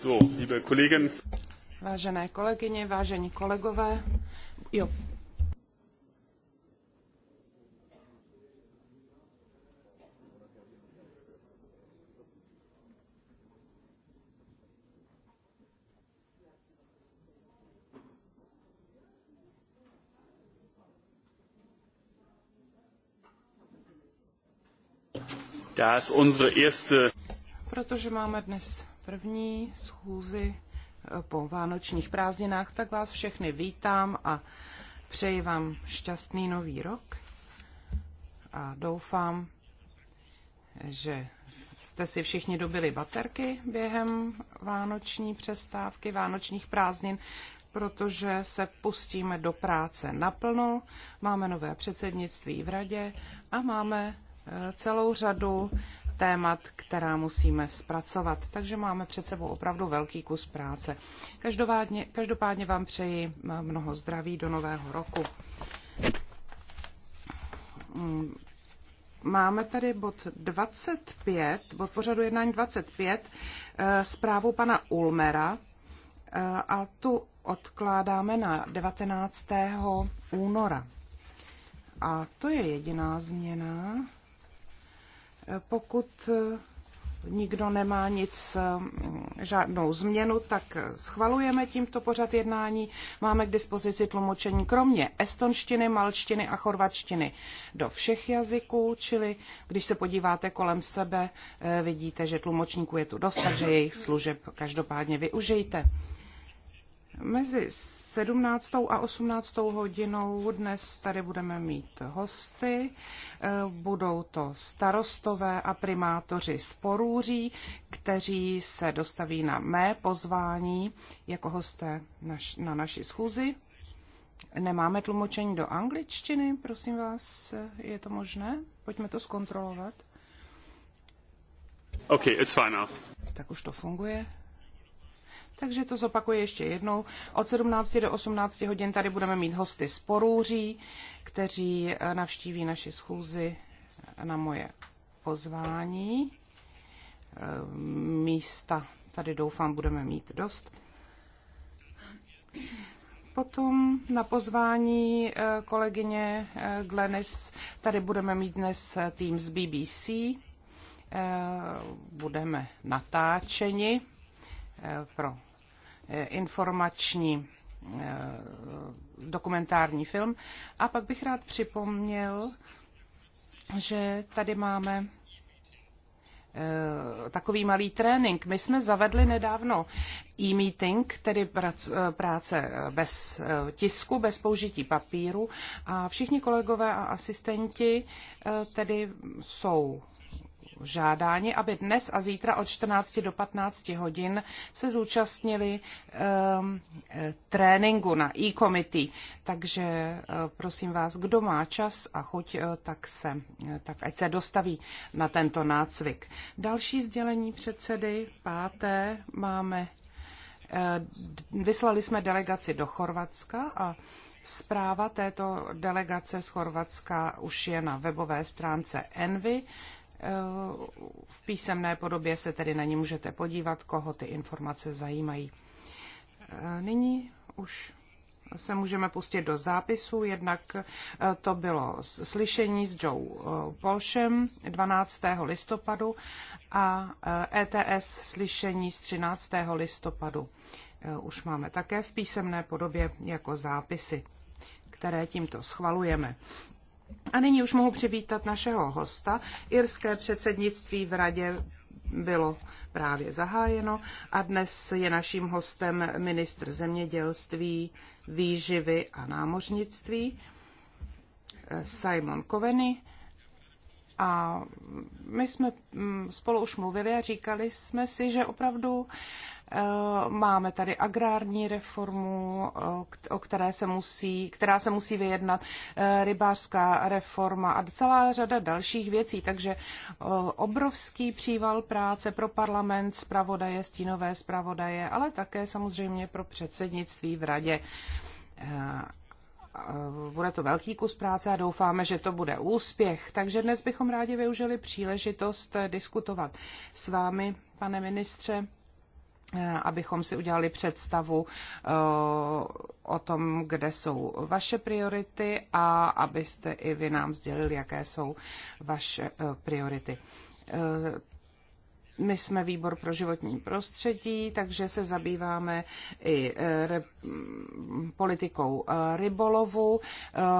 So, liebe Kollegin. Vážené kolegyně, vážení kolegové, jo, Protože máme dnes první schůzi eh, po vánočních prázdninách, tak vás všechny vítám a přeji vám šťastný nový rok a doufám, že jste si všichni dobili baterky během vánoční přestávky, vánočních prázdnin, protože se pustíme do práce naplno, máme nové předsednictví v radě a máme eh, celou řadu témat, která musíme zpracovat. Takže máme před sebou opravdu velký kus práce. Každopádně, každopádně vám přeji mnoho zdraví do nového roku. Mm, máme tady bod 25, bod pořadu jednání 25, eh, zprávu pana Ulmera eh, a tu odkládáme na 19. února. A to je jediná změna. Pokud nikdo nemá nic, mm, žádnou změnu, tak schvalujeme tímto pořad jednání. Máme k dispozici tlumočení kromě estonštiny, malštiny a chorvačtiny do všech jazyků, čili když se podíváte kolem sebe, eh, vidíte, že tlumočníků je tu dost, takže jejich služeb každopádně využijte. Mezi 17. a 18. hodinou dnes tady budeme mít hosty. Eh, budou to starostové a primátoři z Porůří, kteří se dostaví na mé pozvání jako hosté naš, na naši schůzi. Nemáme tlumočení do angličtiny, prosím vás, je to možné? Pojďme to zkontrolovat. Okay, it's fine now. Tak už to funguje. Takže to zopakuji ještě jednou. Od 17 do 18 hodin tady budeme mít hosty z Porůří, kteří eh, navštíví naši schůzi na moje pozvání. Eh, místa tady doufám budeme mít dost. Potom na pozvání eh, kolegyně Glenis tady budeme mít dnes tým z BBC. Budeme natáčeni pro informační eh, dokumentární film. A pak bych rád připomněl, že tady máme eh, takový malý trénink. My jsme zavedli nedávno e-meeting, tedy eh, práce bez tisku, bez použití papíru a všichni kolegové a asistenti tedy jsou žádáni, aby dnes a zítra od 14 do 15 hodin se zúčastnili um, tréninku na e-committee. Takže uh, prosím vás, kdo má čas a chuť, uh, tak, se, uh, tak ať se dostaví na tento nácvik. Další sdělení předsedy, páté, máme Vyslali jsme delegaci do Chorvatska a zpráva této delegace z Chorvatska už je na webové stránce Envy Eh, v písemné podobě se tedy na ní můžete podívat, koho ty informace zajímají. Eh, nyní už se můžeme pustit do zápisu. Jednak eh, to bylo slyšení s Joe Polšem 12. listopadu a ETS e slyšení z 13. listopadu. Už máme také v písemné podobě jako zápisy, které tímto schvalujeme. A nyní už mohu přivítat našeho hosta. Irské předsednictví v radě bylo právě zahájeno a dnes je naším hostem ministr zemědělství, výživy a námořnictví Simon Koveny. A my jsme mm, spolu už mluvili a říkali jsme si, že opravdu Eh, máme tady agrární reformu, eh, o které se musí, která se musí vyjednat, eh, rybářská reforma a celá řada dalších věcí. Takže obrovský příval práce pro parlament, zpravodaje, stínové zpravodaje, ale také samozřejmě pro předsednictví v radě. Bude to velký kus práce a doufáme, že to bude úspěch. Takže dnes bychom rádi využili příležitost diskutovat s vámi, pane ministře Eh, abychom si udělali představu eh, o tom, kde jsou vaše priority a abyste i vy nám sdělili, jaké jsou vaše eh, priority. My jsme výbor pro životní prostředí, takže se zabýváme i e, re, politikou e, rybolovu. E,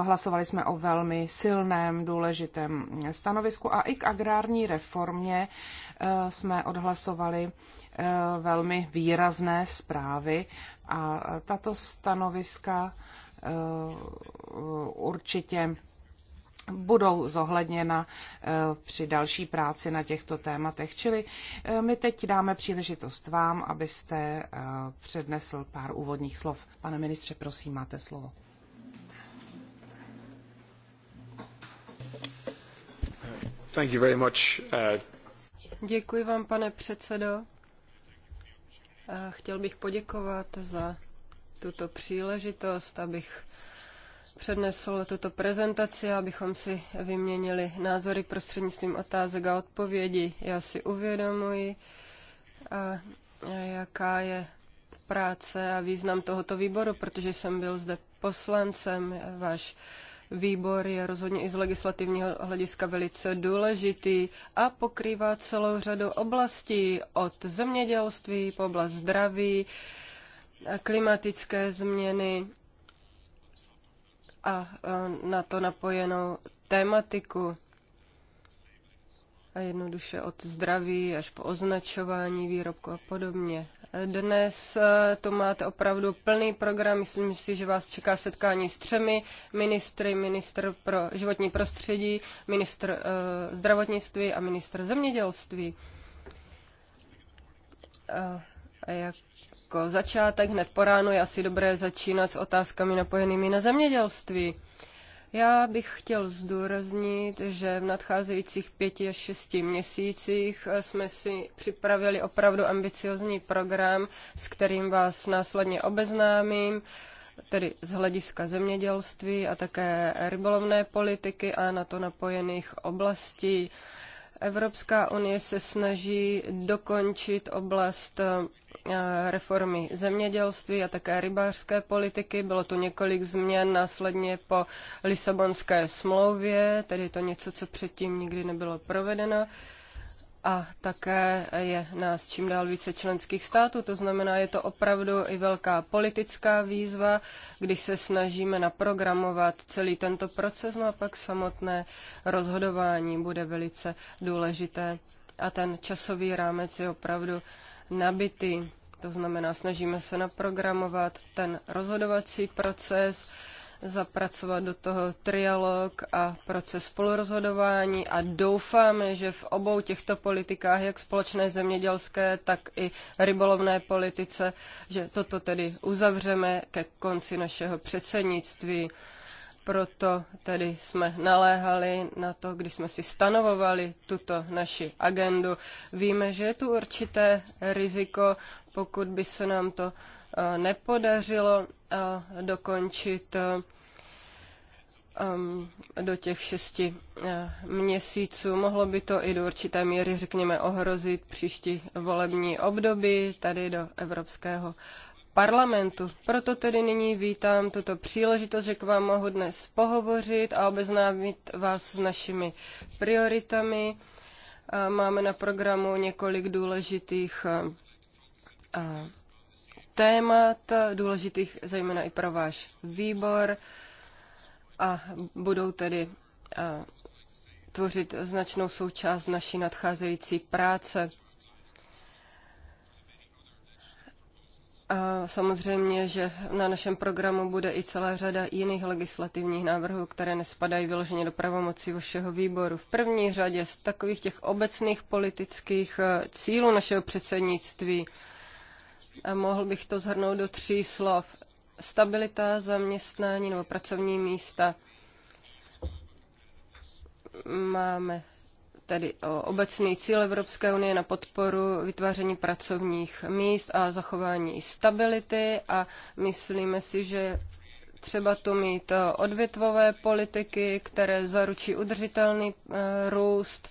hlasovali jsme o velmi silném, důležitém stanovisku a i k agrární reformě jsme odhlasovali velmi výrazné zprávy a tato stanoviska určitě budou zohledněna eh, při další práci na těchto tématech. Čili eh, my teď dáme příležitost vám, abyste eh, přednesl pár úvodních slov. Pane ministře, prosím, máte slovo. Thank you very much. Uh, Děkuji vám, pane předsedo. Chtěl bych poděkovat za tuto příležitost, abych přednesl tuto prezentaci, abychom si vyměnili názory prostřednictvím otázek a odpovědí. Já si uvědomuji, a jaká je práce a význam tohoto výboru, protože jsem byl zde poslancem. Váš výbor je rozhodně i z legislativního hlediska velice důležitý a pokrývá celou řadu oblastí od zemědělství po oblast zdraví, klimatické změny a na to napojenou tématiku. A jednoduše od zdraví až po označování výrobku a podobně. Dnes e, tu máte opravdu plný program. Myslím si, že vás čeká setkání s třemi ministry, Minister pro životní prostředí, minister uh, e, zdravotnictví a minister zemědělství. Uh, jak Švédsko. Jako začátek hned po ránu je asi dobré začínat s otázkami napojenými na zemědělství. Já bych chtěl zdůraznit, že v nadcházejících pěti až šesti měsících jsme si připravili opravdu ambiciozní program, s kterým vás následně obeznámím, tedy z hlediska zemědělství a také rybolovné politiky a na to napojených oblastí. Evropská unie se snaží dokončit oblast Eh, reformy zemědělství a také rybářské politiky. Bylo tu několik změn následně po Lisabonské smlouvě, tedy to něco, co předtím nikdy nebylo provedeno. A také je nás čím dál více členských států, to znamená, je to opravdu i velká politická výzva, když se snažíme naprogramovat celý tento proces, no a pak samotné rozhodování bude velice důležité. A ten časový rámec je opravdu nabitý. To znamená, snažíme se naprogramovat ten rozhodovací proces, zapracovat do toho trialog a proces spolurozhodování a doufáme, že v obou těchto politikách, jak společné zemědělské, tak i rybolovné politice, že toto tedy uzavřeme ke konci našeho předsednictví. Proto tedy jsme naléhali na to, když jsme si stanovovali tuto naši agendu. Víme, že je tu určité riziko, pokud by se nám to eh, nepodařilo eh, dokončit eh, do těch šesti měsíců. Mohlo by to i do určité míry, řekněme, ohrozit příští volební období tady do Evropského parlamentu. Proto tedy nyní vítám tuto příležitost, že k vám mohu dnes pohovořit a obeznámit vás s našimi prioritami. Máme na programu několik důležitých témat, důležitých zejména i pro váš výbor a budou tedy tvořit značnou součást naší nadcházející práce. A samozřejmě, že na našem programu bude i celá řada jiných legislativních návrhů, které nespadají vyloženě do pravomocí vašeho výboru. V první řadě z takových těch obecných politických eh, cílů našeho předsednictví, a mohl bych to zhrnout do tří slov, stabilita, zaměstnání nebo pracovní místa. Máme tedy o obecný cíl Evropské unie na podporu vytváření pracovních míst a zachování stability a myslíme si, že třeba tu mít eh, odvětvové politiky, které zaručí udržitelný eh, růst,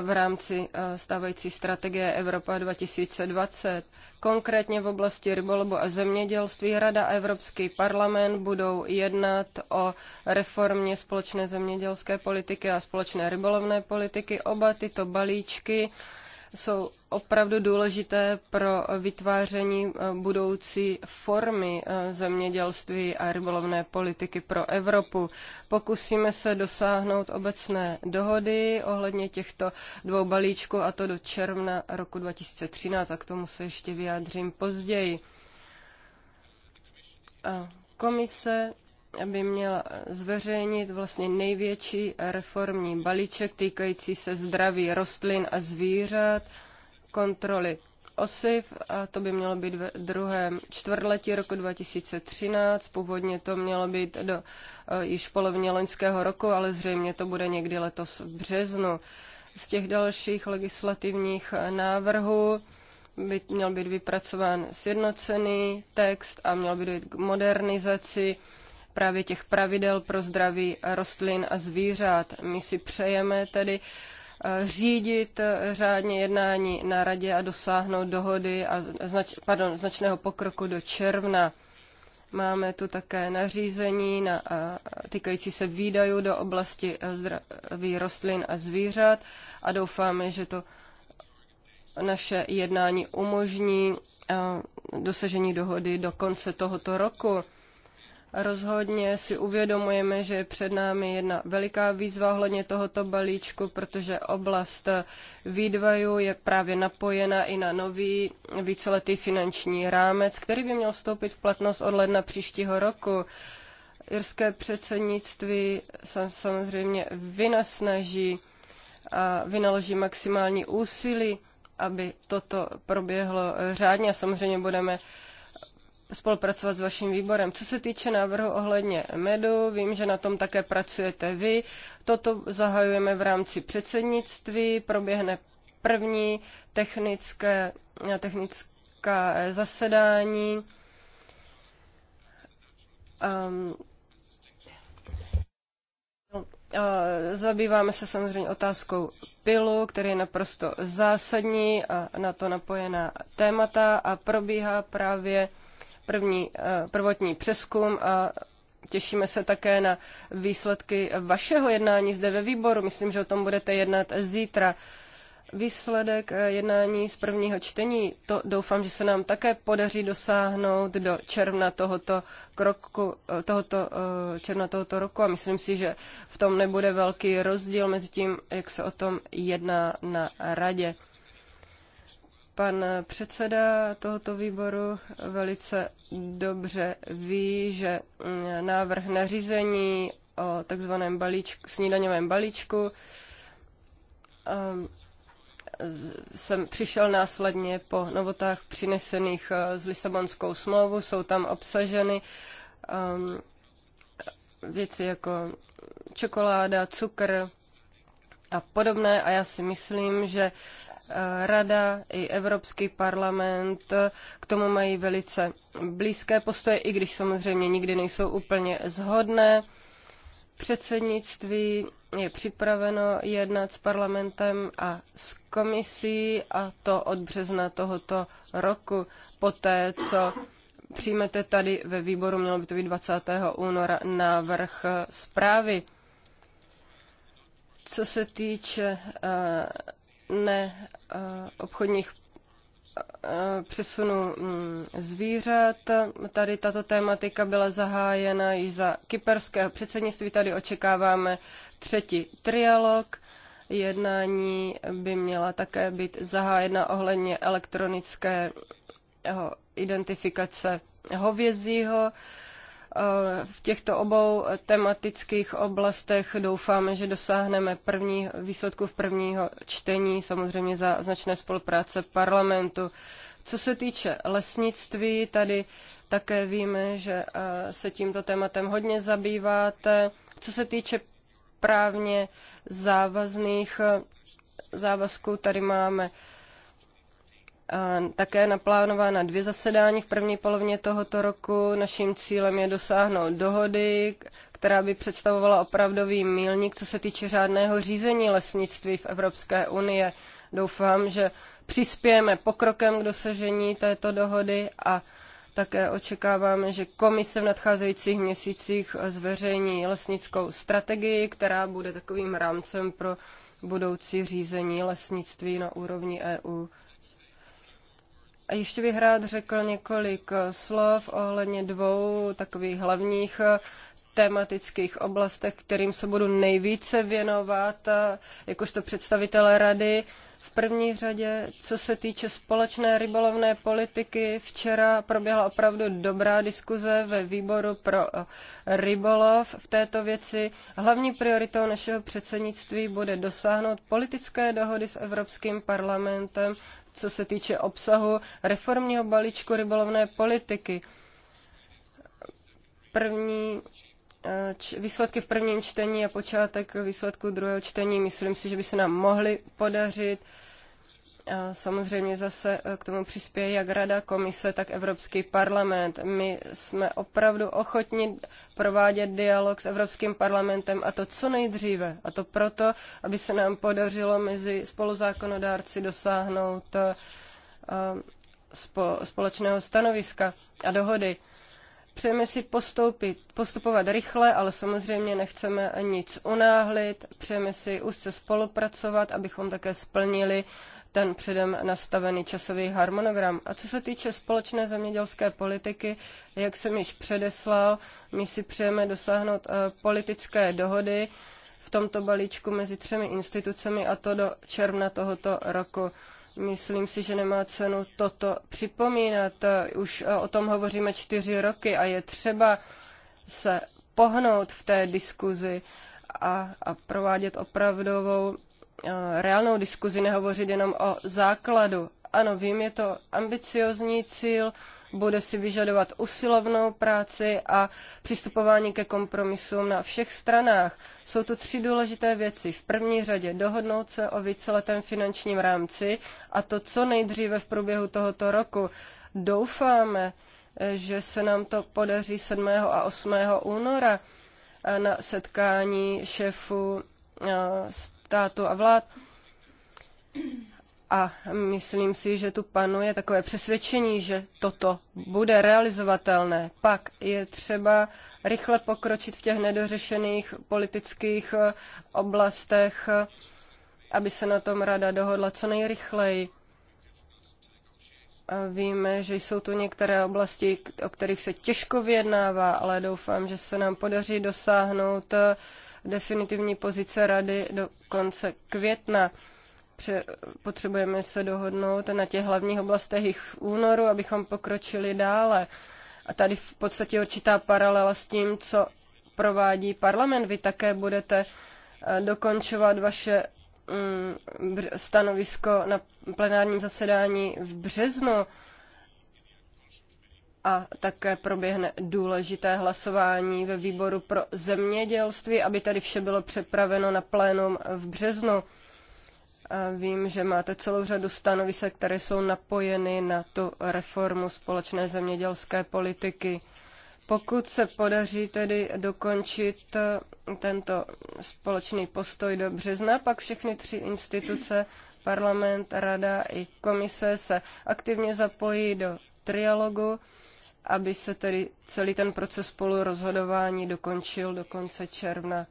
v rámci eh, stávající strategie Evropa 2020. Konkrétně v oblasti rybolovu a zemědělství Rada a Evropský parlament budou jednat o reformě společné zemědělské politiky a společné rybolovné politiky. Oba tyto balíčky jsou opravdu důležité pro vytváření eh, budoucí formy eh, zemědělství a rybolovné politiky pro Evropu. Pokusíme se dosáhnout obecné dohody ohledně těchto dvou balíčků a to do června roku 2013 a k tomu se ještě vyjádřím později. A komise by měla zveřejnit vlastně největší reformní balíček týkající se zdraví rostlin a zvířat kontroly osiv a to by mělo být v druhém čtvrtletí roku 2013. Původně to mělo být do e, již polovině loňského roku, ale zřejmě to bude někdy letos v březnu. Z těch dalších legislativních eh, návrhů by, měl být vypracován sjednocený text a měl by dojít k modernizaci právě těch pravidel pro zdraví rostlin a zvířat. My si přejeme tedy uh, Eh, řídit eh, řádně jednání na radě a dosáhnout dohody a znač, pardon, značného pokroku do června. Máme tu také nařízení na, a, eh, týkající se výdajů do oblasti zdraví rostlin a zvířat a doufáme, že to naše jednání umožní a, dosažení dohody do konce tohoto roku. Rozhodně si uvědomujeme, že je před námi jedna veliká výzva ohledně tohoto balíčku, protože oblast výdvaju je právě napojena i na nový víceletý finanční rámec, který by měl vstoupit v platnost od ledna příštího roku. Irské předsednictví se samozřejmě vynasnaží a vynaloží maximální úsilí, aby toto proběhlo řádně a samozřejmě budeme spolupracovat s vaším výborem. Co se týče návrhu ohledně medu, vím, že na tom také pracujete vy. Toto zahajujeme v rámci předsednictví, proběhne první technické, technická eh, zasedání. Um, Zabýváme se samozřejmě otázkou pilu, který je naprosto zásadní a na to napojená témata a probíhá právě první, eh, prvotní přeskum a těšíme se také na výsledky vašeho jednání zde ve výboru. Myslím, že o tom budete jednat zítra. Výsledek eh, jednání z prvního čtení, to doufám, že se nám také podaří dosáhnout do června tohoto, kroku, eh, tohoto, června tohoto roku a myslím si, že v tom nebude velký rozdíl mezi tím, jak se o tom jedná na radě. Pan předseda tohoto výboru velice dobře ví, že mm, návrh nařízení o takzvaném balíčku, snídaňovém balíčku jsem ehm, přišel následně po novotách přinesených e, z Lisabonskou smlouvu. Jsou tam obsaženy ehm, věci jako čokoláda, cukr a podobné. A já si myslím, že Rada i Evropský parlament k tomu mají velice blízké postoje, i když samozřejmě nikdy nejsou úplně zhodné. Předsednictví je připraveno jednat s parlamentem a s komisí a to od března tohoto roku, poté co přijmete tady ve výboru, mělo by to být 20. února, návrh zprávy. Co se týče eh, ne eh, obchodních eh, přesunu mm, zvířat. Tady tato tématika byla zahájena i za kyperského předsednictví. Tady očekáváme třetí trialog. Jednání by měla také být zahájena ohledně elektronického identifikace hovězího. V těchto obou tematických oblastech doufáme, že dosáhneme první, výsledku v prvního čtení, samozřejmě za značné spolupráce parlamentu. Co se týče lesnictví, tady také víme, že eh, se tímto tématem hodně zabýváte. Co se týče právně závazných eh, závazků, tady máme také naplánována dvě zasedání v první polovině tohoto roku. Naším cílem je dosáhnout dohody, která by představovala opravdový milník, co se týče řádného řízení lesnictví v Evropské unii. Doufám, že přispějeme pokrokem k dosažení této dohody a také očekáváme, že komise v nadcházejících měsících zveřejní lesnickou strategii, která bude takovým rámcem pro budoucí řízení lesnictví na úrovni EU. A ještě bych rád řekl několik eh, slov ohledně dvou takových hlavních eh, tematických oblastech, kterým se budu nejvíce věnovat, eh, jakožto představitelé rady. V první řadě, co se týče společné rybolovné politiky, včera proběhla opravdu dobrá diskuze ve výboru pro eh, rybolov v této věci. Hlavní prioritou našeho předsednictví bude dosáhnout politické dohody s Evropským parlamentem, co se týče obsahu reformního balíčku rybolovné politiky. První Eh, výsledky v prvním čtení a počátek výsledku druhého čtení. Myslím si, že by se nám mohly podařit. A samozřejmě zase eh, k tomu přispěje jak Rada, Komise, tak Evropský parlament. My jsme opravdu ochotni provádět dialog s Evropským parlamentem a to co nejdříve. A to proto, aby se nám podařilo mezi spoluzákonodárci dosáhnout eh, společného stanoviska a dohody. Přejeme si postoupit, postupovat rychle, ale samozřejmě nechceme nic unáhlit. Přejeme si úzce spolupracovat, abychom také splnili ten předem nastavený časový harmonogram. A co se týče společné zemědělské politiky, jak jsem již předeslal, my si přejeme dosáhnout eh, politické dohody v tomto balíčku mezi třemi institucemi a to do června tohoto roku. Myslím si, že nemá cenu toto připomínat. Už eh, o tom hovoříme čtyři roky a je třeba se pohnout v té diskuzi a, a provádět opravdovou eh, reálnou diskuzi, nehovořit jenom o základu. Ano, vím, je to ambiciozní cíl, bude si vyžadovat usilovnou práci a přistupování ke kompromisům na všech stranách. Jsou to tři důležité věci. V první řadě dohodnout se o víceletém finančním rámci a to co nejdříve v průběhu tohoto roku. Doufáme, že se nám to podaří 7. a 8. února na setkání šéfů eh, státu a vlád a myslím si, že tu panuje takové přesvědčení, že toto bude realizovatelné. Pak je třeba rychle pokročit v těch nedořešených politických eh, oblastech, eh, aby se na tom rada dohodla co nejrychleji. A víme, že jsou tu některé oblasti, o kterých se těžko vyjednává, ale doufám, že se nám podaří dosáhnout eh, definitivní pozice rady do konce května pře- potřebujeme se dohodnout na těch hlavních oblastech jich únoru, abychom pokročili dále. A tady v podstatě určitá paralela s tím, co provádí parlament. Vy také budete e, dokončovat vaše mm, stanovisko na plenárním zasedání v březnu a také proběhne důležité hlasování ve výboru pro zemědělství, aby tady vše bylo přepraveno na plénum v březnu. Vím, že máte celou řadu stanovisek, které jsou napojeny na tu reformu společné zemědělské politiky. Pokud se podaří tedy dokončit e, tento společný postoj do března, pak všechny tři instituce, parlament, rada i komise se aktivně zapojí do trialogu, aby se tedy celý ten proces spolu rozhodování dokončil do konce června.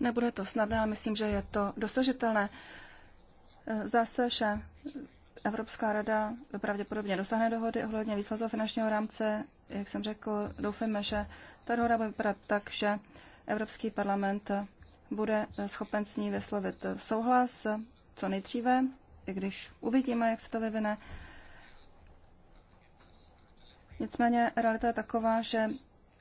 Nebude to snadné, ale myslím, že je to dosažitelné. Zase vše. Evropská rada pravděpodobně dosáhne dohody ohledně výsledku finančního rámce. Jak jsem řekl, doufejme, že ta dohoda bude vypadat tak, že Evropský parlament bude schopen s ní vyslovit souhlas co nejdříve, i když uvidíme, jak se to vyvine. Nicméně realita je taková, že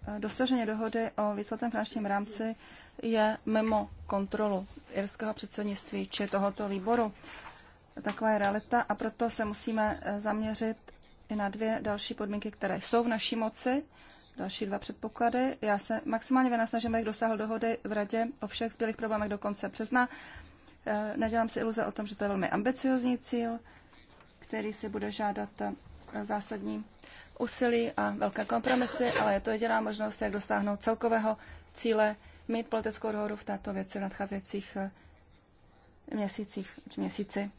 Eh, dosažení dohody o výsledném finančním rámci je mimo kontrolu irského předsednictví či tohoto výboru. Taková je realita a proto se musíme eh, zaměřit i na dvě další podmínky, které jsou v naší moci, další dva předpoklady. Já se maximálně vynasnažím, abych dosáhl dohody v radě o všech zbylých problémech do konce března. Eh, nedělám si iluze o tom, že to je velmi ambiciozní cíl, který si bude žádat zásadní úsilí a velké kompromisy, ale je to jediná možnost, jak dosáhnout celkového cíle, mít politickou dohodu v této věci v nadcházejících eh, měsících či měsíci.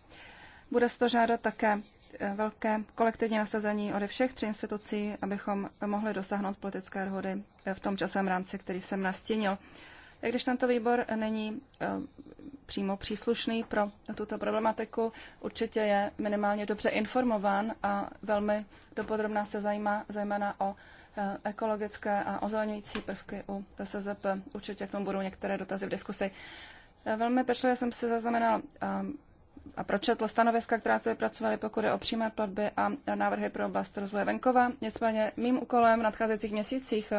Bude se to žádat také eh, velké kolektivní nasazení ode všech tří institucí, abychom mohli dosáhnout politické dohody eh, v tom časovém rámci, který jsem nastínil když tento výbor není eh, přímo příslušný pro tuto problematiku, určitě je minimálně dobře informován a velmi dopodrobná se zajímá zejména o eh, ekologické a ozelňující prvky u SZP. Určitě k tomu budou některé dotazy v diskusi. Eh, velmi pečlivě jsem si zaznamenal a pročetl stanoviska, která se vypracovaly, pokud je o přímé platby a návrhy pro oblast rozvoje venkova. Nicméně mým úkolem v nadcházejících měsících,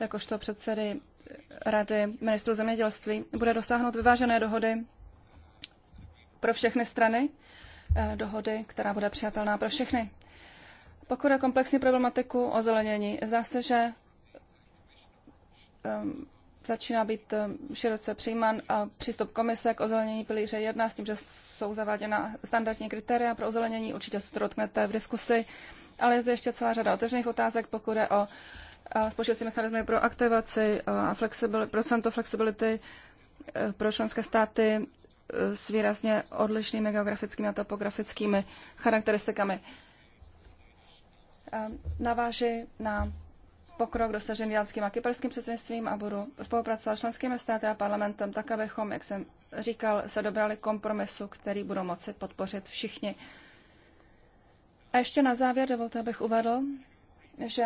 jakožto předsedy Rady ministrů zemědělství bude dosáhnout vyvážené dohody pro všechny strany, eh, dohody, která bude přijatelná pro všechny. Pokud je komplexní problematiku o zelenění, zdá se, že ehm, začíná být ehm, široce přijímán přístup komise k ozelenění pilíře jedna s tím, že jsou zaváděna standardní kritéria pro ozelenění, určitě se to dotknete v diskusi, ale je zde ještě celá řada otevřených otázek, pokud je o spočívací mechanizmy pro aktivaci a flexibil, procento flexibility e, pro členské státy e, s výrazně odlišnými geografickými a topografickými charakteristikami. E, naváži na pokrok dosažený dánským a kyperským předsednictvím a budu spolupracovat s členskými státy a parlamentem tak, abychom, jak jsem říkal, se dobrali kompromisu, který budou moci podpořit všichni. A ještě na závěr dovolte, abych uvedl, že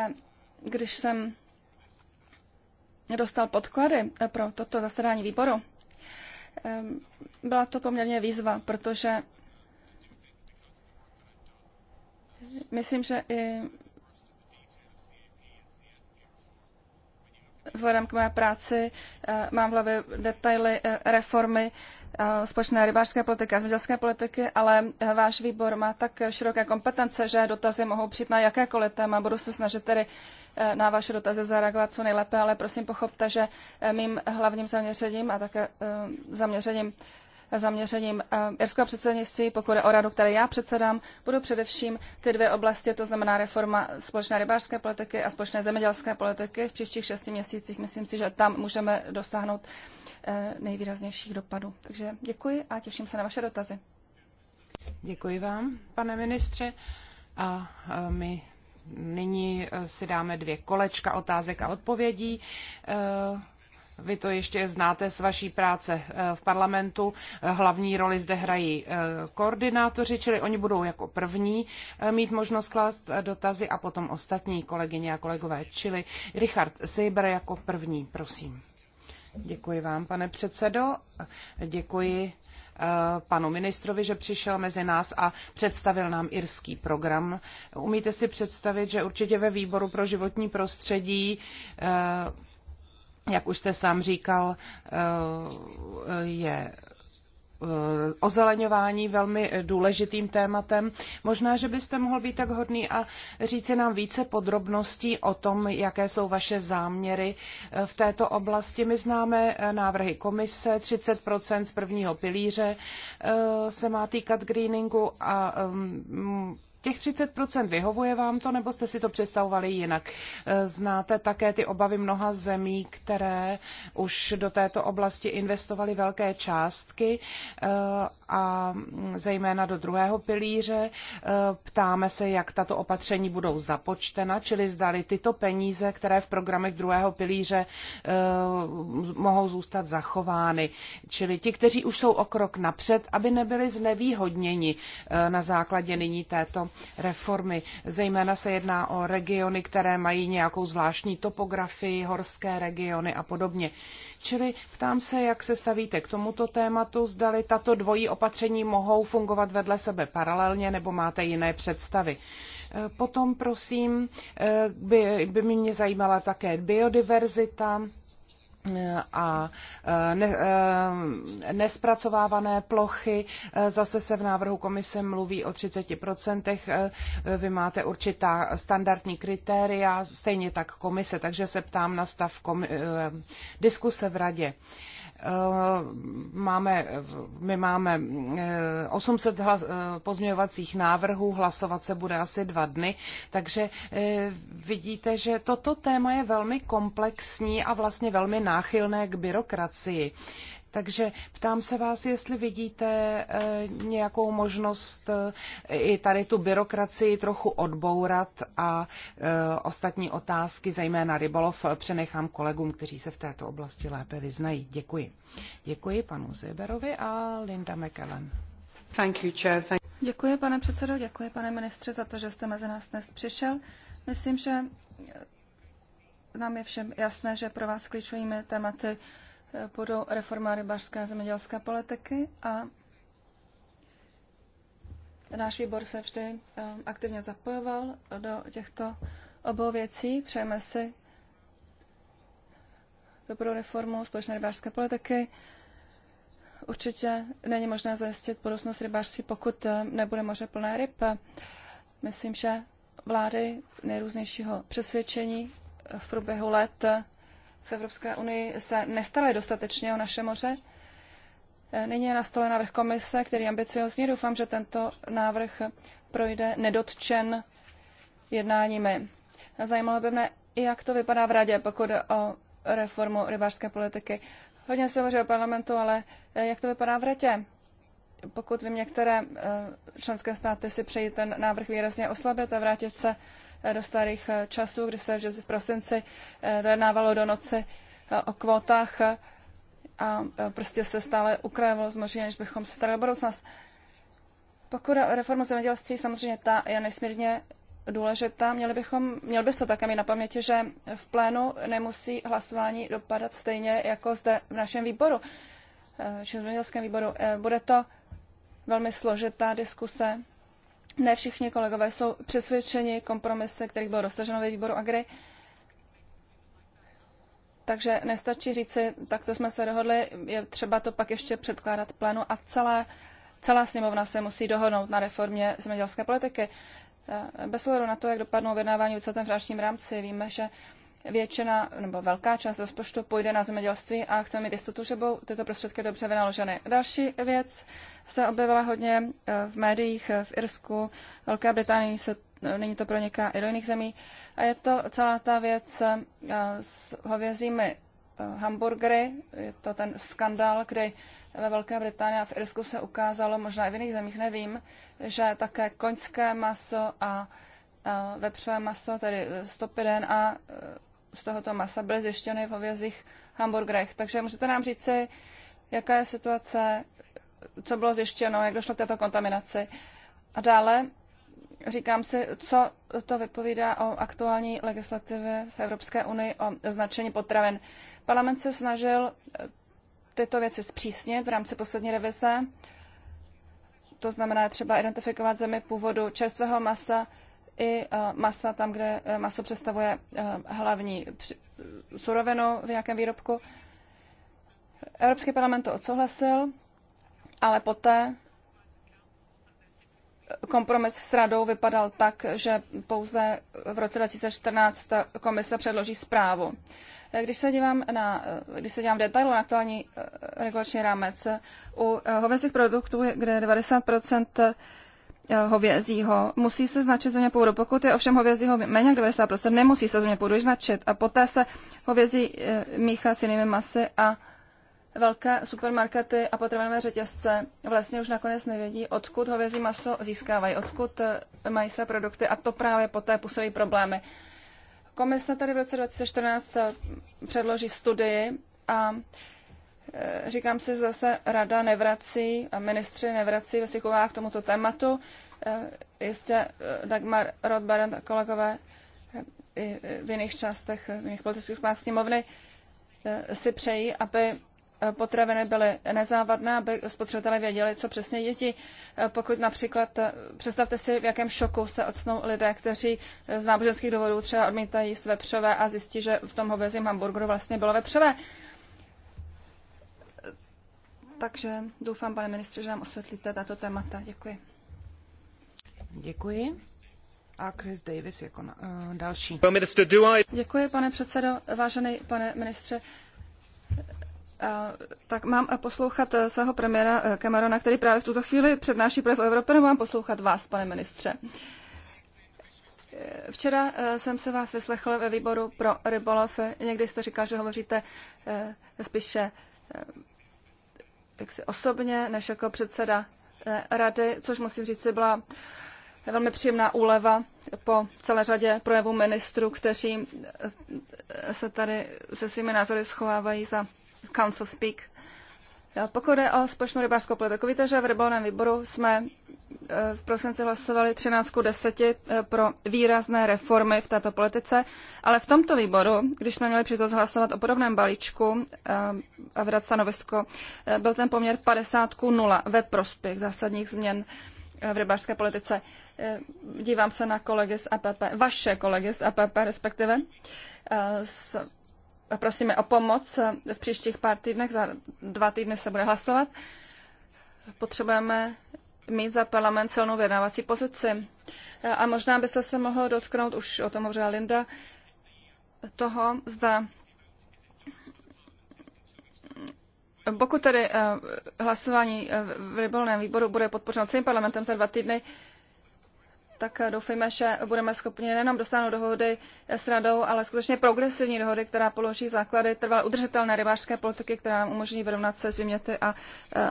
když jsem dostal podklady pro toto zasedání výboru, byla to poměrně výzva, protože myslím, že i vzhledem k mé práci eh, mám v hlavě detaily eh, reformy eh, společné rybářské politiky a zemědělské politiky, ale váš výbor má tak široké kompetence, že dotazy mohou přijít na jakékoliv téma. Budu se snažit tedy na vaše dotazy zareagovat co nejlépe, ale prosím pochopte, že mým hlavním zaměřením a také zaměřením zaměřením eh, irského předsednictví, pokud je o radu, které já předsedám, budou především ty dvě oblasti, to znamená reforma společné rybářské politiky a společné zemědělské politiky v příštích šesti měsících. Myslím si, že tam můžeme dosáhnout eh, nejvýraznějších dopadů. Takže děkuji a těším se na vaše dotazy. Děkuji vám, pane ministře. A eh, my nyní si dáme dvě kolečka otázek a odpovědí. Vy to ještě znáte z vaší práce eh, v parlamentu. Eh, hlavní roli zde hrají eh, koordinátoři, čili oni budou jako první mít možnost klást dotazy a potom ostatní kolegyně a kolegové. Čili Richard Seiber jako první, prosím. Děkuji vám, pane předsedo. Děkuji panu ministrovi, že přišel mezi nás a představil nám irský program. Umíte si představit, že určitě ve výboru pro životní prostředí jak už jste sám říkal, eh, je eh, ozeleňování velmi důležitým tématem. Možná, že byste mohl být tak hodný a říci nám více podrobností o tom, jaké jsou vaše záměry eh, v této oblasti. My známe návrhy komise, 30% z prvního pilíře se má týkat greeningu a Těch 30% vyhovuje vám to, nebo jste si to představovali jinak? E, znáte také ty obavy mnoha zemí, které už do této oblasti investovaly velké částky e, a zejména do druhého pilíře. E, ptáme se, jak tato opatření budou započtena, čili zdali tyto peníze, které v programech druhého pilíře e, mohou zůstat zachovány. Čili ti, kteří už jsou o krok napřed, aby nebyli znevýhodněni e, na základě nyní této reformy. Zejména se jedná o regiony, které mají nějakou zvláštní topografii, horské regiony a podobně. Čili ptám se, jak se stavíte k tomuto tématu, zdali tato dvojí opatření opatření mohou fungovat vedle sebe paralelně nebo máte jiné představy. E, potom, prosím, e, by, by mě zajímala také biodiverzita e, a ne, nespracovávané plochy. Zase se v návrhu komise mluví o 30%. Vy máte určitá standardní kritéria, stejně tak komise, takže se ptám na stav komi- diskuse v radě. Eh, máme, my máme 800 eh, hlas, eh, pozměňovacích návrhů, hlasovat se bude asi dva dny, takže vidíte, že toto téma je velmi komplexní a vlastně velmi náchylné k byrokracii. Takže ptám se vás, jestli vidíte eh, nějakou možnost eh, i tady tu byrokracii trochu odbourat a eh, ostatní otázky, zejména rybolov, přenechám kolegům, kteří se v této oblasti lépe vyznají. Děkuji. Děkuji panu Zeberovi a Linda McKellen. Thank you, Chair. Thank you. Děkuji, pane předsedo, děkuji, pane ministře, za to, že jste mezi nás dnes přišel. Myslím, že nám je všem jasné, že pro vás klíčovými tématy budou reforma rybářské a zemědělské politiky a náš výbor se vždy eh, aktivně zapojoval do těchto obou věcí. Přejeme si dobrou reformu společné rybářské politiky. Určitě není možné zajistit budoucnost rybářství, pokud eh, nebude moře plné ryb. Myslím, že vlády nejrůznějšího přesvědčení v průběhu let eh, v Evropské unii se nestarají dostatečně o naše moře. E, nyní je na stole návrh komise, který ambiciozně Doufám, že tento návrh projde nedotčen jednáními. Zajímalo by mne, jak to vypadá v radě, pokud jde o reformu rybářské politiky. Hodně se hovoří o parlamentu, ale e, jak to vypadá v radě? Pokud vím, některé e, členské státy si přejí ten návrh výrazně oslabit a vrátit se do starých eh, časů, kdy se vždy v prosinci eh, dojednávalo do noci eh, o kvotách a prostě se stále ukrajovalo z moží, než bychom se starali budoucnost. Pokud reforma zemědělství, samozřejmě ta je nesmírně důležitá. Měli bychom, měl byste také mít na paměti, že v plénu nemusí hlasování dopadat stejně jako zde v našem výboru, v zemědělském výboru. Bude to velmi složitá diskuse ne všichni kolegové jsou přesvědčeni kompromisy, který byl dosaženo ve výboru Agri. Takže nestačí říci, takto jsme se dohodli, je třeba to pak ještě předkládat plénu a celé, celá sněmovna se musí dohodnout na reformě zemědělské politiky. Eh, bez ohledu na to, jak dopadnou vyjednávání v celém finančním rámci, víme, že většina nebo velká část rozpočtu půjde na zemědělství a chceme mít jistotu, že budou tyto prostředky dobře vynaloženy. Další věc, se objevila hodně eh, v médiích eh, v Irsku, Velké Británii, se, eh, není to pro něká i do jiných zemí. A je to celá ta věc s hovězími hamburgery, je to ten skandal, kdy ve Velké Británii a v Irsku se ukázalo, možná i v jiných zemích, nevím, že také koňské maso a vepřové maso, tedy stopy a z tohoto masa byly zjištěny v hovězích hamburgerech. Takže můžete nám říci, jaká je situace co bylo zjištěno, jak došlo k této kontaminaci. A dále říkám si, co to vypovídá o aktuální legislativě v Evropské unii o značení potravin. Parlament se snažil eh, tyto věci zpřísnit v rámci poslední revize. To znamená třeba identifikovat zemi původu čerstvého masa i eh, masa tam, kde eh, maso představuje hlavní surovinu v nějakém výrobku. Evropský parlament to odsouhlasil ale poté kompromis s radou vypadal tak, že pouze v roce 2014 komise předloží zprávu. Když se dívám, na, když se dívám detailu na aktuální eh, regulační rámec, u eh, hovězích produktů, kde je 90 eh, hovězího, musí se značit země půdu. Pokud je ovšem hovězího méně jak 90 nemusí se země půdu značit. A poté se hovězí míchá s jinými masy a velké supermarkety a potravinové řetězce vlastně už nakonec nevědí, odkud hovězí maso získávají, odkud eh, mají své produkty a to právě poté působí problémy. Komise tady v roce 2014 eh, předloží studii a eh, říkám si zase, rada nevrací, ministři nevrací ve svých k tomuto tématu. Jistě Dagmar Rothbard a kolegové i v jiných částech, v jiných politických sněmovny si přejí, aby Eh, potraviny byly nezávadné, aby spotřebitelé věděli, co přesně jedí. Eh, pokud například, eh, představte si, v jakém šoku se ocnou lidé, kteří z náboženských důvodů třeba odmítají jíst vepřové a zjistí, že v tom hovězím hamburgeru vlastně bylo vepřové. Takže doufám, pane ministře, že nám osvětlíte tato témata. Děkuji. Děkuji. A Chris Davis jako na, uh, další. Děkuji, pane předsedo. Vážený pane ministře, tak mám poslouchat eh, svého premiéra eh, Camerona, který právě v tuto chvíli přednáší projev o Evropě, nebo mám poslouchat vás, pane ministře? Eh, včera jsem se vás vyslechl ve výboru pro rybolov. Někdy jste říkal, že hovoříte spíše jaksi osobně, než jako předseda rady, což musím říct, byla velmi příjemná úleva po celé řadě projevů ministrů, kteří se tady se svými názory schovávají za Council Speak. Pokud jde o společnou rybářskou politiku, víte, že v rybolovném výboru jsme eh, v prosinci hlasovali 13 10 eh, pro výrazné reformy v této politice, ale v tomto výboru, když jsme měli přitom hlasovat o podobném balíčku eh, a vydat stanovisko, byl ten poměr 50 0 ve prospěch zásadních změn v rybářské politice. Dívám se na kolegy z APP, vaše kolegy z APP respektive, z prosíme o pomoc v příštích pár týdnech, za dva týdny se bude hlasovat. Potřebujeme mít za parlament silnou vyjednávací pozici. A možná byste se mohl dotknout, už o tom hovořila Linda, toho, zda pokud tedy hlasování v rybolném výboru bude podpořeno celým parlamentem za dva týdny, tak eh, doufejme, že budeme schopni nejenom dosáhnout dohody eh, s radou, ale skutečně progresivní dohody, která položí základy trvalé udržitelné rybářské politiky, která nám umožní vyrovnat se s výměty a eh,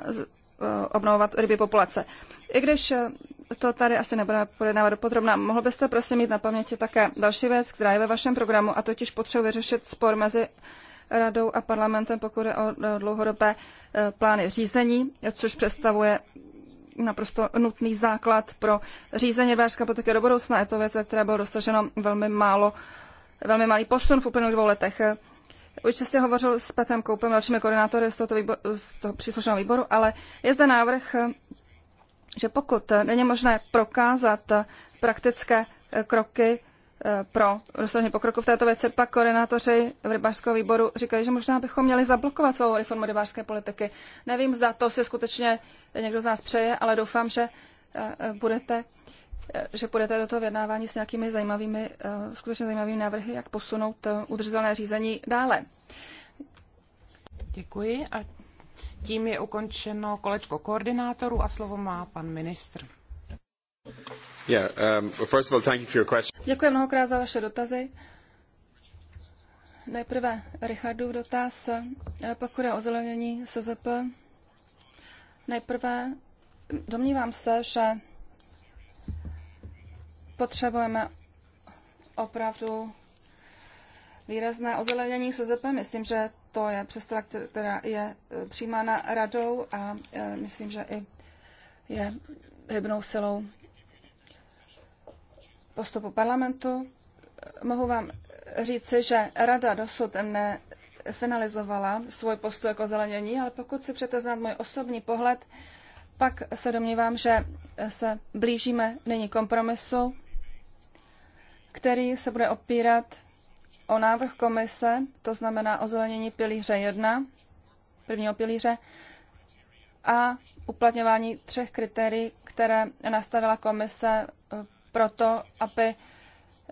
obnovovat ryby populace. I když to tady asi nebude pojednávat podrobná, mohl byste prosím mít na paměti také další věc, která je ve vašem programu, a totiž potřebu vyřešit spor mezi radou a parlamentem, pokud je o dlouhodobé plány řízení, což představuje naprosto nutný základ pro řízení Bářské potoky do budoucna. Je to věc, ve které bylo dosaženo velmi málo, velmi malý posun v uplynulých dvou letech. Už jste hovořil s Petrem Koupem, dalšími koordinátory z, tohoto výboru, z toho příslušného výboru, ale je zde návrh, že pokud není možné prokázat praktické kroky pro dosažení pokroku v této věci. Pak koordinátoři v rybářského výboru říkají, že možná bychom měli zablokovat celou reformu rybářské politiky. Nevím, zda to si skutečně někdo z nás přeje, ale doufám, že eh, budete eh, že půjdete do toho vyjednávání s nějakými zajímavými, eh, skutečně zajímavými návrhy, jak posunout udržitelné řízení dále. Děkuji a tím je ukončeno kolečko koordinátorů a slovo má pan ministr. Děkuji mnohokrát za vaše dotazy. Nejprve Richardův dotaz, eh, pokud je o zelenění SZP. Nejprve domnívám se, že potřebujeme opravdu výrazné ozelenění SZP. Myslím, že to je představa, která je eh, přijímána radou a eh, myslím, že i je hybnou silou postupu parlamentu. Mohu vám říci, že Rada dosud nefinalizovala svůj postup jako zelenění, ale pokud si chcete znát můj osobní pohled, pak se domnívám, že se blížíme nyní kompromisu, který se bude opírat o návrh komise, to znamená o zelenění pilíře 1, prvního pilíře, a uplatňování třech kritérií, které nastavila komise eh, proto, aby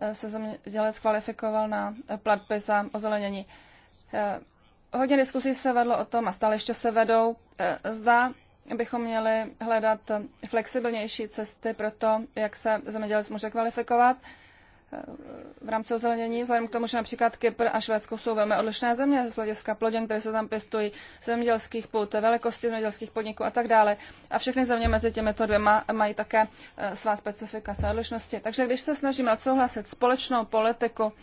eh, se zemědělec kvalifikoval na eh, platby za ozelenění. Eh, hodně diskusí se vedlo o tom a stále ještě se vedou. Zda bychom měli hledat flexibilnější cesty pro to, jak se zemědělec může kvalifikovat v rámci ozelenění, vzhledem k tomu, že například Kypr a Švédsko jsou velmi odlišné země z hlediska plodin, které se tam pěstují, zemědělských půd, velikosti zemědělských podniků a tak dále. A všechny země mezi těmito dvěma mají také eh, svá specifika, své odlišnosti. Takže když se snažíme odsouhlasit společnou politiku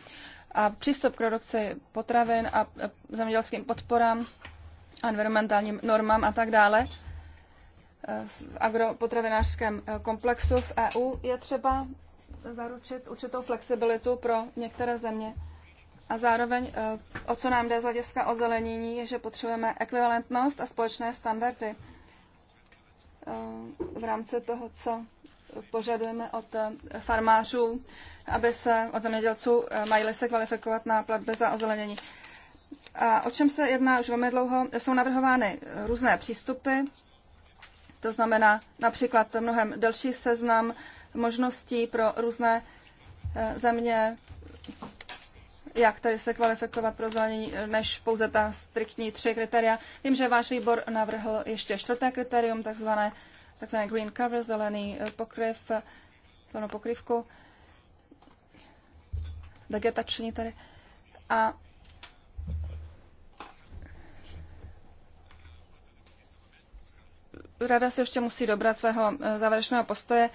a přístup k produkci potravin a eh, zemědělským podporám, environmentálním normám a tak dále, eh, v agropotravinářském komplexu v EU je třeba zaručit určitou flexibilitu pro některé země. A zároveň, eh, o co nám jde z hlediska ozelenění, je, že potřebujeme ekvivalentnost a společné standardy eh, v rámci toho, co požadujeme od eh, farmářů, aby se od zemědělců mají se kvalifikovat na platby za ozelenění. A o čem se jedná už velmi dlouho, jsou navrhovány různé přístupy, to znamená například mnohem delší seznam možností pro různé eh, země, jak tady se kvalifikovat pro zvolení, než pouze ta striktní tři kritéria. Vím, že váš výbor navrhl ještě čtvrté kritérium, takzvané, takzvané green cover, zelený eh, pokryv, zelenou pokrývku, vegetační tady. A Rada se ještě musí dobrat svého eh, závěrečného postoje.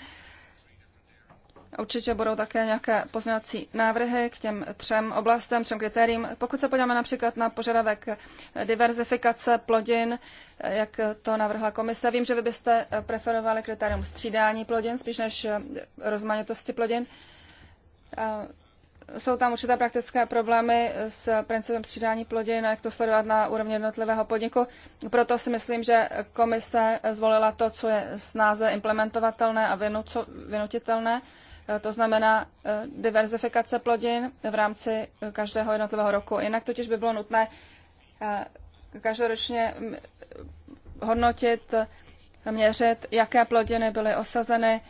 Určitě budou také nějaké pozměňovací návrhy k těm třem oblastem, třem kritériím. Pokud se podíváme například na požadavek diverzifikace plodin, jak to navrhla komise, vím, že vy byste preferovali kritérium střídání plodin spíš než rozmanitosti plodin. Jsou tam určité praktické problémy s principem střídání plodin, jak to sledovat na úrovni jednotlivého podniku. Proto si myslím, že komise zvolila to, co je snáze implementovatelné a vynutitelné Eh, to znamená eh, diverzifikace plodin v rámci eh, každého jednotlivého roku. Jinak totiž by bylo nutné každoročně mm, hodnotit, měřit, jaké plodiny byly osazeny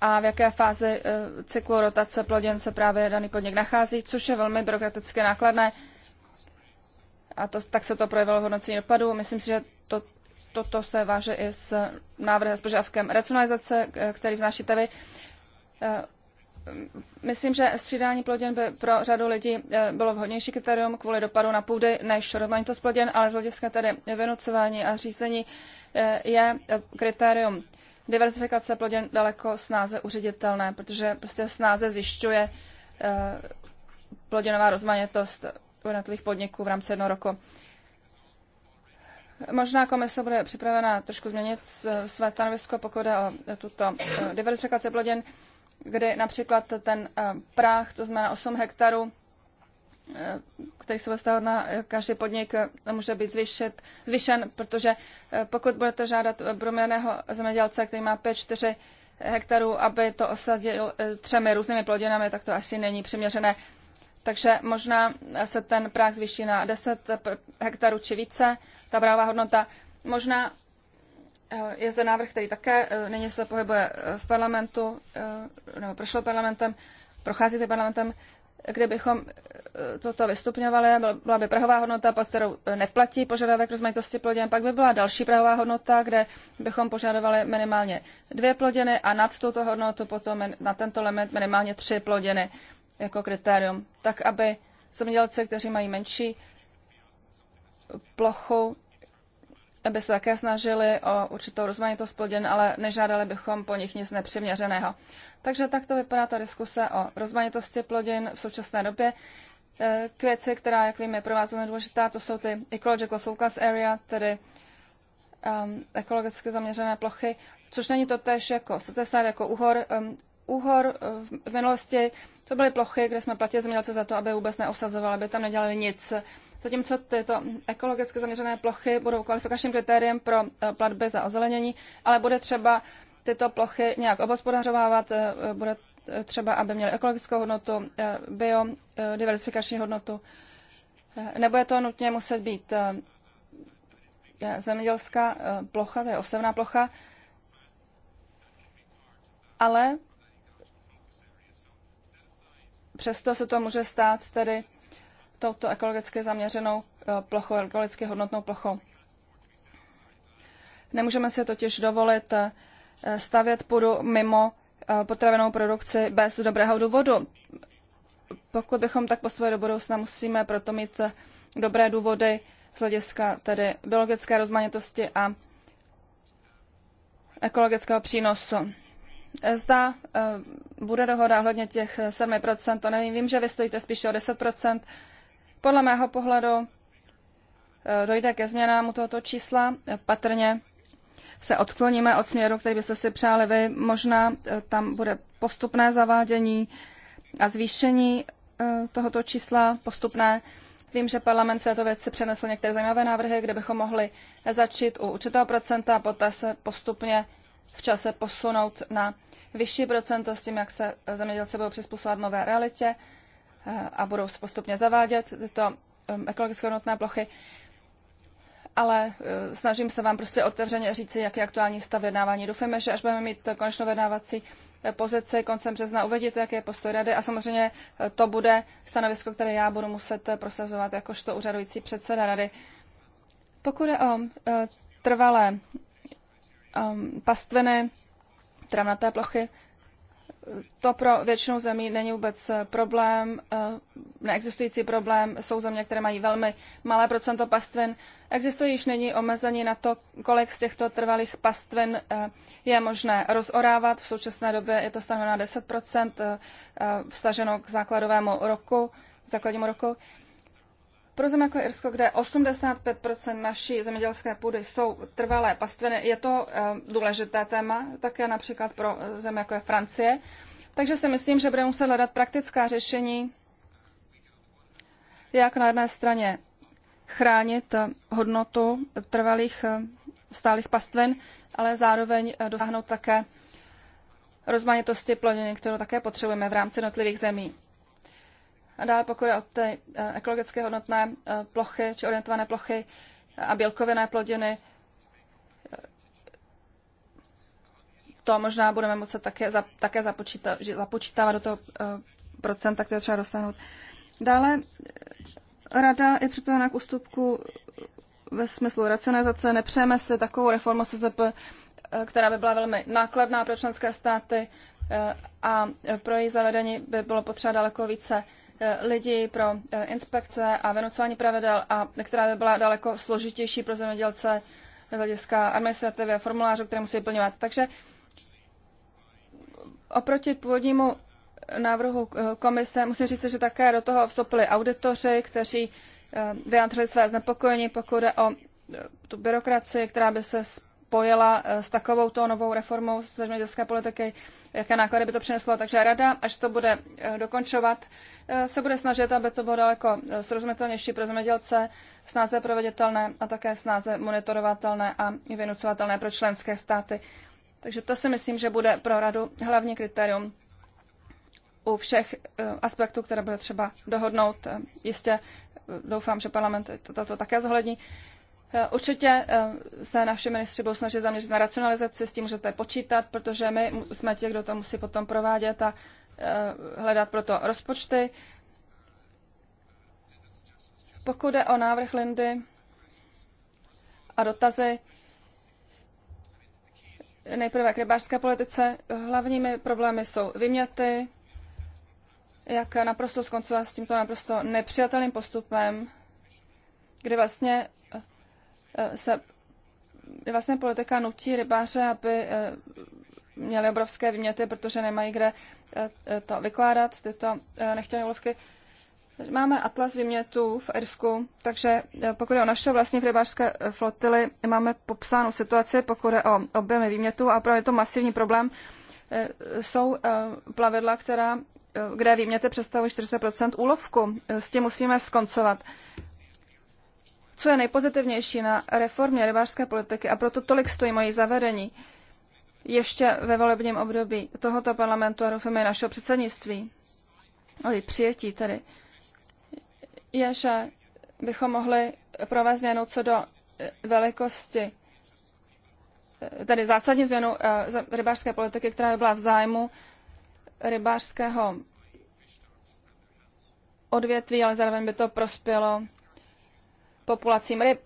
a v jaké fázi cyklu rotace plodin se právě daný podnik nachází, což je velmi byrokraticky nákladné. A to, tak se to projevilo v hodnocení dopadů. Myslím si, že to, toto se váže i s návrhem s požadavkem racionalizace, který vznášíte vy. Myslím, že střídání plodin by pro řadu lidí eh, bylo vhodnější kritérium kvůli dopadu na půdy než rovnanitost plodin, ale z hlediska tedy vynucování a řízení eh, je eh, kritérium diversifikace plodin daleko snáze uředitelné, protože prostě snáze zjišťuje plodinová rozmanitost jednotlivých podniků v rámci jednoho roku. Možná komise bude připravena trošku změnit své stanovisko, pokud jde o tuto diversifikaci plodin kdy například ten eh, práh, to znamená 8 hektarů, eh, který se vztahuje na eh, každý podnik, může být zvýšit, zvýšen, protože pokud budete žádat průměrného zemědělce, který má 5-4 hektarů, aby to osadil třemi různými plodinami, tak to asi není přiměřené. Takže možná se ten práh zvýší na 10 hektarů či více, ta brává hodnota. Možná Eh, je zde návrh, který také eh, nyní se pohybuje eh, v parlamentu, nebo prošel parlamentem, prochází procházíte parlamentem, kde bychom toto vystupňovali, byla by prahová hodnota, pod kterou neplatí požadavek rozmanitosti plodin, pak by byla další prahová hodnota, kde bychom požadovali minimálně dvě plodiny a nad tuto hodnotu potom na tento limit minimálně tři plodiny jako kritérium, tak aby zemědělci, kteří mají menší plochu, by se také snažili o určitou rozmanitost plodin, ale nežádali bychom po nich nic nepřiměřeného. Takže takto vypadá ta diskuse o rozmanitosti plodin v současné době. E, k věci, která, jak víme, je pro vás velmi důležitá, to jsou ty Ecological Focus Area, tedy um, ekologicky zaměřené plochy, což není to tež jako setesat, jako úhor. Um, úhor uh, v minulosti to byly plochy, kde jsme platili zemědělce za to, aby vůbec neosazovali, aby tam nedělali nic. Zatímco tyto ekologicky zaměřené plochy budou kvalifikačním kritériem pro eh, platby za ozelenění, ale bude třeba tyto plochy nějak obhospodařovávat, eh, bude eh, třeba, aby měly ekologickou hodnotu, biodiversifikační hodnotu. Nebo je to nutně muset být zemědělská plocha, to je osevná plocha, ale přesto se to může stát tedy touto ekologicky zaměřenou eh, plochou, ekologicky hodnotnou plochou. Nemůžeme si totiž dovolit eh, stavět půdu mimo eh, potravinou produkci bez dobrého důvodu. Pokud bychom tak postupovali do budoucna, musíme proto mít dobré důvody z hlediska tedy biologické rozmanitosti a ekologického přínosu. Zda bude dohoda ohledně těch 7%, to nevím, vím, že vy stojíte spíše o 10%, podle mého pohledu eh, dojde ke změnám u tohoto čísla. Patrně se odkloníme od směru, který byste si přáli vy. Možná eh, tam bude postupné zavádění a zvýšení eh, tohoto čísla postupné. Vím, že parlament v této věci přenesl některé zajímavé návrhy, kde bychom mohli začít u určitého procenta a poté se postupně v čase posunout na vyšší procento s tím, jak se zemědělci budou přizpůsobovat nové realitě a budou se postupně zavádět tyto um, ekologicky hodnotné plochy. Ale uh, snažím se vám prostě otevřeně říci, jaký je aktuální stav vyjednávání. Doufáme, že až budeme mít konečnou vyjednávací eh, pozici koncem března, uvidíte, jaký je postoj rady a samozřejmě eh, to bude stanovisko, které já budu muset eh, prosazovat jakožto úřadující předseda rady. Pokud je o trvalé pastviny, travnaté plochy, to pro většinu zemí není vůbec eh, problém, eh, neexistující problém. Jsou země, které mají velmi malé procento pastvin. Existují již nyní omezení na to, kolik z těchto trvalých pastvin eh, je možné rozorávat. V současné době je to stanoveno na 10 vstaženo k základovému roku, základnímu roku. Pro země jako Irsko, kde 85% naší zemědělské půdy jsou trvalé pastviny, je to eh, důležité téma, také například pro země jako je Francie. Takže si myslím, že budeme muset hledat praktická řešení, jak na jedné straně chránit hodnotu trvalých eh, stálých pastvin, ale zároveň eh, dosáhnout také rozmanitosti plodiny, kterou také potřebujeme v rámci notlivých zemí. A dále pokud je o ty eh, ekologicky hodnotné eh, plochy či orientované plochy a bílkovinné plodiny, to možná budeme muset také, za, také započíta, započítávat do toho eh, procenta, které třeba dosáhnout. Dále rada je připravena k ústupku ve smyslu racionalizace. Nepřejeme si takovou reformu SZP, která by byla velmi nákladná pro členské státy a pro její zavedení by bylo potřeba daleko více Eh, lidí pro eh, inspekce a vynucování pravidel, a která by byla daleko složitější pro zemědělce z hlediska administrativy a formulářů, které musí plňovat. Takže oproti původnímu návrhu eh, komise musím říct, že také do toho vstoupili auditoři, kteří vyjádřili své znepokojení, pokud jde o tu byrokracii, která by se spojila eh, s takovou to novou reformou zemědělské politiky, jaké náklady by to přineslo. Takže rada, až to bude eh, dokončovat, eh, se bude snažit, aby to bylo daleko srozumitelnější pro zemědělce, snáze proveditelné a také snáze monitorovatelné a vynucovatelné pro členské státy. Takže to si myslím, že bude pro radu hlavní kritérium u všech aspektů, které bude třeba dohodnout. Jistě doufám, že parlament toto také zohlední. Eh, určitě eh, se naši ministři budou snažit zaměřit na racionalizaci, s tím můžete počítat, protože my jsme ti, kdo to musí potom provádět a eh, hledat proto rozpočty. Pokud jde o návrh Lindy a dotazy, nejprve k rybářské politice, hlavními problémy jsou vyměty, jak naprosto skoncovat s tímto naprosto nepřijatelným postupem, kdy vlastně Eh, se vlastně politika nutí rybáře, aby eh, měli obrovské výměty, protože nemají kde eh, to vykládat, tyto nechtěné ulovky. Máme atlas výmětů v Irsku, takže pokud je o naše vlastní rybářské flotily, máme popsánou situaci, pokud je o objemy výmětů a právě je to masivní problém. Jsou plavidla, která, kde výměty představují 40 úlovku. S tím musíme skoncovat co je nejpozitivnější na reformě rybářské politiky a proto tolik stojí moje zavedení ještě ve volebním období tohoto parlamentu a doufáme našeho předsednictví, ale přijetí tedy, je, že bychom mohli provést změnu co do eh, velikosti, eh, tedy zásadní změnu eh, rybářské politiky, která by byla v zájmu rybářského odvětví, ale zároveň by to prospělo populacím ryb.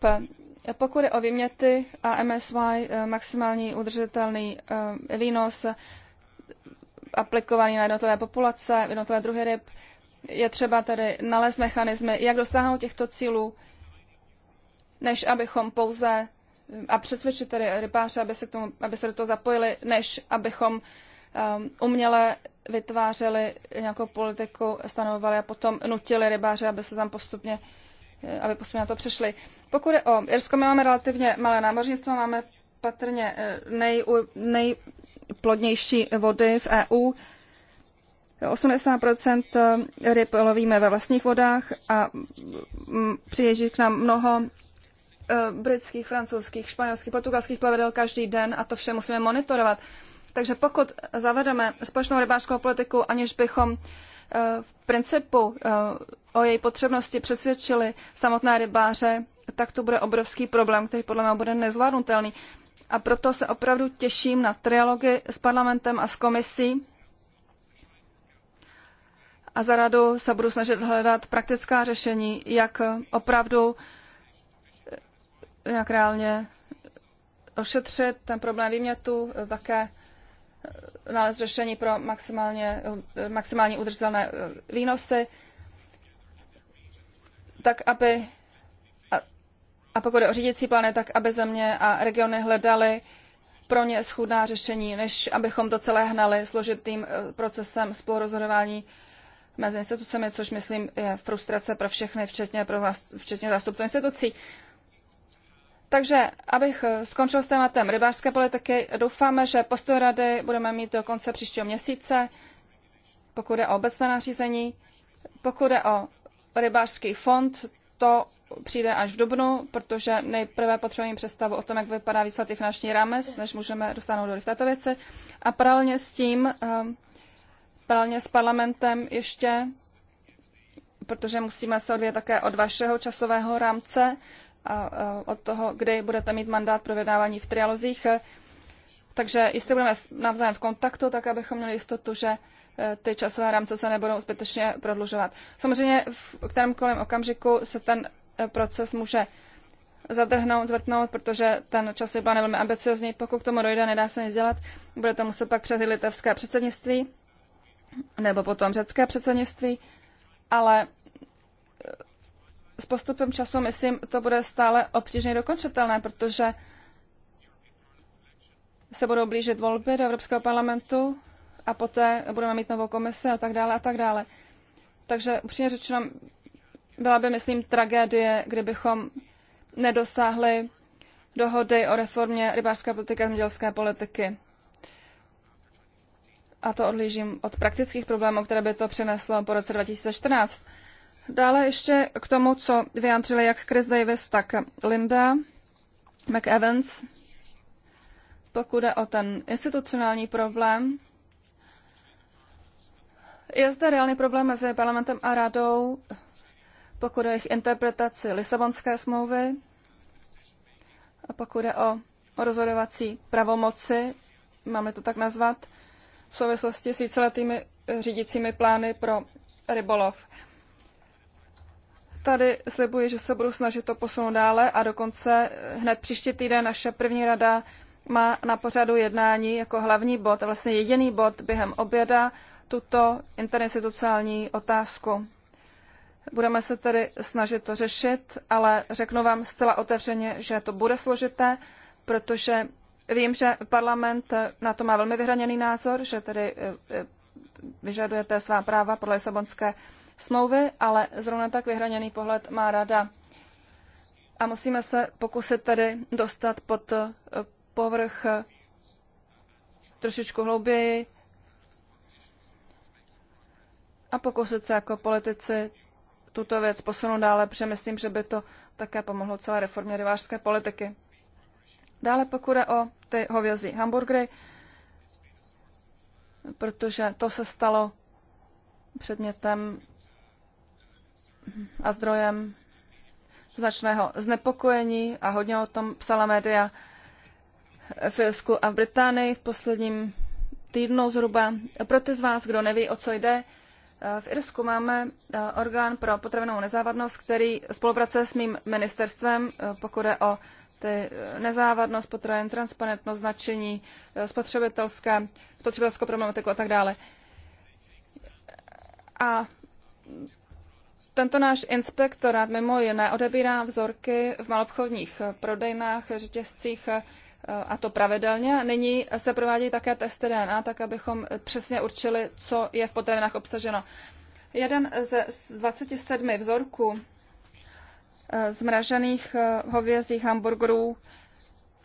Pokud je o výměty a MSY, eh, maximální udržitelný eh, výnos aplikovaný na jednotlivé populace, jednotlivé druhy ryb, je třeba tedy nalézt mechanismy, jak dosáhnout těchto cílů, než abychom pouze a přesvědčit tedy rybáře, aby se, k tomu, aby se do toho zapojili, než abychom um, uměle vytvářeli nějakou politiku, stanovovali a potom nutili rybáře, aby se tam postupně uh, aby postupně na to přešli. Pokud je o Irsko, my máme relativně malé námořnictvo, máme patrně eh, nej, nejplodnější vody v EU. 80 eh, ryb lovíme ve vlastních vodách a mm, přijíždí k nám mnoho eh, britských, francouzských, španělských, portugalských plavidel každý den a to vše musíme monitorovat. Takže pokud zavedeme společnou rybářskou politiku, aniž bychom v principu o její potřebnosti přesvědčili samotné rybáře, tak to bude obrovský problém, který podle mě bude nezvládnutelný. A proto se opravdu těším na trialogy s parlamentem a s komisí. A za radu se budu snažit hledat praktická řešení, jak opravdu, jak reálně ošetřit ten problém výmětu, také nález řešení pro maximálně, maximálně udržitelné výnosy tak aby a, a pokud je o řídící plány, tak aby země a regiony hledaly pro ně schůdná řešení, než abychom to celé hnali složitým eh, procesem spolurozhodování mezi institucemi, což myslím je frustrace pro všechny, včetně, pro vás, včetně zástupců institucí. Takže, abych eh, skončil s tématem rybářské politiky, doufáme, že postoj rady budeme mít do konce příštího měsíce, pokud je o obecné nařízení, pokud je o rybářský fond, to přijde až v dubnu, protože nejprve potřebujeme představu o tom, jak vypadá výsledky finanční rámec, než můžeme dostanout do této věci. A paralelně s tím, ehm, paralelně s parlamentem ještě, protože musíme se odvět také od vašeho časového rámce, a od toho, kdy budete mít mandát pro vydávání v trialozích. Eh, takže jestli budeme navzájem v kontaktu, tak abychom měli jistotu, že Eh, ty časové rámce se nebudou zbytečně prodlužovat. Samozřejmě v kterémkoliv okamžiku se ten eh, proces může zadrhnout, zvrtnout, protože ten časový plán je velmi ambiciozní. Pokud k tomu dojde, nedá se nic dělat. Bude to muset pak přes litevské předsednictví nebo potom řecké předsednictví, ale eh, s postupem času, myslím, to bude stále obtížně dokončitelné, protože se budou blížit volby do Evropského parlamentu a poté budeme mít novou komisi a tak dále a tak dále. Takže upřímně řečeno, byla by, myslím, tragédie, kdybychom nedosáhli dohody o reformě rybářské politiky a zemědělské politiky. A to odlížím od praktických problémů, které by to přineslo po roce 2014. Dále ještě k tomu, co vyjádřili jak Chris Davis, tak Linda McEvans, pokud jde o ten institucionální problém, je zde reálný problém mezi parlamentem a radou, pokud je jejich interpretaci Lisabonské smlouvy a pokud je o, rozhodovací pravomoci, máme to tak nazvat, v souvislosti s víceletými eh, řídícími plány pro rybolov. Tady slibuji, že se budu snažit to posunout dále a dokonce eh, hned příští týden naše první rada má na pořadu jednání jako hlavní bod, vlastně jediný bod během oběda tuto interinstitucionální otázku. Budeme se tedy snažit to řešit, ale řeknu vám zcela otevřeně, že to bude složité, protože vím, že parlament na to má velmi vyhraněný názor, že tedy eh, eh, vyžadujete svá práva podle Lisabonské smlouvy, ale zrovna tak vyhraněný pohled má rada. A musíme se pokusit tedy dostat pod eh, povrch trošičku hlouběji a pokusit se jako politici tuto věc posunout dále, protože myslím, že by to také pomohlo celé reformě rybářské politiky. Dále pokud je o ty hovězí hamburgery, protože to se stalo předmětem a zdrojem značného znepokojení a hodně o tom psala média v Filsku a v Británii v posledním týdnu zhruba. Pro ty z vás, kdo neví, o co jde, v Irsku máme eh, orgán pro potravinovou nezávadnost, který spolupracuje s mým ministerstvem, eh, pokud je o ty eh, nezávadnost potravin, transparentnost, značení, spotřebitelské, spotřebitelskou problematiku a tak dále. A tento náš inspektorát mimo jiné odebírá vzorky v malobchodních prodejnách, řetězcích, a to pravidelně. Nyní se provádějí také testy DNA, tak abychom přesně určili, co je v potravinách obsaženo. Jeden ze 27 vzorků eh, zmražených eh, hovězích hamburgerů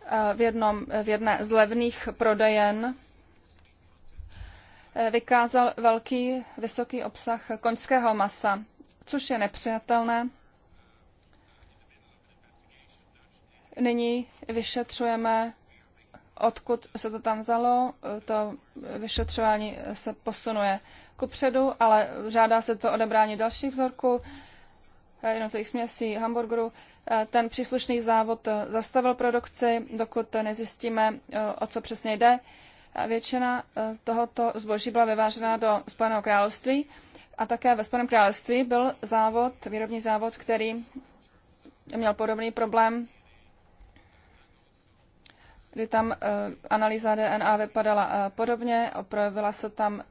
eh, v, jednom, v jedné z levných prodejen vykázal velký, vysoký obsah koňského masa, což je nepřijatelné Nyní vyšetřujeme, odkud se to tam vzalo. To vyšetřování se posunuje kupředu, ale žádá se to odebrání dalších vzorků eh, jednotlivých směsí hamburgerů. Eh, ten příslušný závod eh, zastavil produkci, dokud nezjistíme, o co přesně jde. Většina tohoto zboží byla vyvážena do Spojeného království a také ve Spojeném království byl závod, výrobní závod, který měl podobný problém kdy tam eh, analýza DNA vypadala eh, podobně, projevila se tam,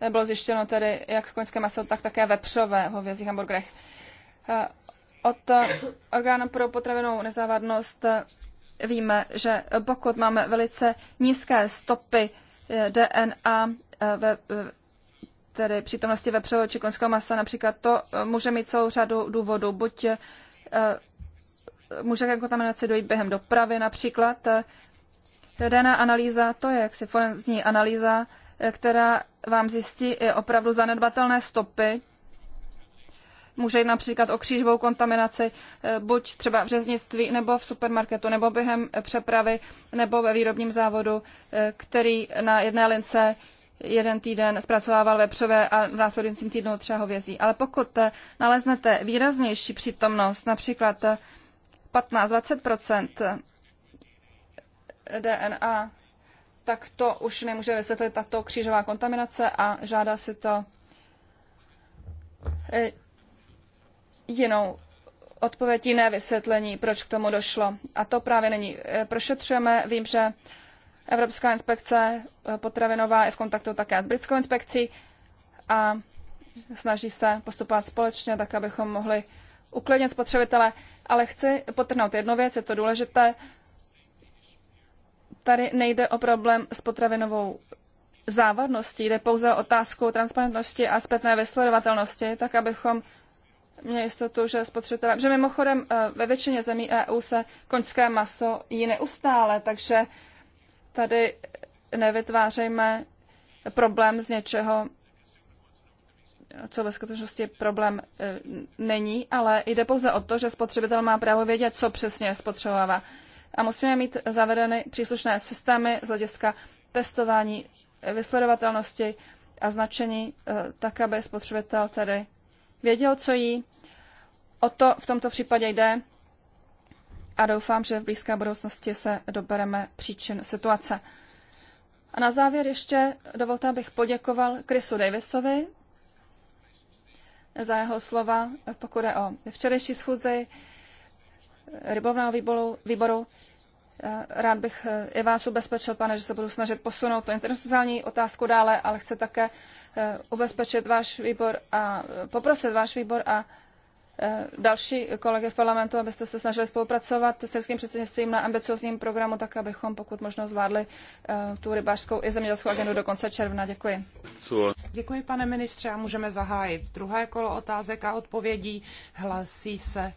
eh, bylo zjištěno tedy jak koňské maso, tak také vepřové v hovězích hamburgerech. Od orgánu pro potravinou nezávadnost víme, že pokud máme velice nízké stopy DNA ve, tedy přítomnosti vepřového či koňského masa například, to může mít celou řadu důvodů. Buď může ke kontaminaci dojít během dopravy například. DNA analýza, to je jaksi forenzní analýza, která vám zjistí i opravdu zanedbatelné stopy. Může jít například o křížovou kontaminaci, buď třeba v řeznictví, nebo v supermarketu, nebo během přepravy, nebo ve výrobním závodu, který na jedné lince jeden týden zpracovával vepřové a v následujícím týdnu třeba hovězí. Ale pokud naleznete výraznější přítomnost, například 15-20 DNA, tak to už nemůže vysvětlit tato křížová kontaminace a žádá si to eh, jinou odpověď, jiné vysvětlení, proč k tomu došlo. A to právě není. Eh, prošetřujeme, vím, že Evropská inspekce eh, potravinová je v kontaktu také s britskou inspekcí a snaží se postupovat společně, tak abychom mohli uklidnit spotřebitele, ale chci potrhnout jednu věc, je to důležité. Tady nejde o problém s potravinovou závadností, jde pouze o otázku transparentnosti a zpětné vysledovatelnosti, tak abychom měli jistotu, že spotřebitelé... Že mimochodem eh, ve většině zemí EU se koňské maso jí neustále, takže tady nevytvářejme problém z něčeho, co ve skutečnosti problém e, není, ale jde pouze o to, že spotřebitel má právo vědět, co přesně spotřebovává. A musíme mít zavedeny příslušné systémy z hlediska testování, e, vysledovatelnosti a značení, e, tak aby spotřebitel tedy věděl, co jí. O to v tomto případě jde a doufám, že v blízké budoucnosti se dobereme příčin situace. A na závěr ještě dovolte, abych poděkoval Chrisu Davisovi, za jeho slova, pokud je o včerejší schůzi rybovného výboru. výboru. Eh, rád bych eh, i vás ubezpečil, pane, že se budu snažit posunout tu internacionální otázku dále, ale chci také eh, ubezpečit váš výbor a poprosit váš výbor a Eh, další kolegy v parlamentu, abyste se snažili spolupracovat s českým předsednictvím na ambiciozním programu, tak abychom pokud možno zvládli eh, tu rybářskou i zemědělskou agendu do konce června. Děkuji. Děkuji, pane ministře, a můžeme zahájit druhé kolo otázek a odpovědí. Hlasí se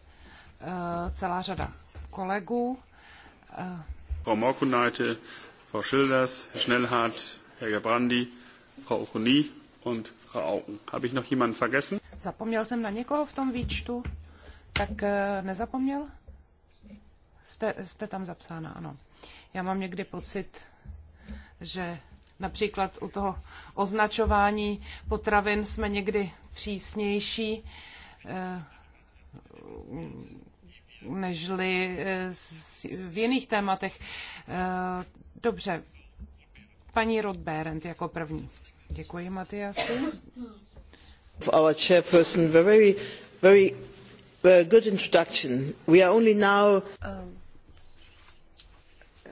uh, celá řada kolegů. Uh. Frau Morkunajte, Frau Schilders, Herr Schnellhardt, Herr Gebrandi, Frau Okuni und Frau Habe ich noch jemanden vergessen? Zapomněl jsem na někoho v tom výčtu? Tak eh, nezapomněl? Jste, jste tam zapsána, ano. Já mám někdy pocit, že například u toho označování potravin jsme někdy přísnější eh, nežli eh, v jiných tématech. Dobře, paní Rodberent jako první. Děkuji, Matyasi. Our chairperson, very, very, very good introduction. We are only now... Um,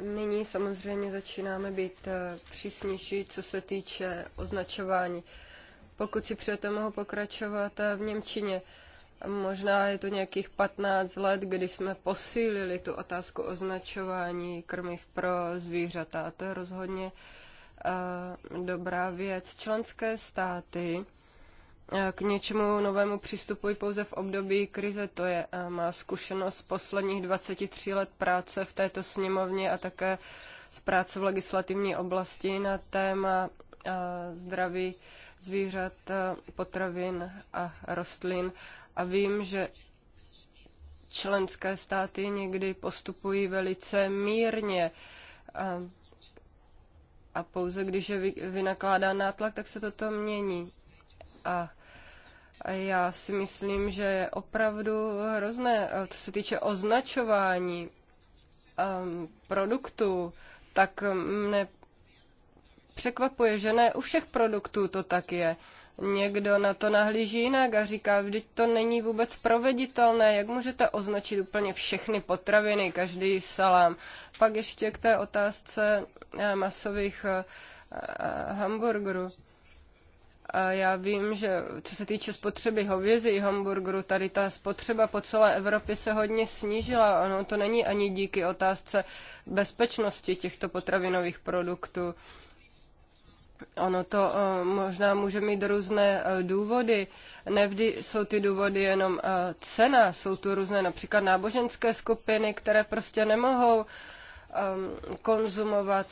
nyní samozřejmě začínáme být uh, přísnější, co se týče označování. Pokud si přijete, mohu pokračovat uh, v Němčině. Možná je to nějakých 15 let, kdy jsme posílili tu otázku označování krmiv pro zvířata. A to je rozhodně uh, Eh, dobrá věc. Členské státy eh, k něčemu novému přistupují pouze v období krize. To je eh, má zkušenost z posledních 23 let práce v této sněmovně a také z práce v legislativní oblasti na téma zdraví zvířat, potravin a rostlin. A vím, že členské státy někdy postupují velice mírně. A pouze když je vynakládá nátlak, tak se toto mění. A a já si myslím, že je opravdu hrozné, co se týče označování um, produktů, tak mne překvapuje, že ne u všech produktů to tak je. Někdo na to nahlíží jinak a říká, vždyť to není vůbec proveditelné, jak můžete označit úplně všechny potraviny, každý salám. Pak ještě k té otázce eh, masových eh, eh, hamburgerů. A já vím, že co se týče spotřeby hovězí hamburgerů, tady ta spotřeba po celé Evropě se hodně snížila. Ono to není ani díky otázce bezpečnosti těchto potravinových produktů. Ono to eh, možná může mít různé eh, důvody. Nevždy jsou ty důvody jenom eh, cena, jsou tu různé například náboženské skupiny, které prostě nemohou ehm, konzumovat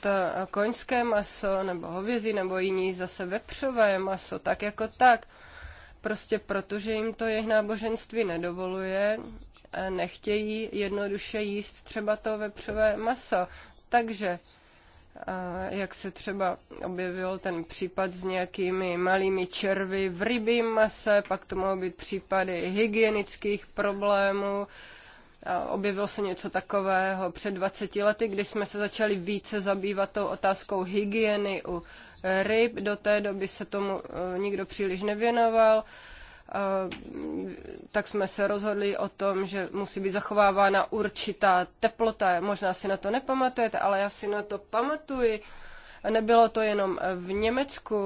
koňské maso nebo hovězí nebo jiní zase vepřové maso, tak jako tak. Prostě protože jim to jejich náboženství nedovoluje, nechtějí jednoduše jíst třeba to vepřové maso. Takže jak se třeba objevil ten případ s nějakými malými červy v rybím mase, pak to mohou být případy hygienických problémů. Objevilo se něco takového před 20 lety, kdy jsme se začali více zabývat tou otázkou hygieny u ryb. Do té doby se tomu eh, nikdo příliš nevěnoval tak jsme se rozhodli o tom, že musí být zachovávána určitá teplota. Možná si na to nepamatujete, ale já si na to pamatuji. Nebylo to jenom v Německu,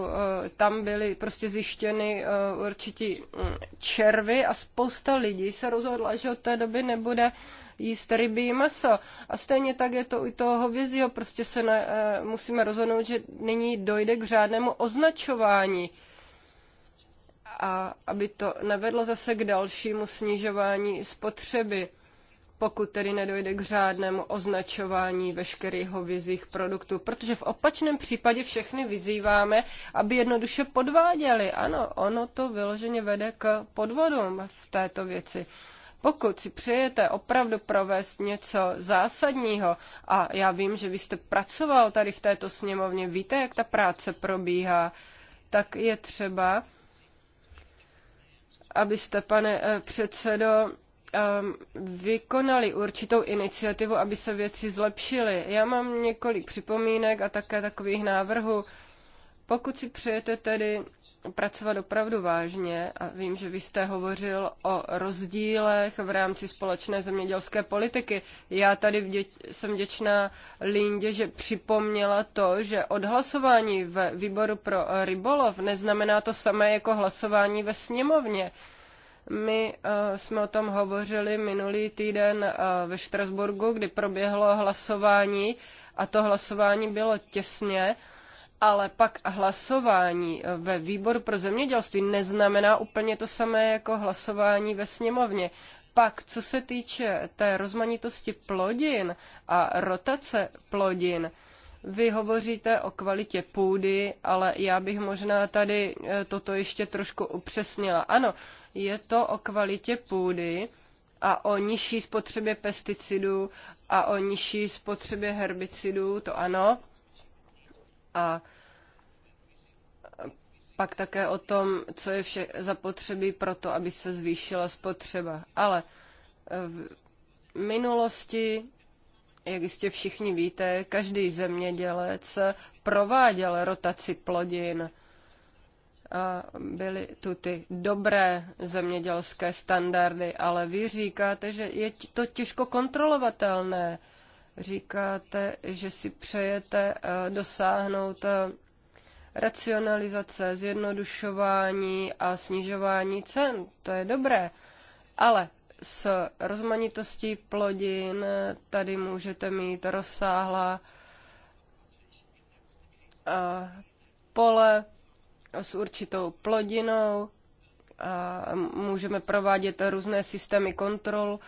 tam byly prostě zjištěny určití mm, červy a spousta lidí se rozhodla, že od té doby nebude jíst rybí maso. A stejně tak je to u toho hovězího, prostě se ne, musíme rozhodnout, že nyní dojde k řádnému označování a aby to nevedlo zase k dalšímu snižování spotřeby, pokud tedy nedojde k řádnému označování veškerých hovězích produktů. Protože v opačném případě všechny vyzýváme, aby jednoduše podváděli. Ano, ono to vyloženě vede k podvodům v této věci. Pokud si přejete opravdu provést něco zásadního, a já vím, že vy jste pracoval tady v této sněmovně, víte, jak ta práce probíhá, tak je třeba, abyste, pane eh, předsedo, ehm, vykonali určitou iniciativu, aby se věci zlepšily. Já mám několik připomínek a také takových návrhů. Pokud si přejete tedy pracovat opravdu vážně, a vím, že vy jste hovořil o rozdílech v rámci společné zemědělské politiky, já tady vděč, jsem vděčná Lindě, že připomněla to, že odhlasování ve výboru pro rybolov neznamená to samé jako hlasování ve sněmovně. My uh, jsme o tom hovořili minulý týden uh, ve Štrasburgu, kdy proběhlo hlasování a to hlasování bylo těsně. Uh, ale pak hlasování eh, ve výboru pro zemědělství neznamená úplně to samé jako hlasování ve sněmovně. Pak, co se týče té rozmanitosti plodin a rotace plodin, vy hovoříte o kvalitě půdy, ale já bych možná tady eh, toto ještě trošku upřesnila. Ano, je to o kvalitě půdy a o nižší spotřebě pesticidů a o nižší spotřebě herbicidů, to ano, a pak také o tom, co je vše zapotřebí pro to, aby se zvýšila spotřeba. Ale eh, v minulosti, jak jistě všichni víte, každý zemědělec prováděl rotaci plodin. A byly tu ty dobré zemědělské standardy, ale vy říkáte, že je to těžko kontrolovatelné. Říkáte, že si přejete eh, dosáhnout eh, racionalizace, zjednodušování a snižování cen. To je dobré. Ale s rozmanitostí plodin tady můžete mít rozsáhlá eh, pole s určitou plodinou. A můžeme provádět různé systémy kontrol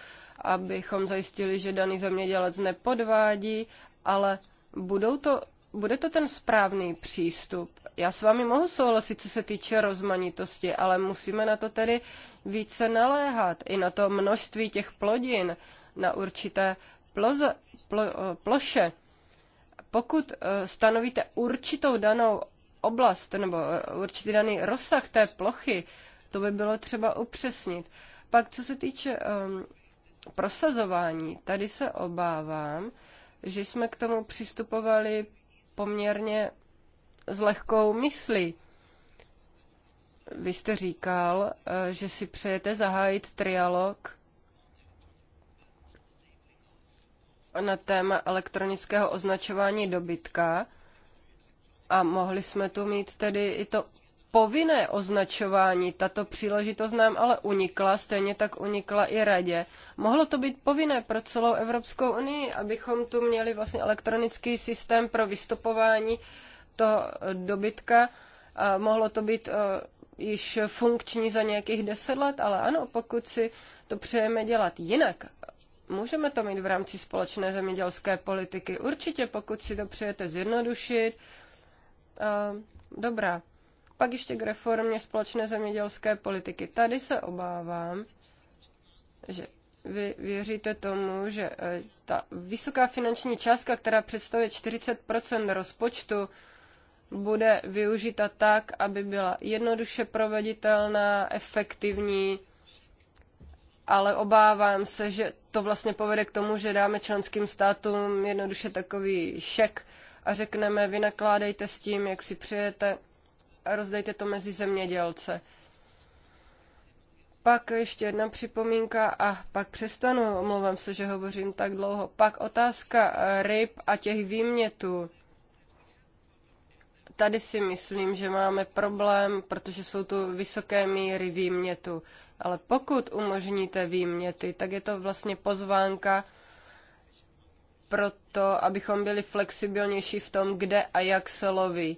abychom zajistili, že daný zemědělec nepodvádí, ale budou to, bude to ten správný přístup. Já s vámi mohu souhlasit, co se týče rozmanitosti, ale musíme na to tedy více naléhat. I na to množství těch plodin, na určité ploze, plo, eh, ploše. Pokud eh, stanovíte určitou danou oblast nebo eh, určitý daný rozsah té plochy, to by bylo třeba upřesnit. Pak co se týče um, prosazování. Tady se obávám, že jsme k tomu přistupovali poměrně s lehkou myslí. Vy jste říkal, eh, že si přejete zahájit trialog na téma elektronického označování dobytka a mohli jsme tu mít tedy i to povinné označování. Tato příležitost nám ale unikla, stejně tak unikla i radě. Mohlo to být povinné pro celou Evropskou unii, abychom tu měli vlastně elektronický systém pro vystupování toho eh, dobytka. A mohlo to být eh, již funkční za nějakých deset let, ale ano, pokud si to přejeme dělat jinak, můžeme to mít v rámci společné zemědělské politiky. Určitě, pokud si to přejete zjednodušit, eh, dobrá. Pak ještě k reformě společné zemědělské politiky. Tady se obávám, že vy věříte tomu, že eh, ta vysoká finanční částka, která představuje 40 rozpočtu, bude využita tak, aby byla jednoduše proveditelná, efektivní, ale obávám se, že to vlastně povede k tomu, že dáme členským státům jednoduše takový šek a řekneme, vynakládejte s tím, jak si přejete a rozdejte to mezi zemědělce. Pak ještě jedna připomínka a pak přestanu, omlouvám se, že hovořím tak dlouho. Pak otázka ryb a těch výmětů. Tady si myslím, že máme problém, protože jsou tu vysoké míry výmětu. Ale pokud umožníte výměty, tak je to vlastně pozvánka pro to, abychom byli flexibilnější v tom, kde a jak se loví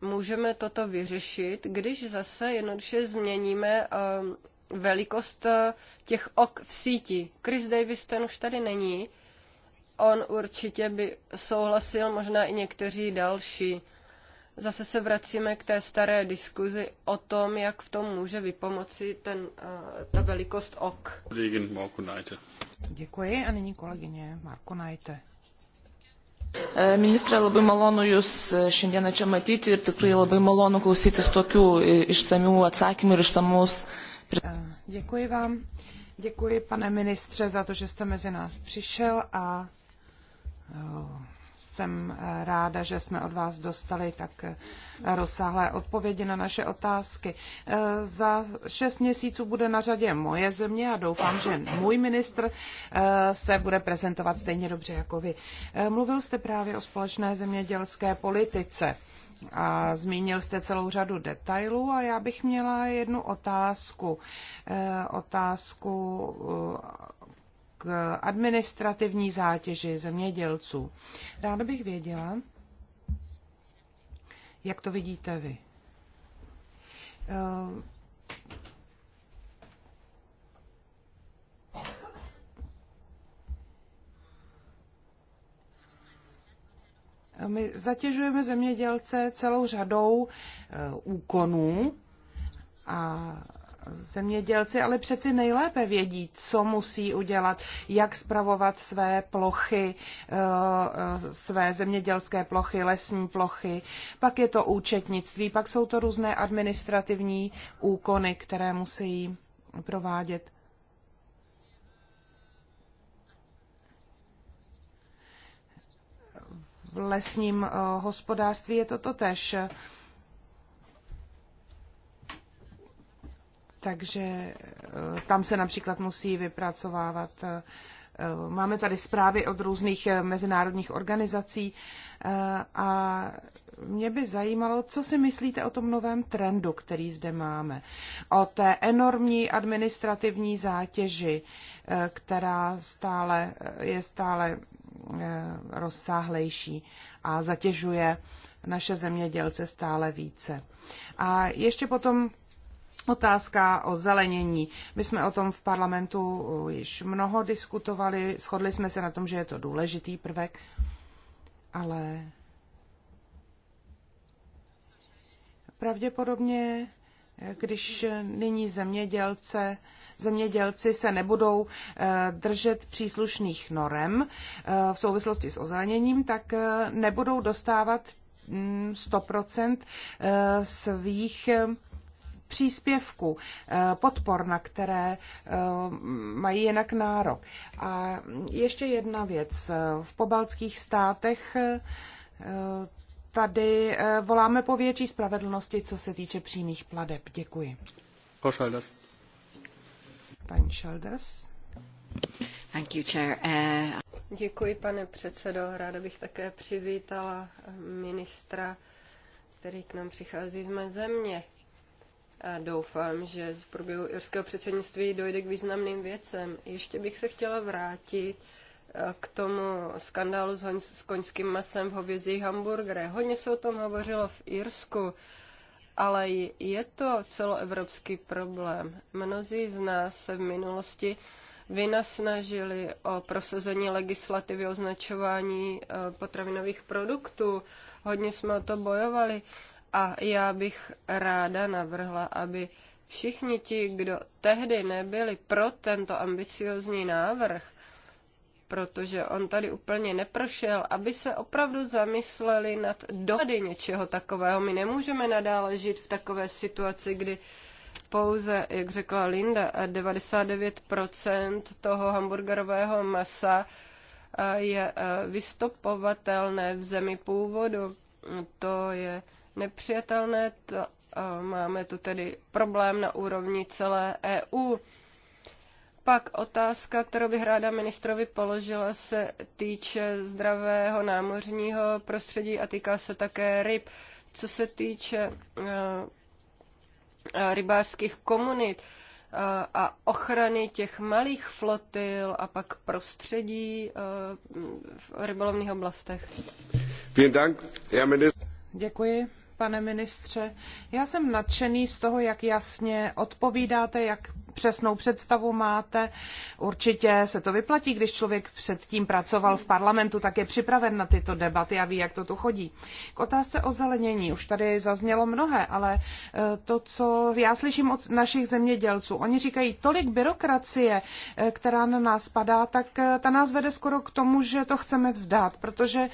můžeme toto vyřešit, když zase jednoduše změníme eh, velikost eh, těch ok v síti. Chris Davis ten už tady není. On určitě by souhlasil, možná i někteří další. Zase se vracíme k té staré diskuzi o tom, jak v tom může vypomoci ten, eh, ta velikost ok. Děkuji a nyní kolegyně Marko Najte. Ministrė, labai malonu Jūs šiandieną čia matyti ir tikrai labai malonu klausytis tokių e, išsamių atsakymų ir išsamus. E, děkuji vám. Děkuji, pane ministře, za to, že jste mezi nás přišel a e, jsem eh, ráda, že jsme od vás dostali tak eh, rozsáhlé odpovědi na naše otázky. Eh, za šest měsíců bude na řadě moje země a doufám, že můj ministr se bude prezentovat stejně dobře jako vy. Mluvil jste právě o společné zemědělské politice a zmínil jste celou řadu detailů a já bych měla jednu otázku. Otázku k administrativní zátěži zemědělců. Ráda bych věděla, jak to vidíte vy. Eh, my zatěžujeme zemědělce celou řadou eh, úkonů a Zemědělci ale přeci nejlépe vědí, co musí udělat, jak spravovat své plochy, eh, eh, své zemědělské plochy, lesní plochy. Pak je to účetnictví, pak jsou to různé administrativní úkony, které musí provádět. V lesním eh, hospodářství je to totež. tež Takže eh, tam se například musí vypracovávat. Eh, eh, máme tady zprávy od různých mezinárodních organizací a mě by zajímalo, co si myslíte o tom novém trendu, který zde máme, o té enormní administrativní zátěži, která stále, je stále rozsáhlejší a zatěžuje naše zemědělce stále více. A ještě potom Otázka o zelenění. My jsme o tom v parlamentu uh, již mnoho diskutovali, shodli jsme se na tom, že je to důležitý prvek, ale pravděpodobně, eh, když nyní zemědělce zemědělci se nebudou eh, držet příslušných norem eh, v souvislosti s ozeleněním, tak nebudou dostávat 100% mm, svých příspěvků, eh, podpor, na které eh, mají jinak nárok. A ještě jedna věc. V pobaltských státech eh, tady voláme po větší spravedlnosti, co se týče přímých pladeb. Děkuji. Frau Paní Thank you, Chair. Uh... Děkuji, pane předsedo. Ráda bych také přivítala ministra, který k nám přichází z mé země doufám, že z průběhu irského předsednictví dojde k významným věcem. Ještě bych se chtěla vrátit e, k tomu skandálu s, hoň, s koňským masem v hovězí hamburgere. Hodně se o tom hovořilo v Irsku, ale je to celoevropský problém. Mnozí z nás se v minulosti vynasnažili o prosazení legislativy označování e, potravinových produktů. Hodně jsme o to bojovali. A já bych ráda navrhla, aby všichni ti, kdo tehdy nebyli pro tento ambiciozní návrh, protože on tady úplně neprošel, aby se opravdu zamysleli nad dohady něčeho takového. My nemůžeme nadále žít v takové situaci, kdy pouze, jak řekla Linda, 99% toho hamburgerového masa je vystopovatelné v zemi původu. To je nepřijatelné. To, máme tu tedy problém na úrovni celé EU. Pak otázka, kterou bych ráda ministrovi položila, se týče zdravého námořního prostředí a týká se také ryb. Co se týče e, e, rybářských komunit e, a ochrany těch malých flotil a pak prostředí v rybolovných oblastech. Děkuji pane ministře. Já jsem nadšený z toho, jak jasně odpovídáte, jak přesnou představu máte. Určitě se to vyplatí, když člověk předtím pracoval v parlamentu, tak je připraven na tyto debaty a ví, jak to tu chodí. K otázce o zelenění už tady zaznělo mnohé, ale eh, to, co já slyším od našich zemědělců, oni říkají, tolik byrokracie, eh, která na nás padá, tak eh, ta nás vede skoro k tomu, že to chceme vzdát, protože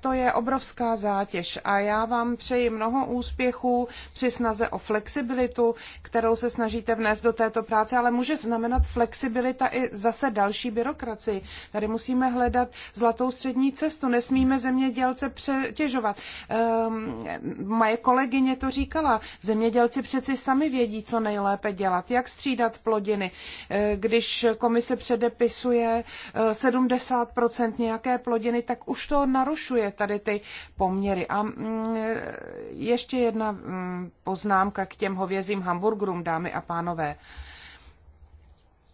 to je obrovská zátěž. A já vám přeji mnoho úspěchů při snaze o flexibilitu, kterou se snažíte vnést do této práce, ale může znamenat flexibilita i zase další byrokracii. Tady musíme hledat zlatou střední cestu, nesmíme zemědělce přetěžovat. Um, moje kolegyně to říkala, zemědělci přeci sami vědí, co nejlépe dělat, jak střídat plodiny. Eh, když komise předepisuje 70% eh, nějaké plodiny, tak už to narušuje tady ty poměry. A mm, eh, ještě jedna mm, poznámka k těm hovězím hamburgerům, dámy a pánové.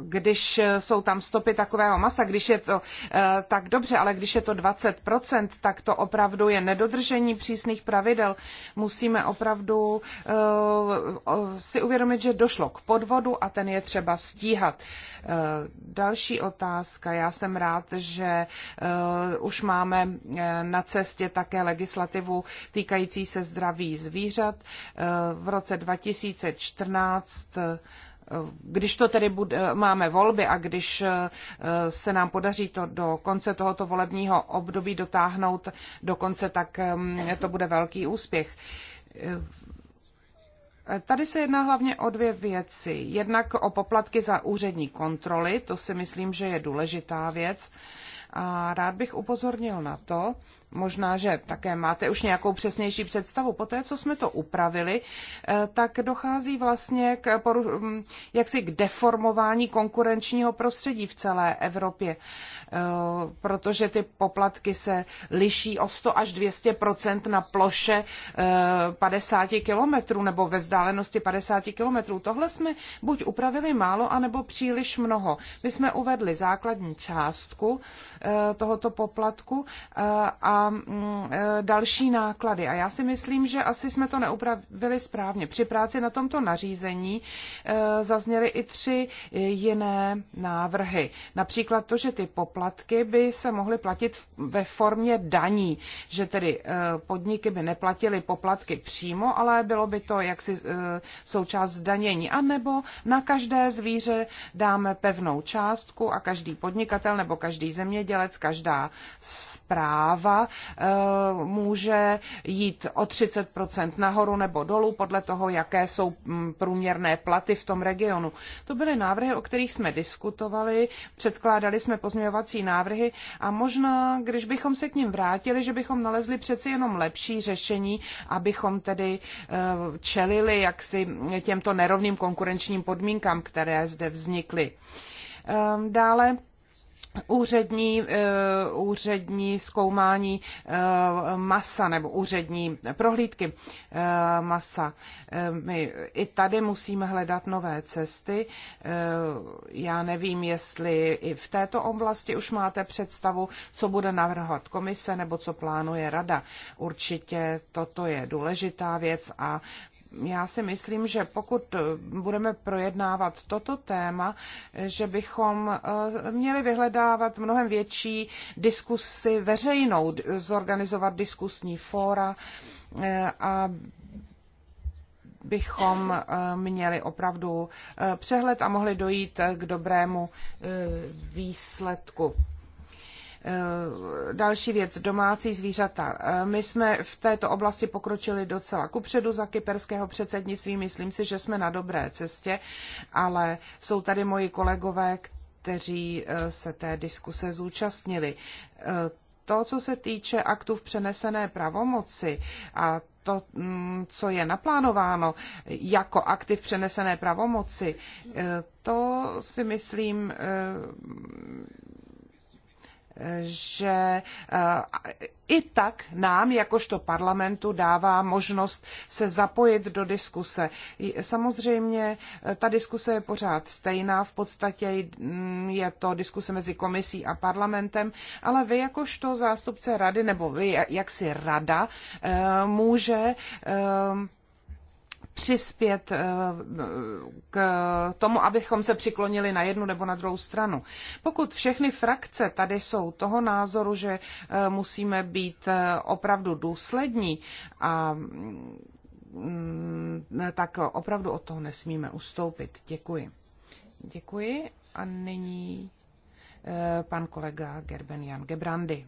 když jsou tam stopy takového masa, když je to eh, tak dobře, ale když je to 20%, tak to opravdu je nedodržení přísných pravidel. Musíme opravdu eh, si uvědomit, že došlo k podvodu a ten je třeba stíhat. Eh, další otázka. Já jsem rád, že už máme na cestě také legislativu týkající se zdraví zvířat. V roce 2014 když to tedy bude, máme volby a když eh, se nám podaří to do konce tohoto volebního období dotáhnout do konce, tak to bude velký úspěch. Eh, tady se jedná hlavně o dvě věci. Jednak o poplatky za úřední kontroly, to si myslím, že je důležitá věc. A rád bych upozornil na to, Možná, že také máte už nějakou přesnější představu. Po té, co jsme to upravili, eh, tak dochází vlastně k, hm, jaksi k deformování konkurenčního prostředí v celé Evropě, eh, protože ty poplatky se liší o 100 až 200 na ploše 50 eh, kilometrů nebo ve vzdálenosti 50 kilometrů. Tohle jsme buď upravili málo, anebo příliš mnoho. My jsme uvedli základní částku tohoto poplatku a Mm, eh, další náklady. A já si myslím, že asi jsme to neupravili správně. Při práci na tomto nařízení eh, zazněly i tři jiné návrhy. Například to, že ty poplatky by se mohly platit ve formě daní, že tedy eh, podniky by neplatily poplatky přímo, ale bylo by to jaksi součást zdanění. A nebo na každé zvíře dáme pevnou částku a každý podnikatel nebo každý zemědělec, každá zpráva Eh, může jít o 30 nahoru nebo dolů podle toho, jaké jsou mm, průměrné platy v tom regionu. To byly návrhy, o kterých jsme diskutovali, předkládali jsme pozměňovací návrhy a možná, když bychom se k ním vrátili, že bychom nalezli přeci jenom lepší řešení, abychom tedy eh, čelili jaksi těmto nerovným konkurenčním podmínkám, které zde vznikly. Ehm, dále úřední, eh, úřední zkoumání eh, masa nebo úřední prohlídky eh, masa. My i tady musíme hledat nové cesty. Já nevím, jestli i v této oblasti už máte představu, co bude navrhovat komise nebo co plánuje rada. Určitě toto je důležitá věc a já si myslím, že pokud eh, budeme projednávat toto téma, eh, že bychom eh, měli vyhledávat mnohem větší diskusy veřejnou, zorganizovat diskusní fóra a bychom měli opravdu přehled a mohli dojít k dobrému výsledku. Eh, další věc, domácí zvířata. Eh, my jsme v této oblasti pokročili docela kupředu za kyperského předsednictví. Myslím si, že jsme na dobré cestě, ale jsou tady moji kolegové, kteří eh, se té diskuse zúčastnili. To, co se týče aktů v přenesené pravomoci a to, mm, co je naplánováno jako aktiv přenesené pravomoci, to si myslím, že eh, i tak nám, jakožto parlamentu, dává možnost se zapojit do diskuse. Samozřejmě eh, ta diskuse je pořád stejná, v podstatě mm, je to diskuse mezi komisí a parlamentem, ale vy jakožto zástupce rady, nebo vy jaksi rada, eh, může přispět eh, k tomu, abychom se přiklonili na jednu nebo na druhou stranu. Pokud všechny frakce tady jsou toho názoru, že eh, musíme být eh, opravdu důslední a mm, tak opravdu od toho nesmíme ustoupit. Děkuji. Děkuji a nyní pan kolega Gerben Jan Gebrandy.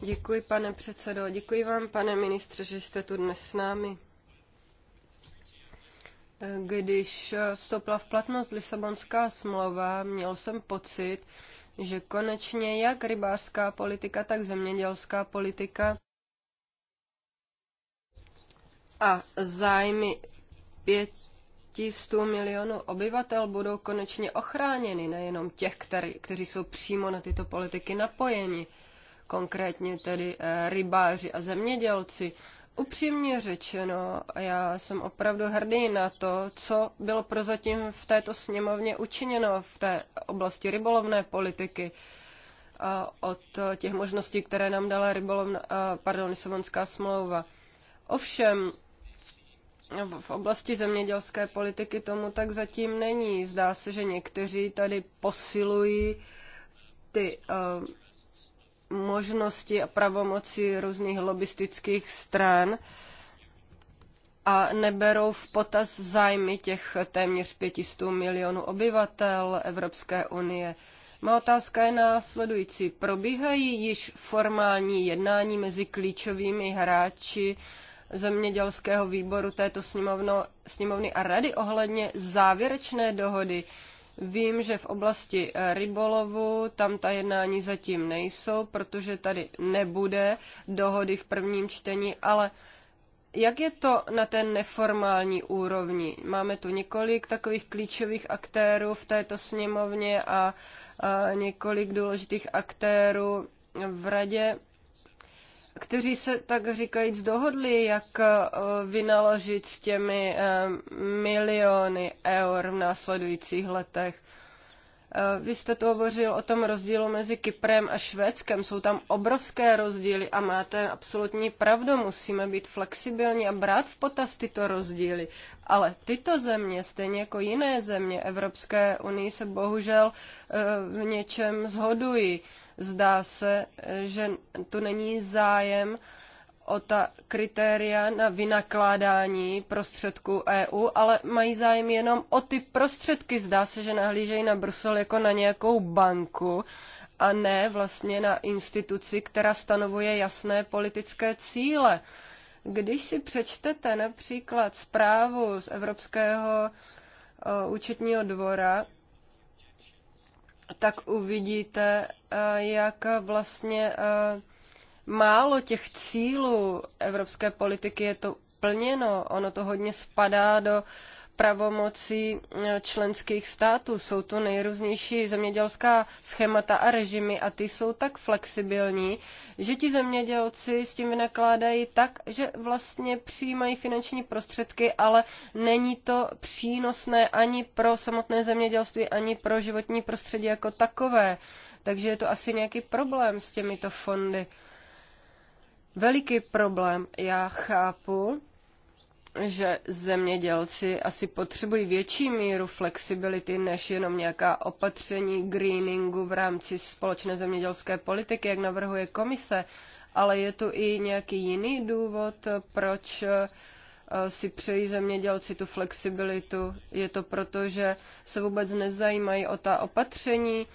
Děkuji, pane předsedo. Děkuji vám, pane ministře, že jste tu dnes s námi. Když eh, vstoupila v platnost Lisabonská smlouva, měl jsem pocit, že konečně jak rybářská politika, tak zemědělská politika a zájmy 500 milionů obyvatel budou konečně ochráněny, nejenom těch, který, kteří jsou přímo na tyto politiky napojeni, konkrétně tedy eh, rybáři a zemědělci upřímně řečeno, já jsem opravdu hrdý na to, co bylo prozatím v této sněmovně učiněno v té oblasti rybolovné politiky od těch možností, které nám dala rybolovna, pardon, Lisabonská smlouva. Ovšem, v oblasti zemědělské politiky tomu tak zatím není. Zdá se, že někteří tady posilují ty uh, možnosti a pravomoci různých lobistických stran a neberou v potaz zájmy těch téměř 500 milionů obyvatel Evropské unie. Má otázka je následující. Probíhají již formální jednání mezi klíčovými hráči zemědělského výboru této sněmovno, sněmovny a rady ohledně závěrečné dohody, Vím, že v oblasti eh, rybolovu tam ta jednání zatím nejsou, protože tady nebude dohody v prvním čtení, ale jak je to na té neformální úrovni? Máme tu několik takových klíčových aktérů v této sněmovně a, a několik důležitých aktérů v radě kteří se tak říkajíc dohodli, jak eh, vynaložit s těmi eh, miliony eur v následujících letech. Eh, vy jste to hovořil o tom rozdílu mezi Kyprem a Švédskem. Jsou tam obrovské rozdíly a máte absolutní pravdu. Musíme být flexibilní a brát v potaz tyto rozdíly. Ale tyto země, stejně jako jiné země Evropské unii, se bohužel v něčem zhodují. Zdá se, že tu není zájem o ta kritéria na vynakládání prostředků EU, ale mají zájem jenom o ty prostředky. Zdá se, že nahlížejí na Brusel jako na nějakou banku a ne vlastně na instituci, která stanovuje jasné politické cíle. Když si přečtete například zprávu z Evropského eh, účetního dvora, tak uvidíte, eh, jak vlastně eh, málo těch cílů evropské politiky je to plněno. Ono to hodně spadá do uh, pravomocí eh, členských států. Jsou tu nejrůznější zemědělská schémata a režimy a ty jsou tak flexibilní, že ti zemědělci s tím vynakládají tak, že vlastně přijímají finanční prostředky, ale není to přínosné ani pro samotné zemědělství, ani pro životní prostředí jako takové. Takže je to asi nějaký problém s těmito fondy. Veliký problém, já chápu, že zemědělci asi potřebují větší míru flexibility než jenom nějaká opatření greeningu v rámci společné zemědělské politiky, jak navrhuje komise, ale je tu i nějaký jiný důvod, proč eh, si přejí zemědělci tu flexibilitu. Je to proto, že se vůbec nezajímají o ta opatření,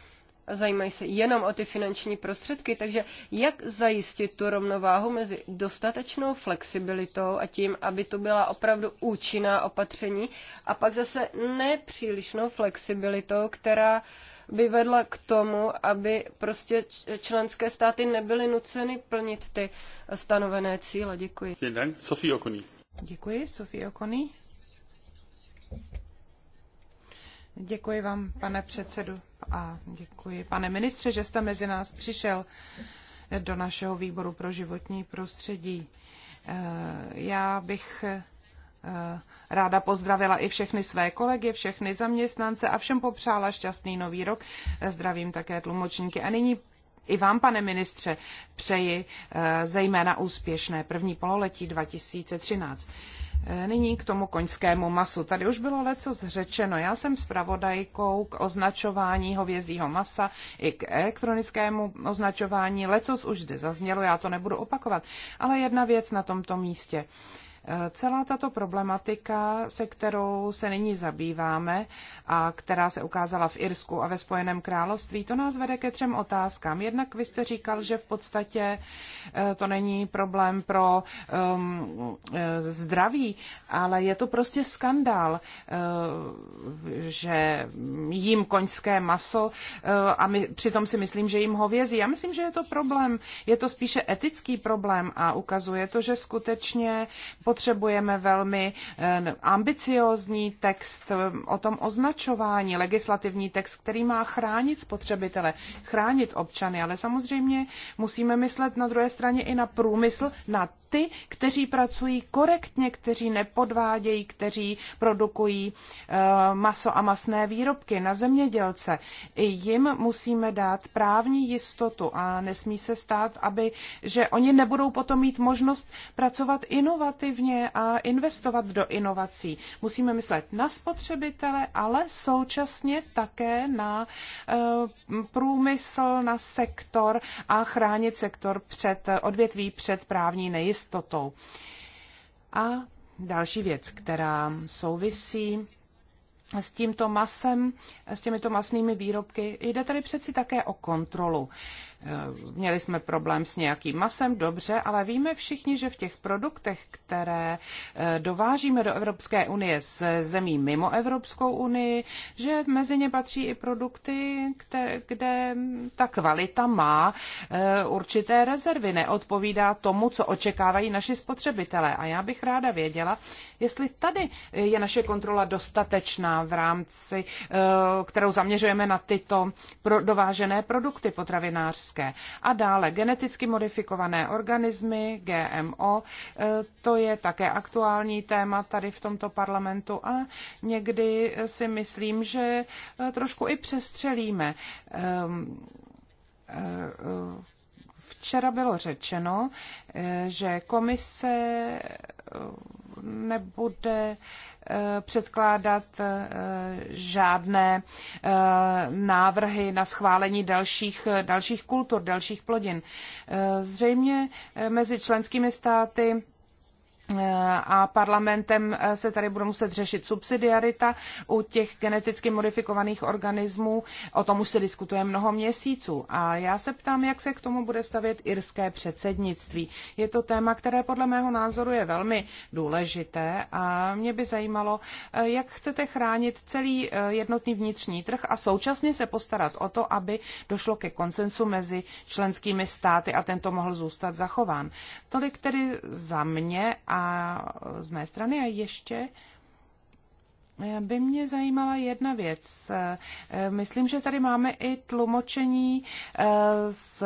zajímají se jenom o ty finanční prostředky, takže jak zajistit tu rovnováhu mezi dostatečnou flexibilitou a tím, aby to byla opravdu účinná opatření a pak zase nepřílišnou flexibilitou, která by vedla k tomu, aby prostě členské státy nebyly nuceny plnit ty stanovené cíle. Děkuji. Děkuji, Sofie Okony. Děkuji, Sofie Okony. Děkuji vám, pane předsedu, a děkuji, pane ministře, že jste mezi nás přišel do našeho výboru pro životní prostředí. Eh, já bych eh, ráda pozdravila i všechny své kolegy, všechny zaměstnance a všem popřála šťastný nový rok. Eh, zdravím také tlumočníky. A nyní i vám, pane ministře, přeji zejména úspěšné první pololetí 2013. Nyní k tomu koňskému masu. Tady už bylo leco zřečeno. Já jsem zpravodajkou k označování hovězího masa i k elektronickému označování. Leco už zde zaznělo, já to nebudu opakovat. Ale jedna věc na tomto místě. Celá tato problematika, se kterou se nyní zabýváme a která se ukázala v Irsku a ve Spojeném království, to nás vede ke třem otázkám. Jednak vy jste říkal, že v podstatě eh, to není problém pro um, zdraví, ale je to prostě skandál, eh, že jim koňské maso a my, přitom si myslím, že jim hovězí. Já myslím, že je to problém. Je to spíše etický problém a ukazuje to, že skutečně pod potřebujeme velmi eh, ambiciózní text eh, o tom označování, legislativní text, který má chránit spotřebitele, chránit občany, ale samozřejmě musíme myslet na druhé straně i na průmysl, na ty, kteří pracují korektně, kteří nepodvádějí, kteří produkují eh, maso a masné výrobky na zemědělce. I jim musíme dát právní jistotu a nesmí se stát, aby, že oni nebudou potom mít možnost pracovat inovativně efektivně a investovat do inovací. Musíme myslet na spotřebitele, ale současně také na eh, průmysl, na sektor a chránit sektor před eh, odvětví před právní nejistotou. A další věc, která souvisí s tímto masem, s těmito masnými výrobky. Jde tady přeci také o kontrolu. Eh, měli jsme problém s nějakým masem, dobře, ale víme všichni, že v těch produktech, které eh, dovážíme do Evropské unie z zemí mimo Evropskou unii, že mezi ně patří i produkty, které, kde ta kvalita má eh, určité rezervy, neodpovídá tomu, co očekávají naši spotřebitelé. A já bych ráda věděla, jestli tady je naše kontrola dostatečná v rámci, kterou zaměřujeme na tyto dovážené produkty potravinářské evropské. A dále geneticky modifikované organismy, GMO, e, to je také aktuální téma tady v tomto parlamentu a někdy si myslím, že e, trošku i přestřelíme. E, včera bylo řečeno, že komise nebude eh, předkládat eh, žádné eh, návrhy na schválení dalších, dalších kultur, dalších plodin. Zřejmě mezi členskými státy a parlamentem eh, se tady bude muset řešit subsidiarita u těch geneticky modifikovaných organismů. O tom už se diskutuje mnoho měsíců. A já se ptám, jak se k tomu bude stavět irské předsednictví. Je to téma, které podle mého názoru je velmi důležité a mě by zajímalo, eh, jak chcete chránit celý eh, jednotný vnitřní trh a současně se postarat o to, aby došlo ke konsensu mezi členskými státy a tento mohl zůstat zachován. Tolik tedy za mě a a z mé strany a ještě eh, by mě zajímala jedna věc. Eh, myslím, že tady máme i tlumočení eh, z,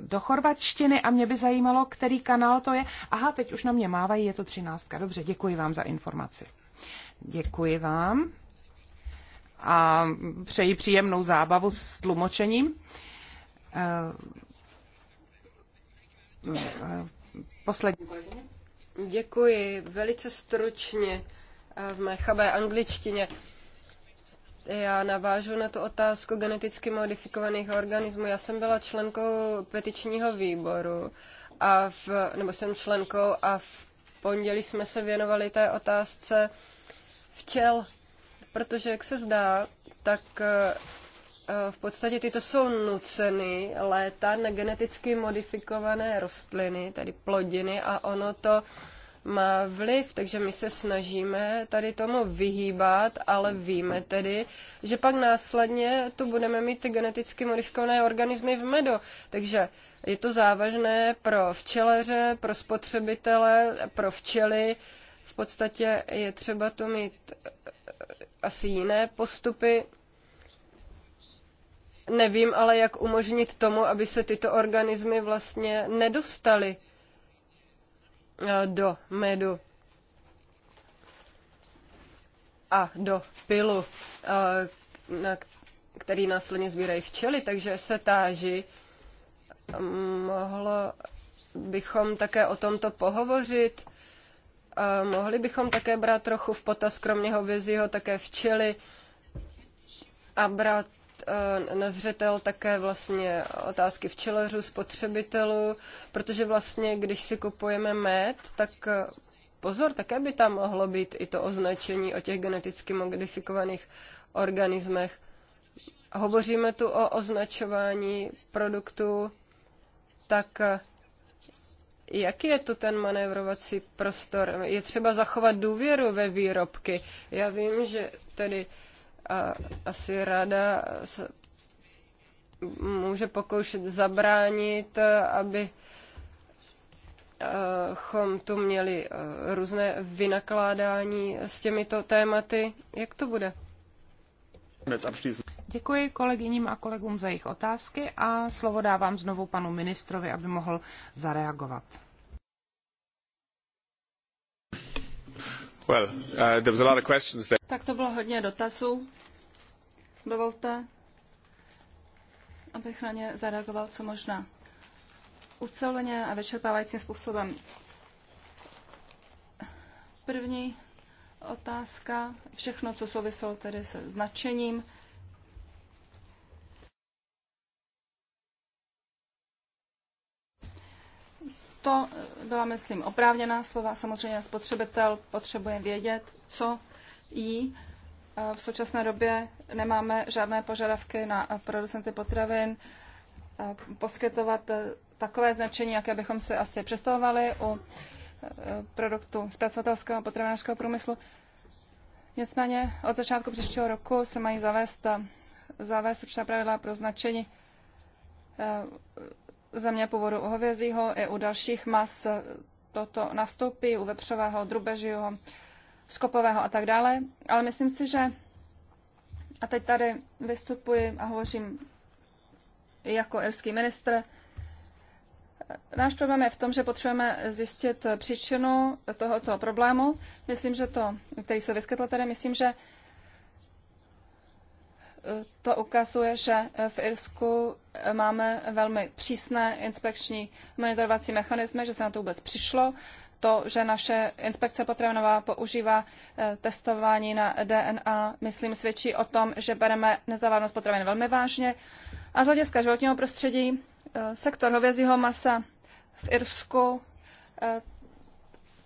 do chorvatštiny a mě by zajímalo, který kanál to je. Aha, teď už na mě mávají, je to třináctka. Dobře, děkuji vám za informaci. Děkuji vám a přeji příjemnou zábavu s tlumočením poslední kolegyně. Děkuji. Velice stručně eh, v mé chabé angličtině. Já navážu na tu otázku geneticky modifikovaných organismů. Já jsem byla členkou petičního výboru, a v, nebo jsem členkou a v pondělí jsme se věnovali té otázce včel, protože jak se zdá, tak eh, v podstatě tyto jsou nuceny létat na geneticky modifikované rostliny, tedy plodiny a ono to má vliv, takže my se snažíme tady tomu vyhýbat, ale víme tedy, že pak následně tu budeme mít ty geneticky modifikované organismy v medu. Takže je to závažné pro včeleře, pro spotřebitele, pro včely. V podstatě je třeba tu mít asi jiné postupy, Nevím ale, jak umožnit tomu, aby se tyto organismy vlastně nedostaly eh, do medu a do pilu, eh, na který následně sbírají včely, takže se táži, eh, mohlo bychom také o tomto pohovořit. Mohli bychom také brát trochu v potaz, kromě hovězího, také včely a brát Eh, na zřetel také vlastně otázky včelařů, spotřebitelů, protože vlastně, když si kupujeme med, tak eh, pozor, také by tam mohlo být i to označení o těch geneticky modifikovaných organismech. Hovoříme tu o označování produktů, tak eh, Jaký je tu ten manévrovací prostor? Je třeba zachovat důvěru ve výrobky. Já vím, že tedy a asi rada může pokoušet zabránit, aby eh, chom tu měli eh, různé vynakládání s těmito tématy. Jak to bude? Děkuji kolegyním a kolegům za jejich otázky a slovo dávám znovu panu ministrovi, aby mohl zareagovat. Well, uh, there was a lot of questions there. Tak to bylo hodně dotazů. Dovolte, abych na ně zareagoval co možná uceleně a vyčerpávajícím způsobem. První otázka, všechno, co souviselo tedy se značením. To byla, myslím, oprávněná slova. Samozřejmě spotřebitel potřebuje vědět, co jí. E, v současné době nemáme žádné požadavky na producenty potravin e, poskytovat e, takové značení, jaké bychom si asi představovali u produktu zpracovatelského potravinářského průmyslu. Nicméně od začátku příštího roku se mají zavést, zavést určitá pravidla pro značení země původu u hovězího i u dalších mas toto nastoupí, u vepřového, drubežího, skopového a tak dále. Ale myslím si, že a teď tady vystupuji a hovořím jako irský ministr. Náš problém je v tom, že potřebujeme zjistit příčinu tohoto problému. Myslím, že to, který se vyskytl tady, myslím, že to ukazuje, že v Irsku máme velmi přísné inspekční monitorovací mechanismy, že se na to vůbec přišlo. To, že naše inspekce potravinová používá eh, testování na DNA, myslím, svědčí o tom, že bereme nezávadnost potravin velmi vážně. A z hlediska životního prostředí eh, sektor hovězího masa v Irsku eh,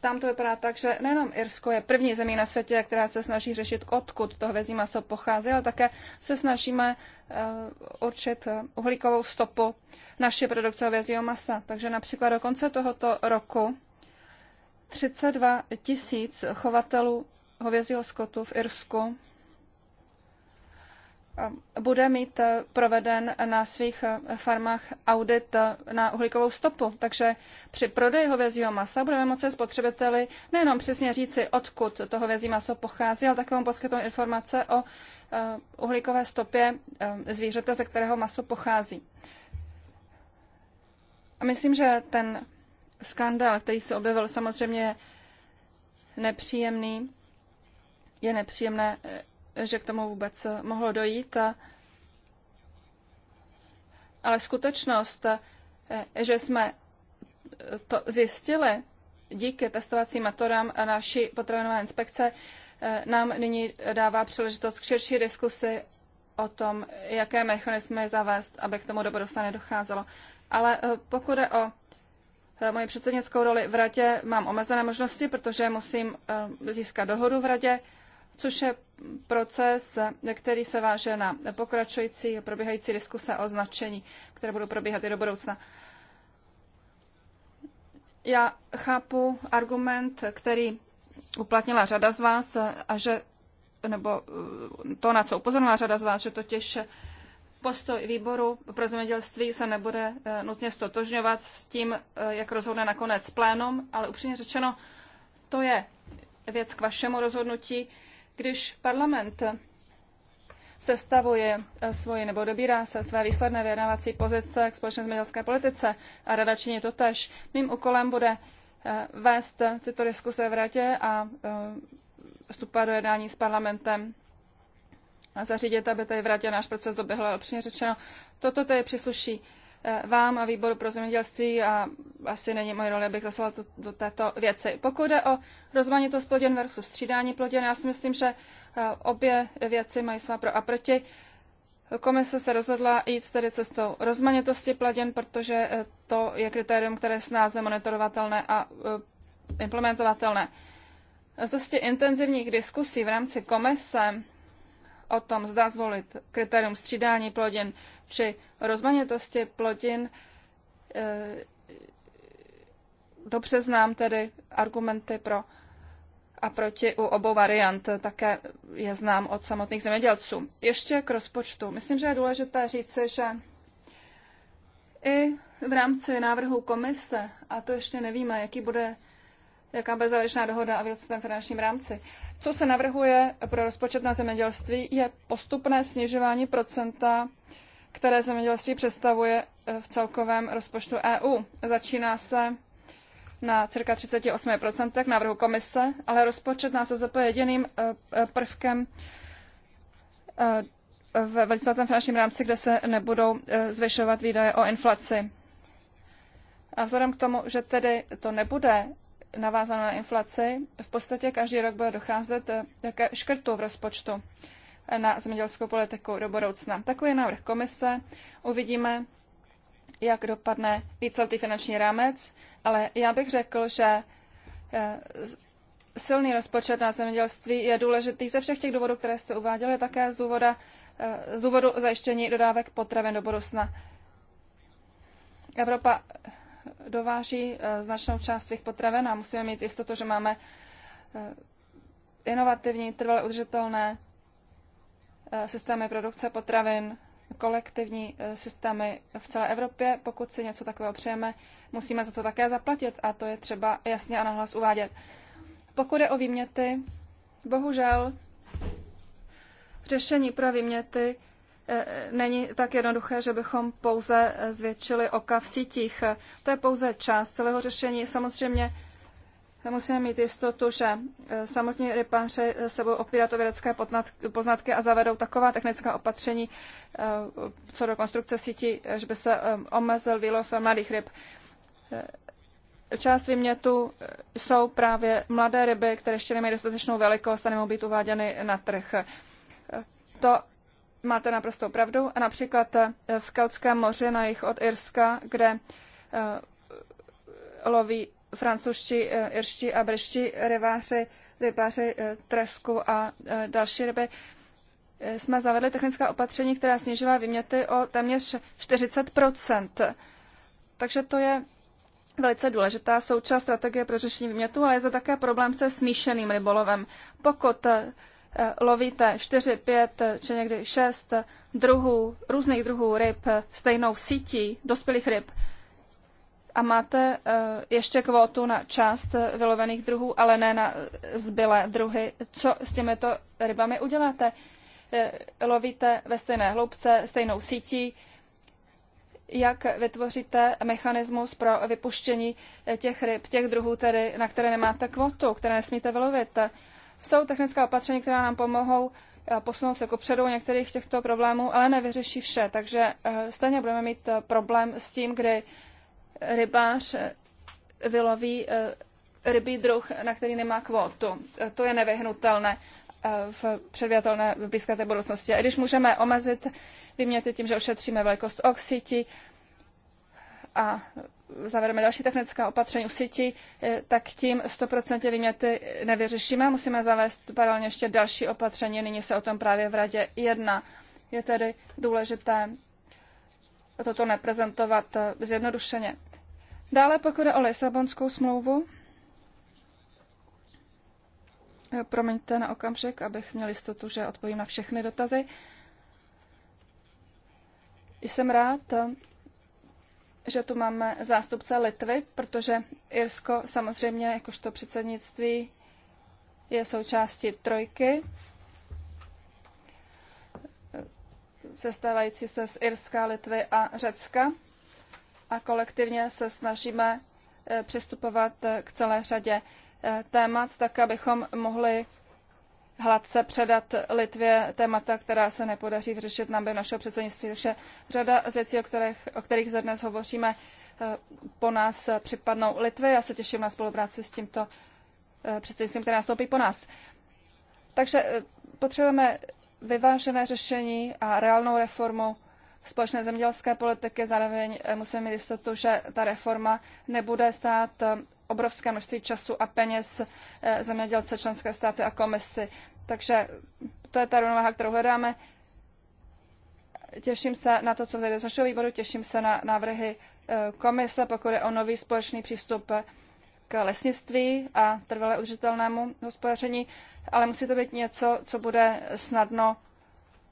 tam to vypadá tak, že nejenom Irsko je první zemí na světě, která se snaží řešit, odkud to hvězdí maso pochází, ale také se snažíme eh, určit eh, uhlíkovou stopu naší produkce hvězdího masa. Takže například do konce tohoto roku 32 tisíc chovatelů hovězího skotu v Irsku Eh, bude mít eh, proveden na svých eh, farmách audit na uhlíkovou stopu. Takže při prodeji hovězího masa budeme moci spotřebiteli nejenom přesně říci, odkud to hovězí maso pochází, ale také vám poskytnout informace o uhlíkové stopě zvířete, ze kterého maso pochází. A myslím, že ten skandál, který se objevil, samozřejmě je nepříjemný. Je nepříjemné že k tomu vůbec mohlo dojít. Ale skutečnost, že jsme to zjistili díky testovacím metodám naší potravinové inspekce, nám nyní dává příležitost k širší diskusi o tom, jaké mechanismy zavést, aby k tomu do budoucna nedocházelo. Ale eh, pokud je o eh, moji předsednickou roli v radě, mám omezené možnosti, protože musím eh, získat dohodu v radě, což je proces, který se váže na pokračující probíhající diskuse o značení, které budou probíhat i do budoucna. Já chápu argument, který uplatnila řada z vás a že, nebo eh, to, na co upozornila řada z vás, že totiž postoj výboru pro zemědělství se nebude eh, nutně stotožňovat s tím, eh, jak rozhodne nakonec plénum, ale upřímně řečeno, to je věc k vašemu rozhodnutí. Když parlament sestavuje eh, svoji nebo dobírá se své výsledné vyjednávací pozice k společné zemědělské politice a rada činí to tež. Mým úkolem bude eh, vést tyto diskuse v radě a eh, vstupovat do jednání s parlamentem a zařídit, aby tady v radě náš proces doběhl lepšně řečeno. Toto tedy přísluší Eh, vám a výboru pro zemědělství a asi není moje role, abych zaslala to, do této věci. Pokud jde o rozmanitost plodin versus střídání plodin, já si myslím, že eh, obě věci mají svá pro a proti. Komise se rozhodla jít tedy cestou rozmanitosti plodin, protože eh, to je kritérium, které je snáze monitorovatelné a implementovatelné. Z dosti intenzivních diskusí v rámci komise o tom, zda zvolit kritérium střídání plodin či rozmanitosti plodin. Eh, dobře znám tedy argumenty pro a proti u obou variant, také je znám od samotných zemědělců. Ještě k rozpočtu. Myslím, že je důležité říci, že i v rámci návrhu komise, a to ještě nevíme, jaký bude jaká závěrečná dohoda a v finančním rámci. Co se navrhuje pro rozpočet na zemědělství, je postupné snižování procenta, které zemědělství představuje eh, v celkovém rozpočtu EU. Začíná se na cirka 38% návrhu komise, ale rozpočet na SZP je jediným eh, eh, prvkem v velicelém finančním rámci, kde se nebudou zvyšovat výdaje o inflaci. A vzhledem k tomu, že tedy to nebude navázaná na inflaci, v podstatě každý rok bude docházet eh, také škrtu v rozpočtu eh, na zemědělskou politiku do budoucna. Takový je návrh komise. Uvidíme, jak dopadne víceletý finanční rámec, ale já bych řekl, že eh, silný rozpočet na zemědělství je důležitý ze všech těch důvodů, které jste uváděli, také z, důvoda, z důvodu zajištění dodávek potravin do budoucna. Evropa dováží eh, značnou část svých potravin a musíme mít jistotu, že máme eh, inovativní, trvale udržitelné eh, systémy produkce potravin, kolektivní systémy v celé Evropě. Pokud si něco takového přejeme, musíme za to také zaplatit a to je třeba jasně a nahlas uvádět. Pokud je o výměty, bohužel řešení pro výměty Eh, není tak jednoduché, že bychom pouze eh, zvětšili oka v sítích. To je pouze část celého řešení. Samozřejmě musíme mít jistotu, že eh, samotní se budou opírat o vědecké poznatky a zavedou taková technická opatření co do konstrukce sítí, že by se omezil výlov mladých ryb. Část výmětu jsou právě mladé ryby, které ještě nemají dostatečnou velikost a nemohou být uváděny na trh. To máte naprostou pravdu. A například eh, v Keltském moři na jich od Irska, kde eh, loví francouzští, eh, irští a brští rybáři, rybáři tresku a další ryby, jsme zavedli technická opatření, která snížila výměty o téměř 40 Takže to je velice důležitá součást strategie pro řešení výmětu, ale je to také problém se smíšeným rybolovem. Pokud Eh, lovíte 4, 5 či někdy 6 druhů, různých druhů ryb stejnou sítí dospělých ryb a máte eh, ještě kvótu na část vylovených druhů, ale ne na zbylé druhy, co s těmito rybami uděláte? Eh, lovíte ve stejné hloubce, stejnou sítí, jak vytvoříte mechanismus pro vypuštění těch ryb, těch druhů, tedy, na které nemáte kvotu, které nesmíte vylovit. Jsou technická opatření, která nám pomohou eh, posunout se kopředu některých těchto problémů, ale nevyřeší vše. Takže eh, stejně budeme mít eh, problém s tím, kdy rybář vyloví rybí druh, na který nemá kvótu. To je nevyhnutelné v předvědatelné blízké té budoucnosti. A když můžeme omezit vyměty tím, že ošetříme velikost oxyti, a zavedeme další technická opatření u sítí, eh, tak tím 100% výměty nevyřešíme. Musíme zavést paralelně ještě další opatření. Nyní se o tom právě v radě jedna. Je tedy důležité toto neprezentovat eh, zjednodušeně. Dále pokud je o Lisabonskou smlouvu, eh, promiňte na okamžik, abych měl jistotu, že odpovím na všechny dotazy. Jsem rád, že tu máme zástupce Litvy, protože Irsko samozřejmě jakožto předsednictví je součástí trojky, sestávající se z Irska, Litvy a Řecka. A kolektivně se snažíme eh, přistupovat eh, k celé řadě eh, témat, tak abychom mohli hladce předat Litvě témata, která se nepodaří vyřešit nám během našeho předsednictví. Takže řada z věcí, o kterých, o kterých zde dnes hovoříme, eh, po nás eh, připadnou Litvě Já se těším na spolupráci s tímto eh, předsednictvím, které nastoupí po nás. Takže potřebujeme vyvážené řešení a reálnou reformu společné zemědělské politiky. Zároveň musíme mít jistotu, že ta reforma nebude stát obrovské množství času a peněz eh, zemědělce, členské státy a komisy. Takže to je ta rovnováha, kterou hledáme. Těším se na to, co vzejde z našeho výboru, těším se na návrhy eh, komise, pokud je o nový společný přístup eh, k lesnictví a trvale udržitelnému hospodaření, ale musí to být něco, co bude snadno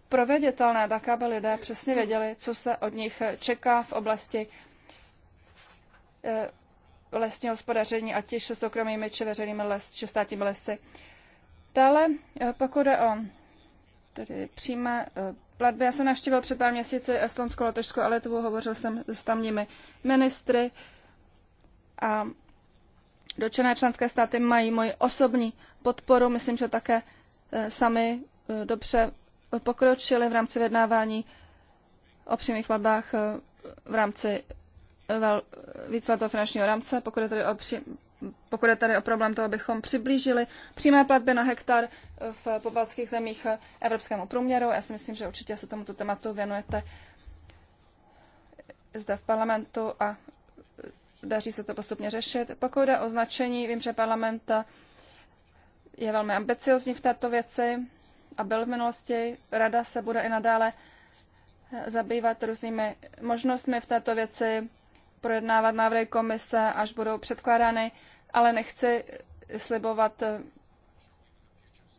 proveditelné, tak aby lidé přesně věděli, co se od nich čeká v oblasti Lesní hospodaření, ať již se soukromými či veřejnými les, či státními lesy. Dále, eh, pokud je o tedy přímé eh, platby, já jsem navštívil před pár měsíci Estonsko, Lotyšsko a Litvu, hovořil jsem s tamními ministry a dočené členské státy mají moji osobní podporu. Myslím, že také eh, sami dobře pokročili v rámci vyjednávání o přímých platbách v rámci vel, víceletého finančního rámce, pokud je tady o, při, pokud je tady o problém toho, abychom přiblížili přímé platby na hektar v pobaltských zemích evropskému průměru. Já si myslím, že určitě se tomuto tématu věnujete zde v parlamentu a daří se to postupně řešit. Pokud jde o značení, vím, že parlament je velmi ambiciozní v této věci a byl v minulosti. Rada se bude i nadále zabývat různými možnostmi v této věci projednávat návrhy komise, až budou předkládány, ale nechci slibovat eh,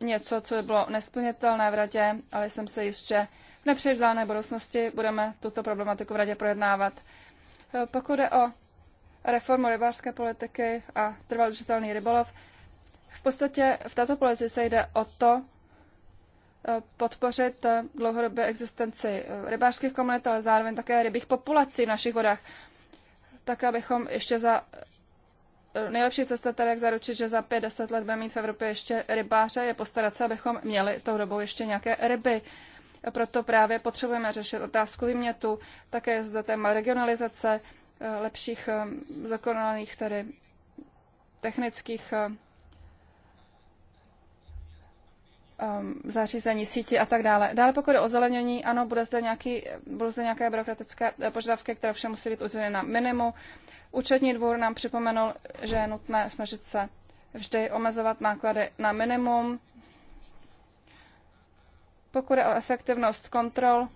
něco, co by bylo nesplnitelné v radě, ale jsem se ještě v nepříliš budoucnosti budeme tuto problematiku v radě projednávat. Eh, pokud jde o reformu rybářské politiky a trvalý rybolov, v podstatě v této politice jde o to, eh, podpořit dlouhodobě existenci rybářských komunit, ale zároveň také rybích populací v našich vodách tak abychom ještě za eh, nejlepší cesta tady, jak zaručit, že za 5-10 let budeme mít v Evropě ještě rybáře, je postarat se, abychom měli tou dobou ještě nějaké ryby. Proto právě potřebujeme řešit otázku výmětu, také zde téma regionalizace, eh, lepších eh, zakonaných tedy technických um, zařízení, síti a tak dále. Dále pokud o zelenění, ano, bude zde nějaký, budou zde nějaké byrokratické eh, požadavky, které vše musí být udrženy na minimum. Účetní dvůr nám připomenul, že je nutné snažit se vždy omezovat náklady na minimum. Pokud je o efektivnost kontrol,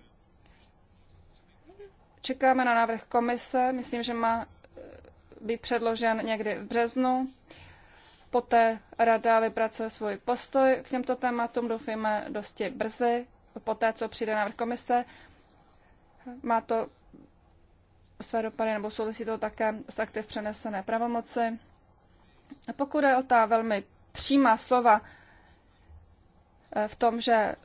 čekáme na návrh komise. Myslím, že má eh, být předložen někdy v březnu. Poté rada vypracuje svůj postoj k těmto tématům, doufejme, dosti brzy, poté, co přijde návrh komise. Má to své dopady nebo souvisí to také s aktiv přenesené pravomoci. Pokud je o ta velmi přímá slova eh, v tom, že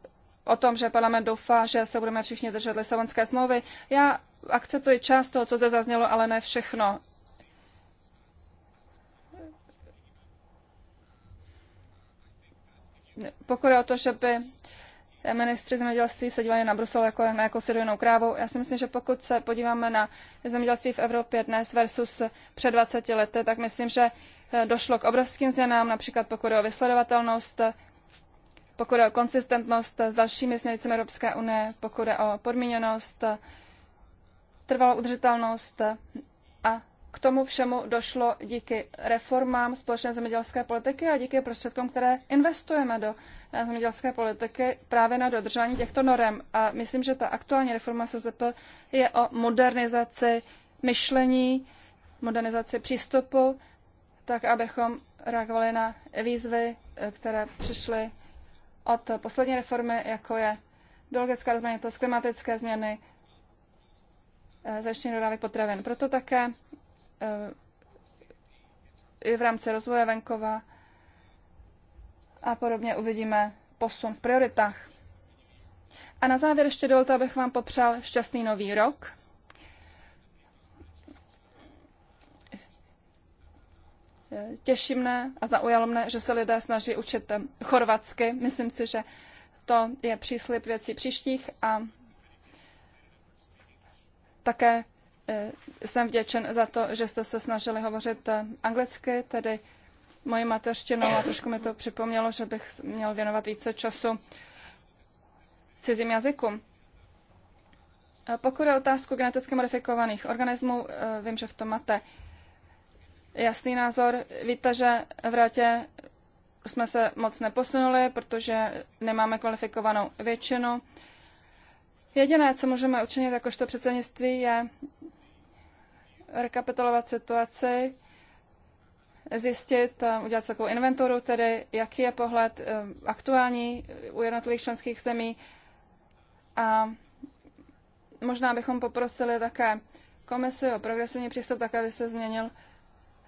o tom, že parlament doufá, že se budeme všichni držet Lisabonské smlouvy. Já akceptuji část toho, co zde zaznělo, ale ne všechno. pokud je o to, že by ministři zemědělství se dívali na Brusel jako na jako dojnou krávu. Já si myslím, že pokud se podíváme na zemědělství v Evropě dnes versus před 20 lety, tak myslím, že eh, došlo k obrovským změnám, například pokud je o vysledovatelnost, pokud je o konsistentnost s dalšími směrnicemi Evropské unie, pokud je o podmíněnost, trvalou udržitelnost a k tomu všemu došlo díky reformám společné zemědělské politiky a díky prostředkům, které investujeme do eh, zemědělské politiky právě na dodržování těchto norem. A myslím, že ta aktuální reforma SZP je o modernizaci myšlení, modernizaci přístupu, tak abychom reagovali na výzvy, eh, které přišly od poslední reformy, jako je biologická rozmanitost, klimatické změny, eh, zajištění dodávek potravin. Proto také Eh, i v rámci rozvoje venkova a podobně uvidíme posun v prioritách. A na závěr ještě dovolte, abych vám popřál šťastný nový rok. Těší mne a zaujalo mne, že se lidé snaží učit eh, chorvatsky. Myslím si, že to je příslip věcí příštích a také Eh, jsem vděčen za to, že jste se snažili hovořit eh, anglicky, tedy mojí mateřštinou a trošku mi to připomnělo, že bych měl věnovat více času cizím jazykům. Eh, pokud je otázku geneticky modifikovaných organismů, vím, že v tom máte jasný názor. Víte, že v Ratě jsme se moc neposunuli, protože nemáme kvalifikovanou většinu. Jediné, co můžeme učinit jakožto předsednictví, je rekapitulovat situaci, zjistit, eh, udělat takovou inventuru, tedy jaký je pohled eh, aktuální u jednotlivých členských zemí. A možná bychom poprosili také komisi o progresivní přístup, tak aby se změnil,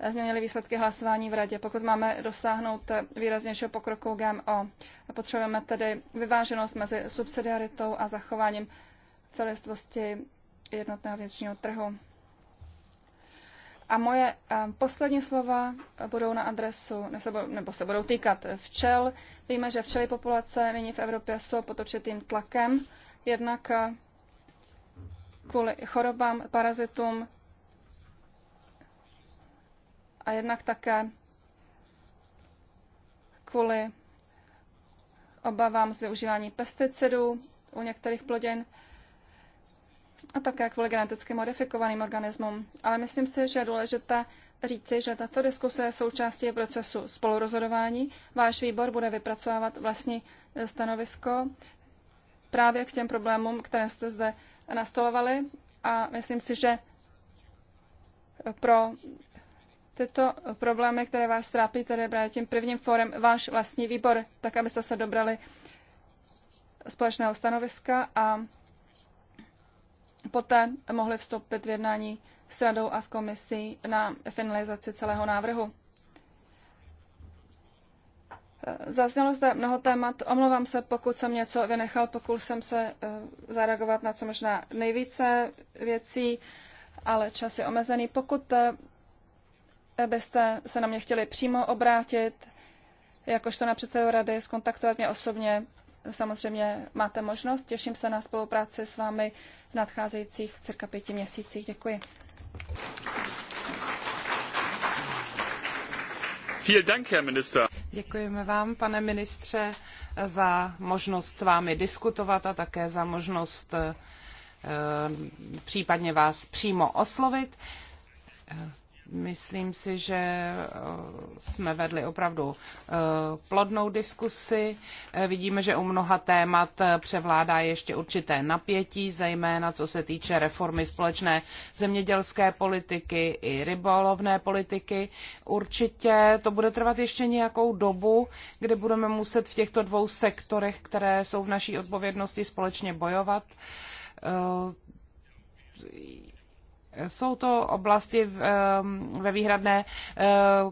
eh, změnily výsledky hlasování v radě. Pokud máme dosáhnout výraznějšího pokroku GMO, potřebujeme tedy vyváženost mezi subsidiaritou a zachováním celistvosti jednotného vnitřního trhu. A moje eh, poslední slova eh, budou na adresu, nebo se budou týkat eh, včel. Víme, že včely populace nyní v Evropě jsou pod určitým tlakem, jednak kvůli chorobám, parazitům a jednak také kvůli obavám z využívání pesticidů u některých plodin a také kvůli geneticky modifikovaným organismům. Ale myslím si, že je důležité říci, že tato diskuse je součástí procesu spolurozhodování. Váš výbor bude vypracovávat vlastní eh, stanovisko právě k těm problémům, které jste zde nastolovali a myslím si, že pro tyto problémy, které vás trápí, tedy právě tím prvním fórem váš vlastní výbor, tak abyste se dobrali společného stanoviska a poté mohli vstoupit v jednání s radou a s komisí na finalizaci celého návrhu. Zaznělo zde mnoho témat. Omlouvám se, pokud jsem něco vynechal, pokud jsem se eh, zareagovat na co možná nejvíce věcí, ale čas je omezený. Pokud eh, byste se na mě chtěli přímo obrátit, jakožto na předsedu rady, skontaktovat mě osobně, samozřejmě máte možnost. Těším se na spolupráci s vámi v nadcházejících cirka pěti měsících. Děkuji. Děkujeme vám, pane ministře, za možnost s vámi diskutovat a také za možnost eh, případně vás přímo oslovit. Myslím si, že eh, jsme vedli opravdu eh, plodnou diskusi. Eh, vidíme, že u mnoha témat převládá ještě určité napětí, zejména co se týče reformy společné zemědělské politiky i rybolovné politiky. Určitě to bude trvat ještě nějakou dobu, kdy budeme muset v těchto dvou sektorech, které jsou v naší odpovědnosti, společně bojovat jsou to oblasti ve výhradné eh,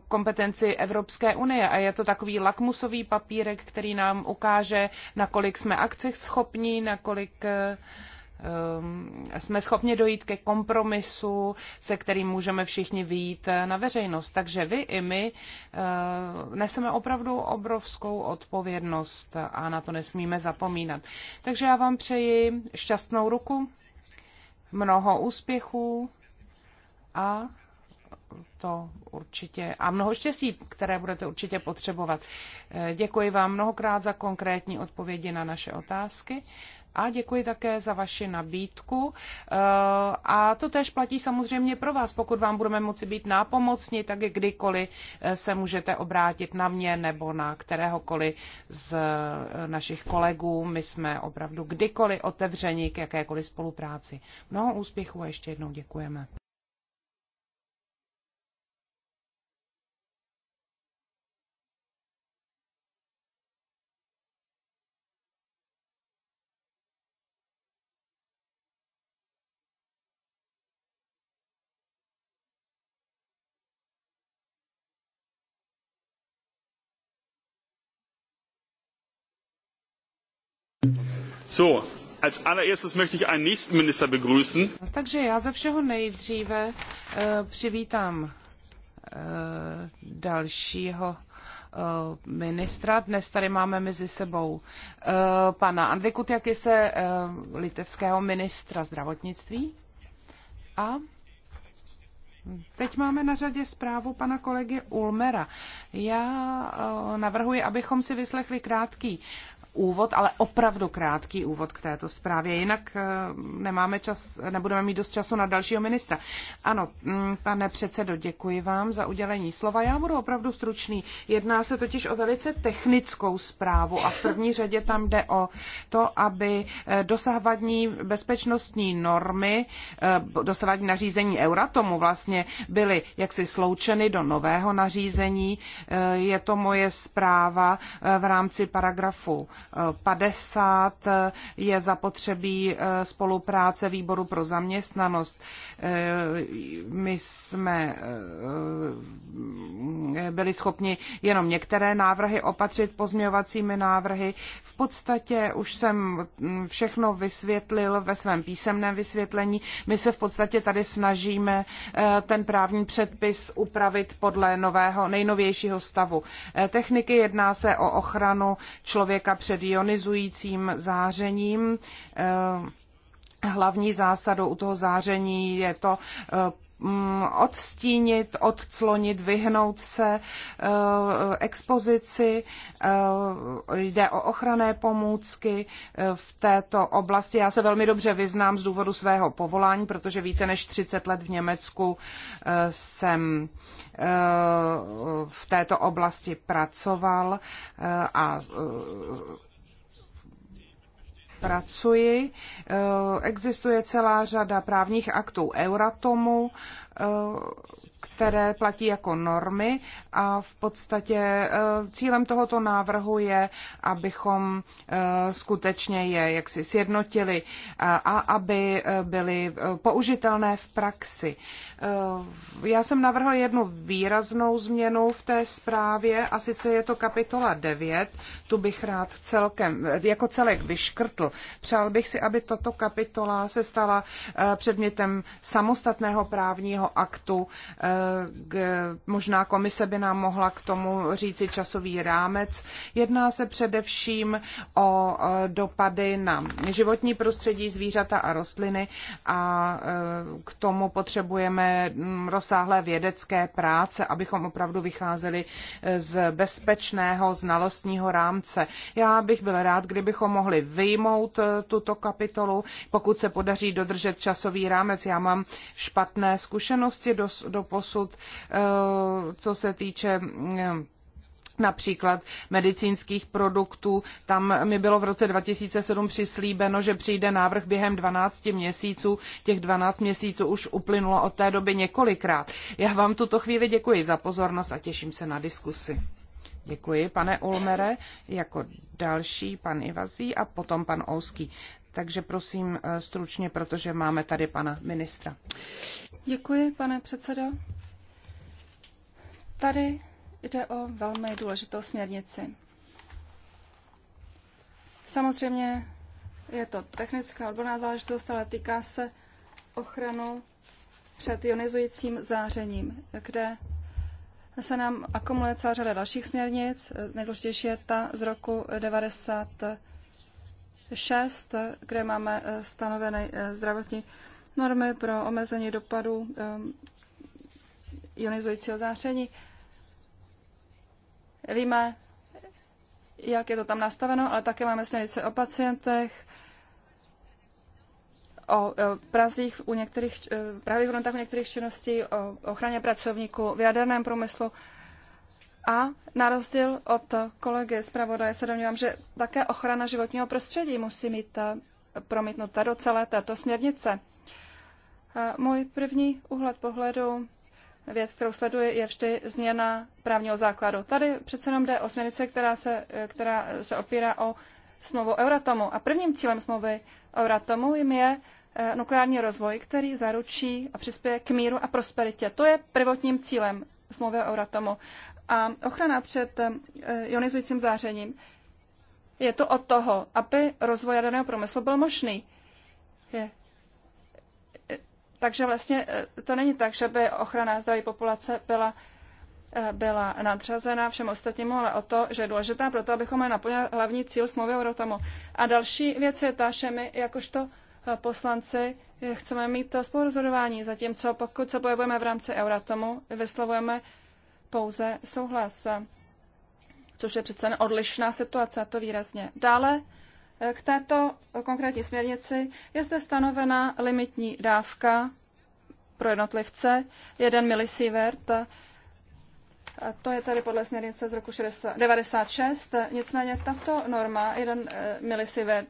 kompetenci Evropské unie a je to takový lakmusový papírek, který nám ukáže, nakolik jsme akcech schopní, nakolik eh, jsme schopni dojít ke kompromisu, se kterým můžeme všichni výjít eh, na veřejnost. Takže vy i my neseme opravdu obrovskou odpovědnost a na to nesmíme zapomínat. Takže já vám přeji šťastnou ruku mnoho úspěchů a to určitě a mnoho štěstí, které budete určitě potřebovat. Eh, děkuji vám mnohokrát za konkrétní odpovědi na naše otázky a děkuji také za vaši nabídku. Eh, a to tež platí samozřejmě pro vás. Pokud vám budeme moci být nápomocni, tak kdykoliv eh, se můžete obrátit na mě nebo na kteréhokoliv z eh, našich kolegů. My jsme opravdu kdykoliv otevřeni k jakékoliv spolupráci. Mnoho úspěchů a ještě jednou děkujeme. So, als allererstes möchte ich einen nächsten Minister begrüßen. No, takže já ze všeho nejdříve uh, přivítám uh, dalšího eh, ministra. Dnes tady máme mezi sebou pana Andriku Jakise, litevského ministra zdravotnictví. A Teď máme na řadě zprávu pana kolegy Ulmera. Já navrhuji, abychom si vyslechli krátký úvod, ale opravdu krátký úvod k této zprávě. Jinak eh, nemáme čas, nebudeme mít dost času na dalšího ministra. Ano, mm, pane předsedo, děkuji vám za udělení slova. Já budu opravdu stručný. Jedná se totiž o velice technickou zprávu a v první řadě tam jde o to, aby eh, dosavadní bezpečnostní normy, eh, dosavadní nařízení Euratomu vlastně byly jaksi sloučeny do nového nařízení. Je to moje zpráva v rámci paragrafu 50 je zapotřebí eh, spolupráce výboru pro zaměstnanost. Eh, my jsme eh, byli schopni jenom některé návrhy opatřit pozměňovacími návrhy. V podstatě už jsem všechno vysvětlil ve svém písemném vysvětlení. My se v podstatě tady snažíme ten právní předpis upravit podle nového, nejnovějšího stavu techniky. Jedná se o ochranu člověka před před ionizujícím zářením. Eh, hlavní zásadou u toho záření je to eh, Mm, odstínit, odclonit, vyhnout se eh, expozici. Eh, jde o ochranné pomůcky eh, v této oblasti. Já se velmi dobře vyznám z důvodu svého povolání, protože více než 30 let v Německu jsem v této oblasti pracoval a pracuji. Eh, existuje celá řada právních aktů Euratomu, Eh, které platí jako normy a v podstatě eh, cílem tohoto návrhu je, abychom eh, skutečně je jaksi sjednotili a aby byly použitelné v praxi. Já jsem navrhla jednu výraznou změnu v té zprávě a sice je to kapitola 9. Tu bych rád celkem, jako celek vyškrtl. Přál bych si, aby tato kapitola se stala předmětem samostatného právního právního aktu. Eh, možná komise by nám mohla k tomu říci časový rámec. Jedná se především o eh, dopady na životní prostředí, zvířata a rostliny a eh, k tomu potřebujeme mm, rozsáhlé vědecké práce, abychom opravdu vycházeli z bezpečného znalostního rámce. Já bych byl rád, kdybychom mohli vyjmout tuto kapitolu, pokud se podaří dodržet časový rámec. Já mám špatné zkušenosti zkušenosti do, do posud, eh, co se týče mm, například medicínských produktů. Tam mi bylo v roce 2007 přislíbeno, že přijde návrh během 12 měsíců. Těch 12 měsíců už uplynulo od té doby několikrát. Já vám tuto chvíli děkuji za pozornost a těším se na diskusi. Děkuji, pane Ulmere. Jako další pan Ivazí a potom pan Ouský. Takže prosím eh, stručně, protože máme tady pana ministra. Děkuji, pane předsedo. Tady jde o velmi důležitou směrnici. Samozřejmě je to technická odborná záležitost, ale týká se ochranu před ionizujícím zářením, kde se nám akumuluje celá řada dalších směrnic. Nejdůležitější je ta z roku 90 6, kde máme eh, stanovené eh, zdravotní normy pro omezení dopadů eh, ionizujícího záření. Víme, jak je to tam nastaveno, ale také máme směrnice o pacientech, o prazích u některých, pravých hodnotách u některých činností, o ochraně pracovníků v jaderném průmyslu a na rozdíl od kolegy zpravodaje se domnívám, že také ochrana životního prostředí musí mít eh, promítnuta do celé této směrnice. Eh, můj první úhled pohledu, věc, kterou sleduji, je vždy změna právního základu. Tady přece jenom jde o směrnici, která se, eh, která se opírá o smlouvu Euratomu. A prvním cílem smlouvy Euratomu jim je nukleární rozvoj, který zaručí a přispěje k míru a prosperitě. To je prvotním cílem smlouvy o Euratomu a ochrana před eh, ionizujícím zářením je to od toho, aby rozvoj jaderného průmyslu byl možný. Je. Eh, takže vlastně eh, to není tak, že by ochrana zdraví populace byla, byla nadřazena všem ostatním, ale o to, že je důležitá to abychom je naplnili hlavní cíl smlouvy o Rotomu. A další věc je ta, že my jakožto poslanci chceme mít to spolurozhodování, zatímco pokud se pohybujeme v rámci Euratomu, vyslovujeme pouze souhlas, což je přece odlišná situace, to výrazně. Dále eh, k této konkrétní směrnici je zde stanovena limitní dávka pro jednotlivce 1 milisievert to je tady podle směrnice z roku 1996. Nicméně tato norma, jeden eh, milisivert.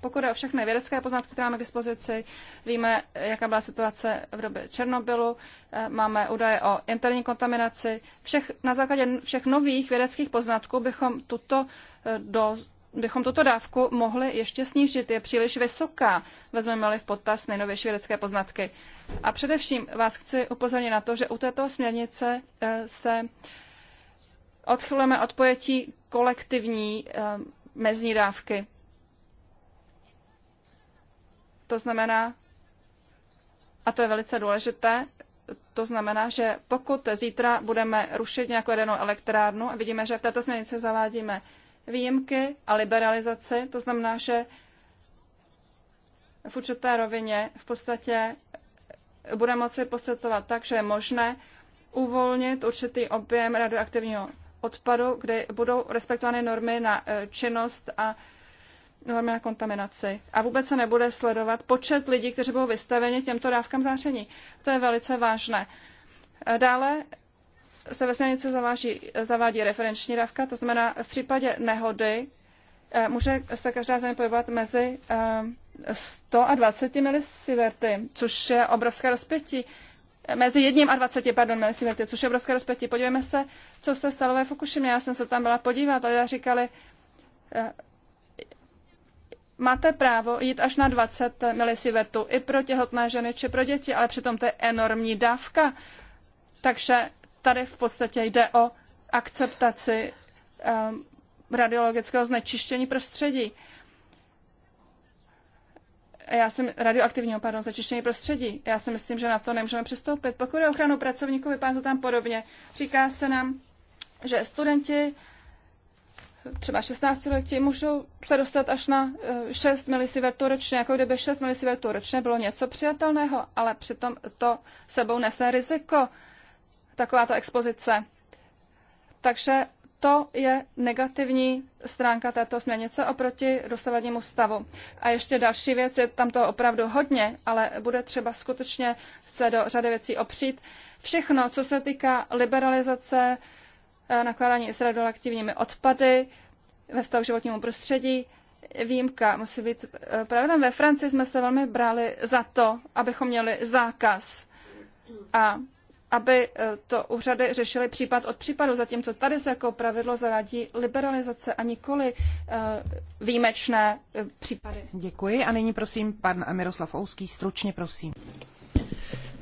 pokud je o všechny vědecké poznatky, které máme k dispozici, víme, jaká byla situace v době Černobylu, eh, máme údaje o interní kontaminaci. Všech, na základě všech nových vědeckých poznatků bychom tuto eh, do, bychom tuto dávku mohli ještě snížit. Je příliš vysoká, vezmeme-li v potaz nejnovější vědecké poznatky. A především vás chci upozornit na to, že u této směrnice eh, se odchylujeme od pojetí kolektivní eh, mezní dávky. To znamená, a to je velice důležité, to znamená, že pokud zítra budeme rušit nějakou jedenou elektrárnu a vidíme, že v této směrnici zavádíme výjimky a liberalizaci. To znamená, že v určité rovině v podstatě bude moci posvětovat tak, že je možné uvolnit určitý objem radioaktivního odpadu, kde budou respektovány normy na e, činnost a normy na kontaminaci. A vůbec se nebude sledovat počet lidí, kteří budou vystaveni těmto dávkám záření. To je velice vážné. E, dále se ve směrnici zaváží, zavádí referenční dávka, to znamená v případě nehody eh, může se každá země pohybovat mezi 100 eh, a 20 milisiverty. což je obrovské rozpětí. Eh, mezi jedním a 20, pardon, milisiverty, což je obrovské rozpětí. Podívejme se, co se stalo ve Fukushimě. Já jsem se tam byla podívat, ale říkali, máte právo jít až na 20 milisivertů i pro těhotné ženy či pro děti, ale přitom to je enormní dávka. Takže tady v podstatě jde o akceptaci um, radiologického znečištění prostředí. Já jsem radioaktivního, pardon, znečištění prostředí. Já si myslím, že na to nemůžeme přistoupit. Pokud je ochranu pracovníků, vypadá to tam podobně. Říká se nám, že studenti třeba 16 letí můžou se dostat až na 6 eh, mSv ročně, jako kdyby 6 mSv ročně bylo něco přijatelného, ale přitom to sebou nese riziko takováto expozice. Takže to je negativní stránka této směrnice oproti dosavadnímu stavu. A ještě další věc, je tam toho opravdu hodně, ale bude třeba skutečně se do řady věcí opřít. Všechno, co se týká liberalizace, eh, nakládání s radioaktivními odpady ve vztahu k životnímu prostředí, výjimka musí být eh, pravda. Ve Francii jsme se velmi brali za to, abychom měli zákaz. A aby eh, to úřady řešily případ od případu, zatímco tady se jako pravidlo zavádí liberalizace a nikoli eh, výjimečné eh, případy. Děkuji a nyní prosím pan Miroslav Ouský, stručně prosím.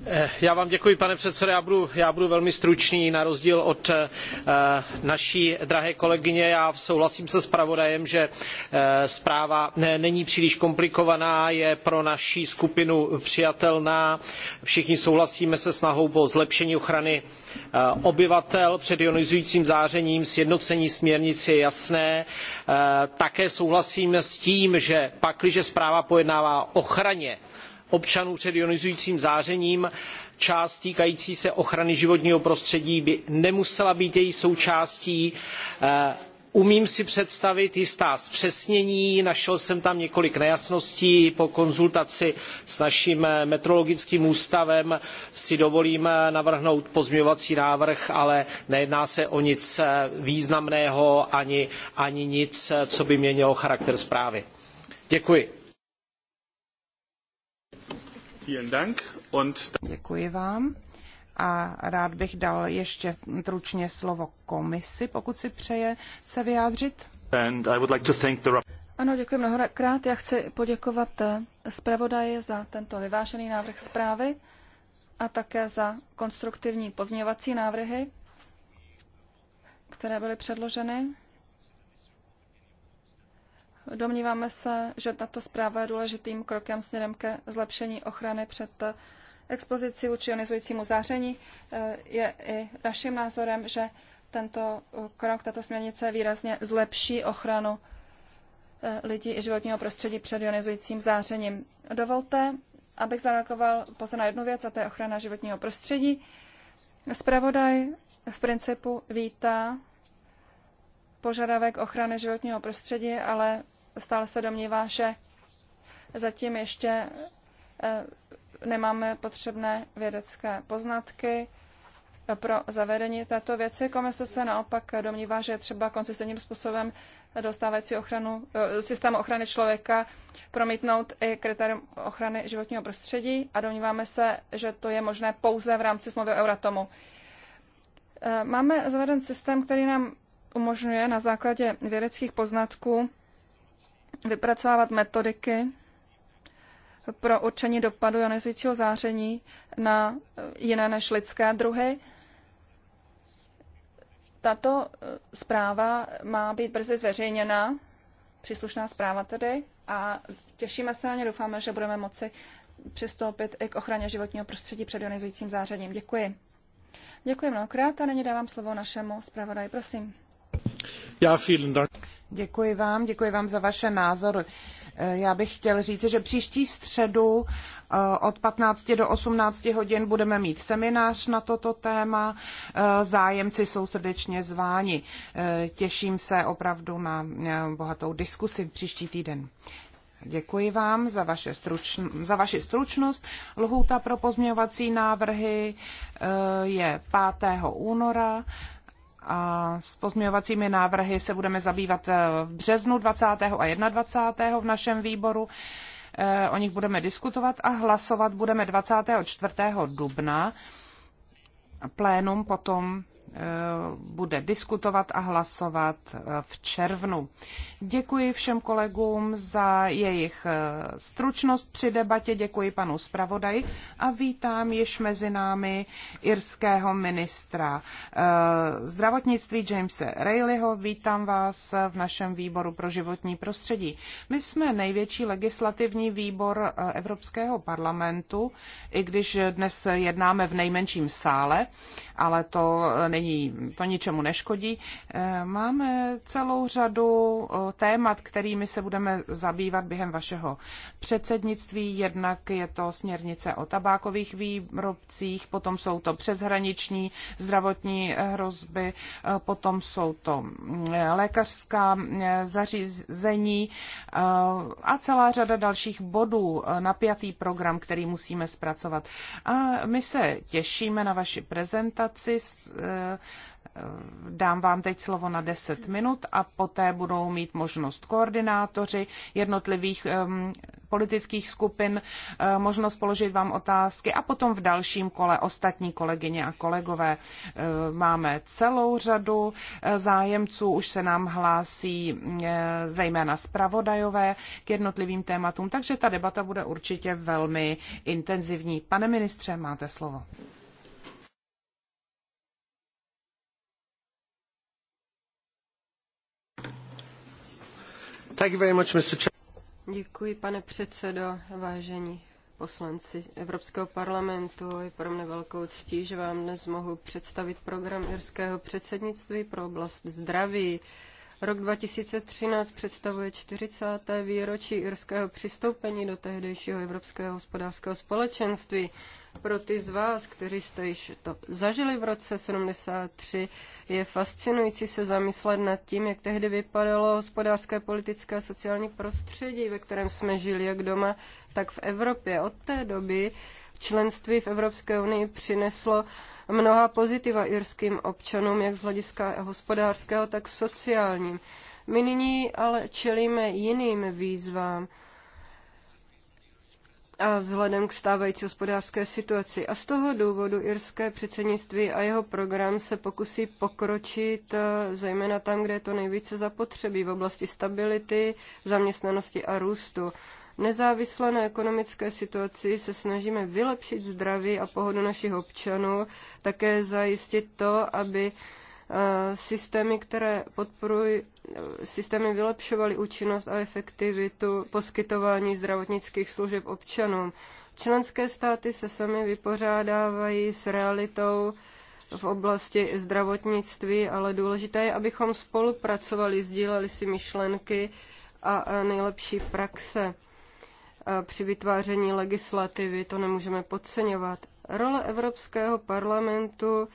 Eh, já vám děkuji, pane předsedo. Já budu, já budu velmi stručný, na rozdíl od eh, naší drahé kolegyně. Já souhlasím se zpravodajem, že eh, zpráva není příliš komplikovaná, je pro naši skupinu přijatelná. Všichni souhlasíme se snahou po zlepšení ochrany obyvatel před ionizujícím zářením, sjednocení směrnice je jasné. Také souhlasíme s tím, že pakliže zpráva pojednává o ochraně občanů před ionizujícím zářením část týkající se ochrany životního prostředí by nemusela být její součástí. Eh, umím si představit jistá zpřesnění, našel jsem tam několik nejasností, po konzultaci s naším eh, metrologickým ústavem si dovolím eh, navrhnout pozměňovací návrh, ale nejedná se o nic významného ani, ani nic, co by měnilo charakter zprávy. Děkuji. Děkuji vám. A rád bych dal ještě tručně slovo komisi, pokud si přeje se vyjádřit. Like the... Ano, děkuji mnohokrát. Já chci poděkovat eh, zpravodaji za tento vyvážený návrh zprávy a také za konstruktivní pozměňovací návrhy, které byly předloženy. Domníváme se, že tato zpráva je důležitým krokem směrem ke zlepšení ochrany před expozici vůči ionizujícímu záření. Eh, je i naším názorem, že tento eh, krok, tato směrnice výrazně zlepší ochranu eh, lidí i životního prostředí před ionizujícím zářením. Dovolte, abych zareagoval pouze na jednu věc, a to je ochrana životního prostředí. Spravodaj v principu vítá požadavek ochrany životního prostředí, ale stále se domnívá, že zatím ještě eh, nemáme potřebné vědecké poznatky pro zavedení této věci. Komise se naopak domnívá, že třeba konsistentním způsobem dostávající ochranu, eh, systém ochrany člověka promítnout i kritérium ochrany životního prostředí a domníváme se, že to je možné pouze v rámci smlouvy Euratomu. Eh, máme zaveden systém, který nám umožňuje na základě vědeckých poznatků vypracovávat metodiky pro určení dopadu ionizujícího záření na jiné než lidské druhy. Tato eh, zpráva má být brzy zveřejněna, příslušná zpráva tedy, a těšíme se na ně, doufáme, že budeme moci přistoupit i k ochraně životního prostředí před ionizujícím zářením. Děkuji. Děkuji mnohokrát a nyní dávám slovo našemu zpravodaji. Prosím. Děkuji vám, vám za vaše názory. Eh, já bych chtěl říct, že příští středu eh, od 15 do 18 hodin budeme mít seminář na toto téma. Eh, zájemci jsou srdečně zváni. Těším se opravdu na bohatou diskusi příští týden. Děkuji vám za, vaše stručn- za vaši stručnost. Lhůta pro pozměňovací návrhy je 5. února. A s pozměňovacími návrhy se budeme zabývat eh, v březnu 20. a 21. v našem výboru. Eh, o nich budeme diskutovat a hlasovat budeme 24. dubna. Plénum potom Eh, bude diskutovat a hlasovat eh, v červnu. Děkuji všem kolegům za jejich eh, stručnost při debatě, děkuji panu zpravodaji a vítám již mezi námi irského ministra zdravotnictví Jamese Rayleighho. Vítám vás v našem výboru pro životní prostředí. My jsme největší legislativní výbor Evropského parlamentu, i když dnes jednáme v nejmenším sále, ale to nej není, to ničemu neškodí. Eh, máme celou řadu eh, témat, kterými se budeme zabývat během vašeho předsednictví. Jednak je to směrnice o tabákových výrobcích, potom jsou to přeshraniční zdravotní hrozby, eh, potom jsou to mm, lékařská zařízení a celá řada dalších bodů, napjatý program, který musíme zpracovat. A my se těšíme na vaši prezentaci Eh, dám vám teď slovo na 10 minut a poté budou mít možnost koordinátoři jednotlivých um, politických skupin, eh, možnost položit vám otázky a potom v dalším kole ostatní kolegyně a kolegové. Eh, máme celou řadu zájemců, už se nám hlásí zejména zpravodajové k jednotlivým tématům, takže ta debata bude určitě velmi intenzivní. Pane ministře, máte slovo. Děkuji, pane předsedo, vážení poslanci Evropského parlamentu. Je pro mne velkou ctí, že vám dnes mohu představit program irského předsednictví pro oblast zdraví. Rok 2013 představuje 40. výročí irského přistoupení do tehdejšího Evropského hospodářského společenství. Pro ty z vás, kteří jste již to zažili v roce 73, je fascinující se zamyslet nad tím, jak tehdy vypadalo hospodářské, politické a sociální prostředí, ve kterém jsme žili jak doma, tak v Evropě. Od té doby členství v Evropské unii přineslo mnoha pozitiva irským občanům, jak z hlediska hospodářského, tak sociálním. My nyní ale čelíme jiným výzvám a vzhledem k stávající hospodářské situaci. A z toho důvodu irské předsednictví a jeho program se pokusí pokročit eh, zejména tam, kde je to nejvíce zapotřebí v oblasti stability, zaměstnanosti a růstu. Nezávisle na ekonomické situaci se snažíme vylepšit zdraví a pohodu našich občanů, také zajistit to, aby eh, systémy, které podporují systémy vylepšovaly účinnost a efektivitu poskytování zdravotnických služeb občanům. Členské státy se sami vypořádávají s realitou v oblasti zdravotnictví, ale důležité je, abychom spolupracovali, sdíleli si myšlenky a nejlepší praxe při vytváření legislativy. To nemůžeme podceňovat. Role Evropského parlamentu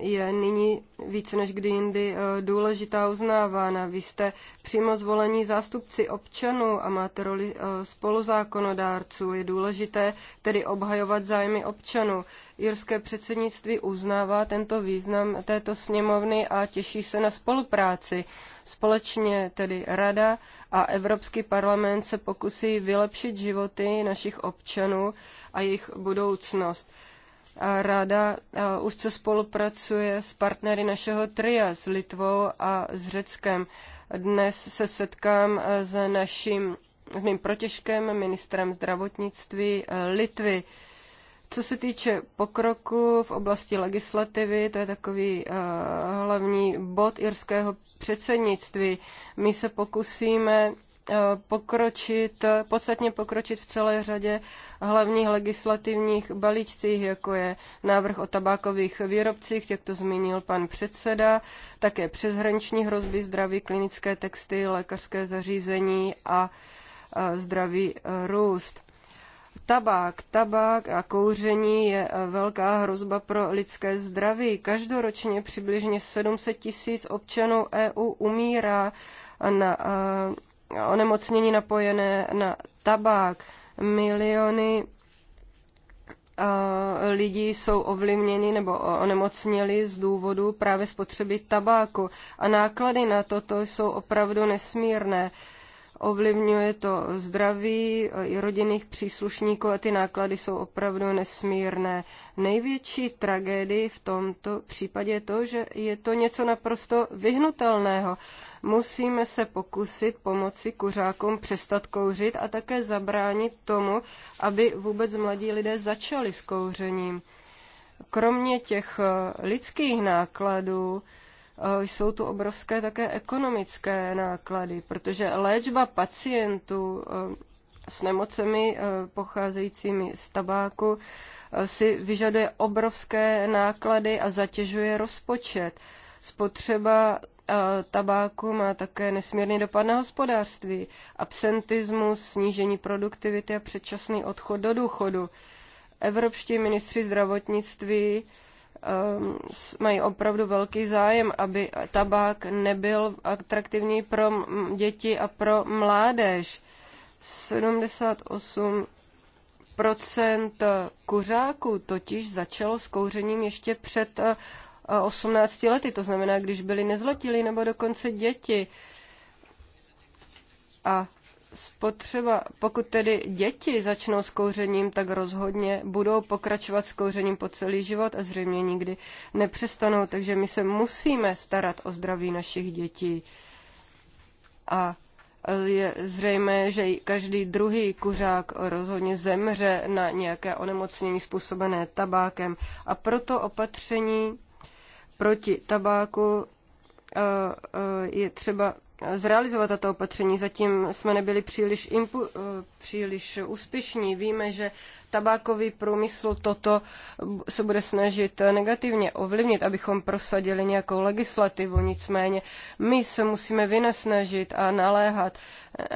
je nyní více než kdy jindy e, důležitá uznávána. Vy jste přímo zvolení zástupci občanů a máte roli e, spoluzákonodárců. Je důležité tedy obhajovat zájmy občanů. Jirské předsednictví uznává tento význam této sněmovny a těší se na spolupráci. Společně tedy Rada a Evropský parlament se pokusí vylepšit životy našich občanů a jejich budoucnost. Rada úzce spolupracuje s partnery našeho tria, s Litvou a s Řeckem. Dnes se setkám s naším s mým protěžkem, ministrem zdravotnictví Litvy. Co se týče pokroku v oblasti legislativy, to je takový uh, hlavní bod irského předsednictví. My se pokusíme Eh, pokročit, podstatně pokročit v celé řadě hlavních legislativních balíčcích, jako je návrh o tabákových výrobcích, jak to zmínil pan předseda, také přeshraniční hrozby zdraví, klinické texty, lékařské zařízení a eh, zdravý eh, růst. Tabák, tabák a kouření je velká hrozba pro lidské zdraví. Každoročně přibližně 700 tisíc občanů EU umírá na onemocnění napojené na tabák. Miliony lidí jsou ovlivněni nebo onemocněli z důvodu právě spotřeby tabáku. A náklady na toto jsou opravdu nesmírné. Uh, ovlivňuje to zdraví i rodinných příslušníků a ty náklady jsou opravdu nesmírné. Největší tragédii v tomto případě je to, že je to něco naprosto vyhnutelného. Musíme se pokusit pomoci kuřákům přestat kouřit a také zabránit tomu, aby vůbec mladí lidé začali s kouřením. Kromě těch lidských nákladů, Eh, jsou tu obrovské také ekonomické náklady, protože léčba pacientů eh, s nemocemi eh, pocházejícími z tabáku si vyžaduje obrovské náklady a zatěžuje rozpočet. Spotřeba tabáku má také nesmírný dopad na hospodářství, absentismus, snížení produktivity a předčasný odchod do důchodu. Evropští ministři zdravotnictví Ehm, mají opravdu velký zájem, aby tabák nebyl atraktivní pro děti a pro mládež. 78 kuřáků totiž začalo s kouřením ještě před 18 eh, lety, to znamená, když byli nezlatili nebo dokonce děti. A spotřeba, pokud tedy děti začnou s kouřením, tak rozhodně budou pokračovat s kouřením po celý život a zřejmě nikdy nepřestanou. Takže my se musíme starat o zdraví našich dětí. A e, je zřejmé, že každý druhý kuřák rozhodně zemře na nějaké onemocnění způsobené tabákem. A proto opatření proti tabáku e, e, je třeba zrealizovat tato opatření. Zatím jsme nebyli příliš, impu, eh, příliš úspěšní. Víme, že tabákový průmysl toto se bude snažit negativně ovlivnit, abychom prosadili nějakou legislativu. Nicméně my se musíme vynesnažit a naléhat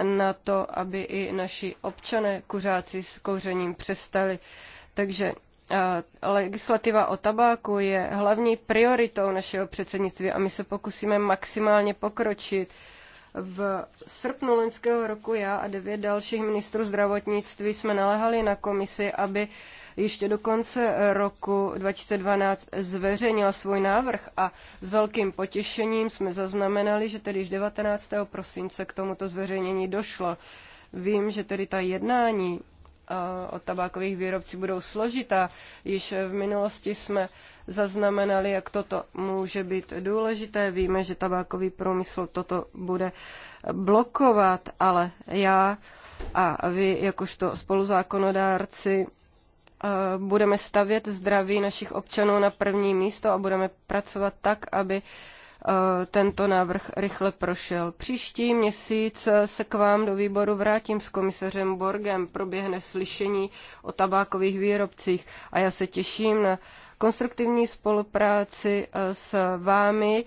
na to, aby i naši občané kuřáci s kouřením přestali. Takže eh, legislativa o tabáku je hlavní prioritou našeho předsednictví a my se pokusíme maximálně pokročit v srpnu loňského roku já a devět dalších ministrů zdravotnictví jsme naléhali na komisi, aby ještě do konce roku 2012 zveřejnila svůj návrh a s velkým potěšením jsme zaznamenali, že tedy již 19. prosince k tomuto zveřejnění došlo. Vím, že tedy ta jednání od tabákových výrobců budou složitá. Již v minulosti jsme zaznamenali, jak toto může být důležité. Víme, že tabákový průmysl toto bude blokovat, ale já a vy jakožto spoluzákonodárci budeme stavět zdraví našich občanů na první místo a budeme pracovat tak, aby Eh, tento návrh rychle prošel. Příští měsíc eh, se k vám do výboru vrátím s komisařem Borgem, proběhne slyšení o tabákových výrobcích a já se těším na konstruktivní spolupráci eh, s vámi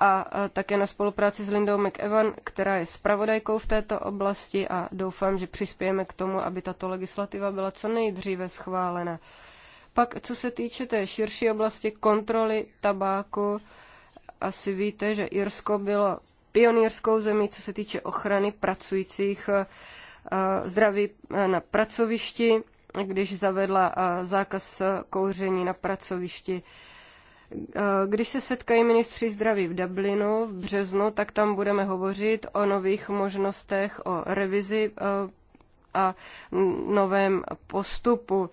a také na spolupráci s Lindou McEvan, která je spravodajkou v této oblasti a doufám, že přispějeme k tomu, aby tato legislativa byla co nejdříve schválena. Pak, co se týče té širší oblasti kontroly tabáku, asi víte, že Irsko bylo pionýrskou zemí, co se týče ochrany pracujících eh, zdraví eh, na pracovišti, když zavedla eh, zákaz kouření na pracovišti. Když se setkají ministři zdraví v Dublinu v březnu, tak tam budeme hovořit o nových možnostech, o revizi a novém postupu.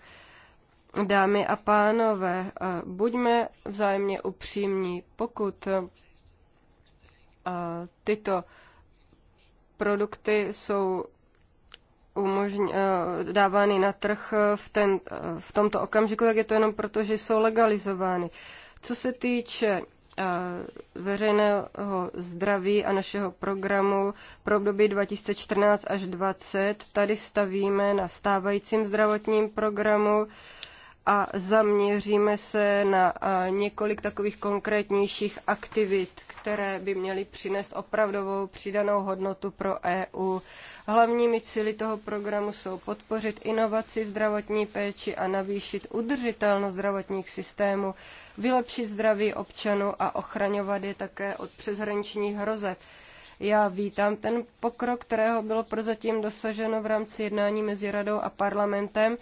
Dámy a pánové, eh, buďme vzájemně upřímní. Pokud eh, tyto produkty jsou umožň, eh, dávány na trh v, ten, v tomto okamžiku, tak je to jenom proto, že jsou legalizovány. Co se týče veřejného zdraví a našeho programu pro období 2014 až 2020, tady stavíme na stávajícím zdravotním programu a zaměříme se na několik takových konkrétnějších aktivit, které by měly přinést opravdovou přidanou hodnotu pro EU. Hlavními cíly toho programu jsou podpořit inovaci v zdravotní péči a navýšit udržitelnost zdravotních systémů, vylepšit zdraví občanů a ochraňovat je také od přeshraničních hrozeb. Já vítám ten pokrok, kterého bylo prozatím dosaženo v rámci jednání mezi radou a parlamentem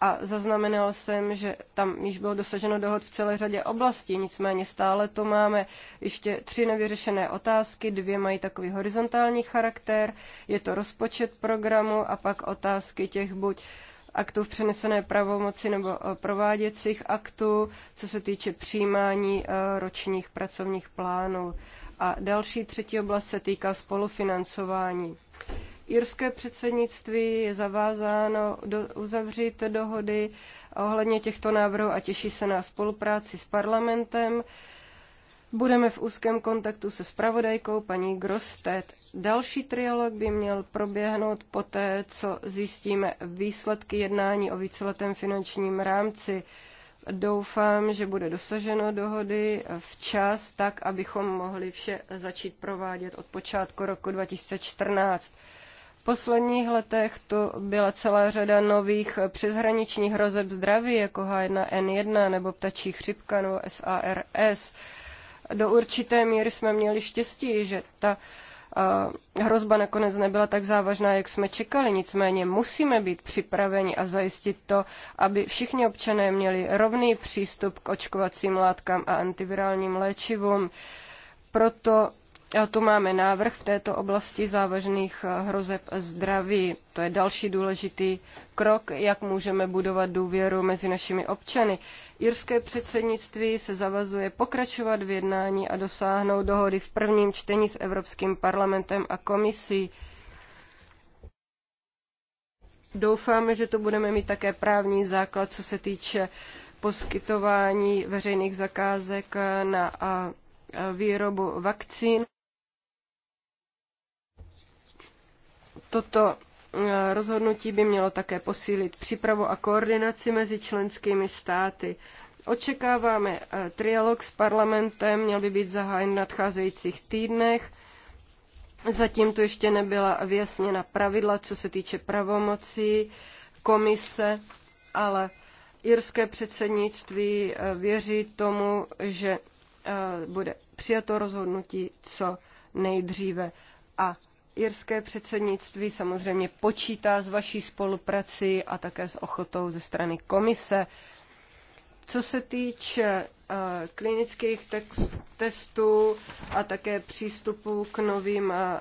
a zaznamenal jsem, že tam již bylo dosaženo dohod v celé řadě oblastí, nicméně stále to máme ještě tři nevyřešené otázky, dvě mají takový horizontální charakter, je to rozpočet programu a pak otázky těch buď aktů v přenesené pravomoci nebo eh, prováděcích aktů, co se týče přijímání eh, ročních pracovních plánů. A další třetí oblast se týká spolufinancování. Irské předsednictví je zavázáno do, uzavřít dohody ohledně těchto návrhů a těší se na spolupráci s parlamentem. Budeme v úzkém kontaktu se spravodajkou paní Grostet. Další trialog by měl proběhnout poté, co zjistíme výsledky jednání o víceletém finančním rámci. Doufám, že bude dosaženo dohody včas, tak abychom mohli vše začít provádět od počátku roku 2014 posledních letech to byla celá řada nových přeshraničních hrozeb zdraví, jako H1N1 nebo ptačí chřipka nebo SARS. Do určité míry jsme měli štěstí, že ta hrozba nakonec nebyla tak závažná, jak jsme čekali. Nicméně musíme být připraveni a zajistit to, aby všichni občané měli rovný přístup k očkovacím látkám a antivirálním léčivům. Proto tu máme návrh v této oblasti závažných eh, hrozeb zdraví. To je další důležitý krok, jak můžeme budovat důvěru mezi našimi občany. Irské předsednictví se zavazuje pokračovat v jednání a dosáhnout dohody v prvním čtení s Evropským parlamentem a komisí. Doufáme, že to budeme mít také právní základ, co se týče poskytování veřejných zakázek eh, na výrobu vakcín. Toto eh, rozhodnutí by mělo také posílit přípravu a koordinaci mezi členskými státy. Očekáváme eh, trialog s parlamentem, měl by být zahájen v nadcházejících týdnech. Zatím tu ještě nebyla vyjasněna pravidla, co se týče pravomocí komise, ale irské předsednictví eh, věří tomu, že bude přijato rozhodnutí co nejdříve. A Irské předsednictví samozřejmě počítá s vaší spoluprací a také s ochotou ze strany komise. Co se týče eh, klinických testů a také přístupu k novým eh,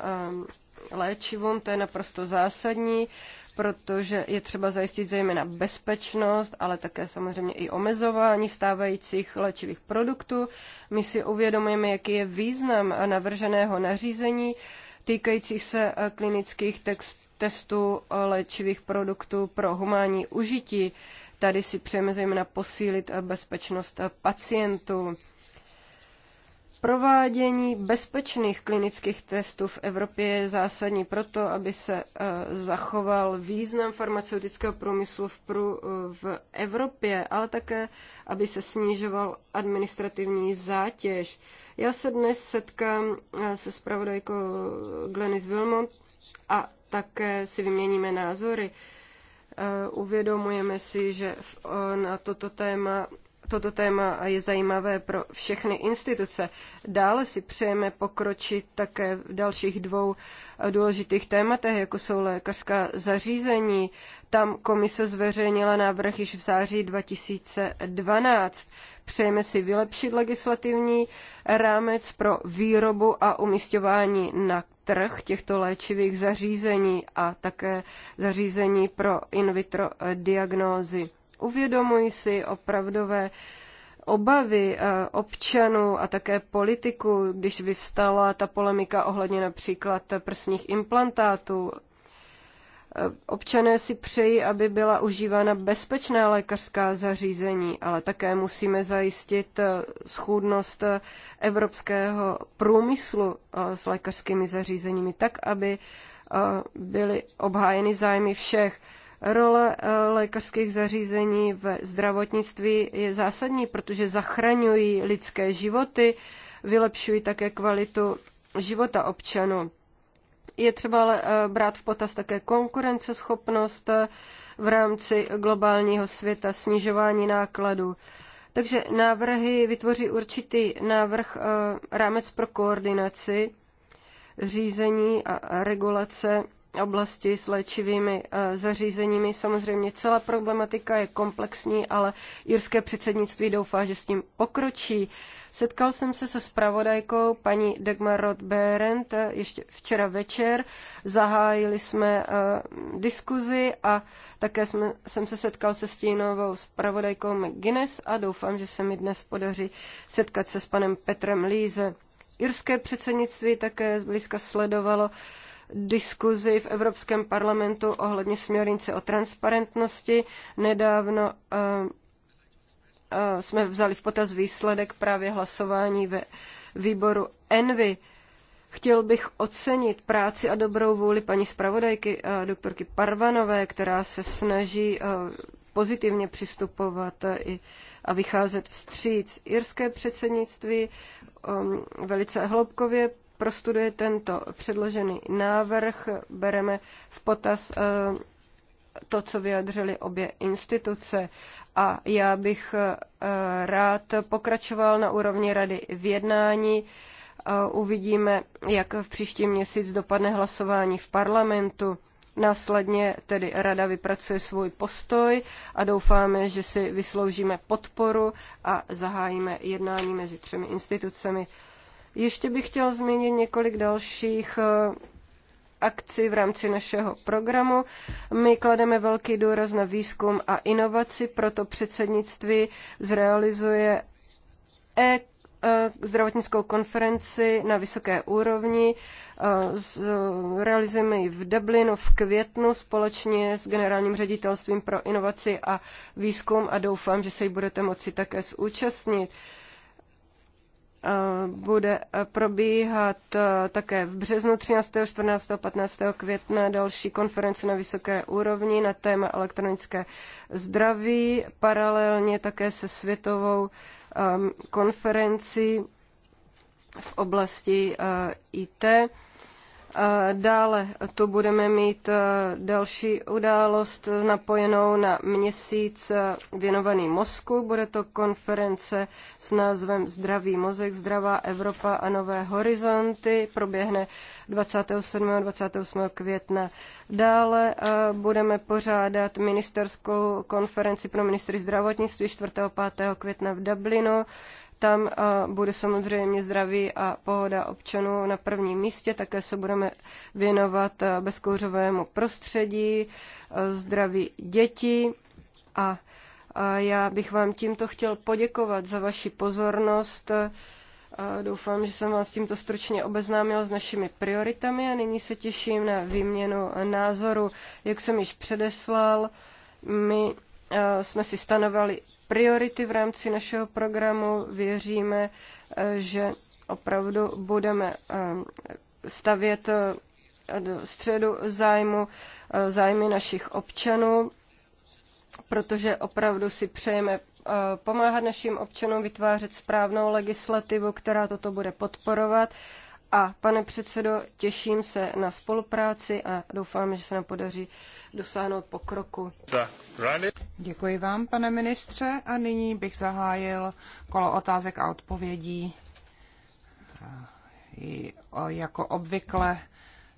eh, léčivům, to je naprosto zásadní, protože je třeba zajistit zejména bezpečnost, ale také samozřejmě i omezování stávajících léčivých produktů. My si uvědomujeme, jaký je význam navrženého nařízení týkající se eh, klinických text, testů eh, léčivých produktů pro humánní užití. Tady si přejeme zejména posílit eh, bezpečnost pacientů. Provádění bezpečných klinických testů v Evropě je zásadní proto, aby se eh, zachoval význam farmaceutického průmyslu v, prů, eh, v Evropě, ale také, aby se snižoval administrativní zátěž. Já se dnes setkám eh, se zpravodajkou Glenis Wilmot a také si vyměníme názory. Uvědomujeme si, že na toto téma toto téma je zajímavé pro všechny instituce. Dále si přejeme pokročit také v dalších dvou důležitých tématech, jako jsou lékařská zařízení. Tam komise zveřejnila návrh již v září 2012. Přejeme si vylepšit legislativní rámec pro výrobu a umistování na trh těchto léčivých zařízení a také zařízení pro in vitro diagnózy. Uvědomuji si opravdové obavy eh, občanů a také politiku, když vyvstala ta polemika ohledně například prsních implantátů. Eh, občané si přejí, aby byla užívána bezpečná lékařská zařízení, ale také musíme zajistit eh, schůdnost evropského průmyslu s lékařskými zařízeními tak, aby byly obhájeny zájmy všech. Role eh, lékařských zařízení ve zdravotnictví je zásadní, protože zachraňují lidské životy, vylepšují také kvalitu života občanů. Je třeba ale eh, brát v potaz také konkurenceschopnost eh, v rámci globálního světa, snižování nákladů. Takže návrhy vytvoří určitý návrh rámec pro koordinaci řízení a regulace oblasti s léčivými eh, zařízeními. Samozřejmě celá problematika je komplexní, ale jirské předsednictví doufá, že s tím pokročí. Setkal jsem se se spravodajkou paní Dagmar Roth-Berendt eh, ještě včera večer. Zahájili jsme uh, diskuzi a také jsme, jsem se setkal se stínovou spravodajkou McGuinness a doufám, že se mi dnes podaří setkat se s panem Petrem Líze. Irské předsednictví také zblízka sledovalo uh, diskuzi v Evropském parlamentu ohledně směrnice o transparentnosti. Nedávno eh, eh, jsme vzali v potaz výsledek právě hlasování ve výboru Envy. Chtěl bych ocenit práci a dobrou vůli paní zpravodajky eh, doktorky Parvanové, která se snaží pozitivně přistupovat i a vycházet vstříc. Irské předsednictví velice hloubkově prostuduje tento předložený návrh, bereme v potaz eh, to, co vyjadřili obě instituce. A já bych eh, rád pokračoval na úrovni rady v jednání. Eh, uvidíme, jak v příštím měsíc dopadne hlasování v parlamentu. Následně tedy rada vypracuje svůj postoj a doufáme, že si vysloužíme podporu a zahájíme jednání mezi třemi institucemi. Ještě bych chtěl zmínit několik dalších eh, akcí v rámci našeho programu. My klademe velký důraz na výzkum a inovaci, proto předsednictví zrealizuje e eh, zdravotnickou konferenci na vysoké úrovni. Eh, realizujeme ji v Dublinu v květnu společně s Generálním ředitelstvím pro inovaci a výzkum a doufám, že se ji budete moci také zúčastnit bude probíhat eh, také v březnu 13., 14., 15. května další konference na vysoké úrovni na téma elektronické zdraví, paralelně také se světovou ehm, konferenci v oblasti eh, IT Dále tu budeme mít e, další událost napojenou na měsíc e, věnovaný mozku. Bude to konference s názvem Zdravý mozek, zdravá Evropa a nové horizonty. Proběhne 27. a 28. května. Dále e, budeme pořádat ministerskou konferenci pro ministry zdravotnictví 4. a 5. května v Dublinu tam eh, bude samozřejmě zdraví a pohoda občanů na prvním místě. Také se budeme věnovat eh, bezkouřovému prostředí, eh, zdraví dětí a já bych vám tímto chtěl poděkovat za vaši pozornost. Doufám, že jsem vás tímto stručně obeznámil s našimi prioritami a nyní se těším na výměnu názoru. Jak jsem již předeslal, my Eh, jsme si stanovali priority v rámci našeho programu. Věříme, eh, že opravdu budeme eh, stavět do středu zájmu zájmy našich občanů, protože opravdu si přejeme pomáhat našim občanům vytvářet správnou legislativu, která toto bude podporovat a pane předsedo, těším se na spolupráci a doufám, že se nám podaří dosáhnout pokroku. Děkuji vám, pane ministře, a nyní bych zahájil kolo otázek a odpovědí. Jako obvykle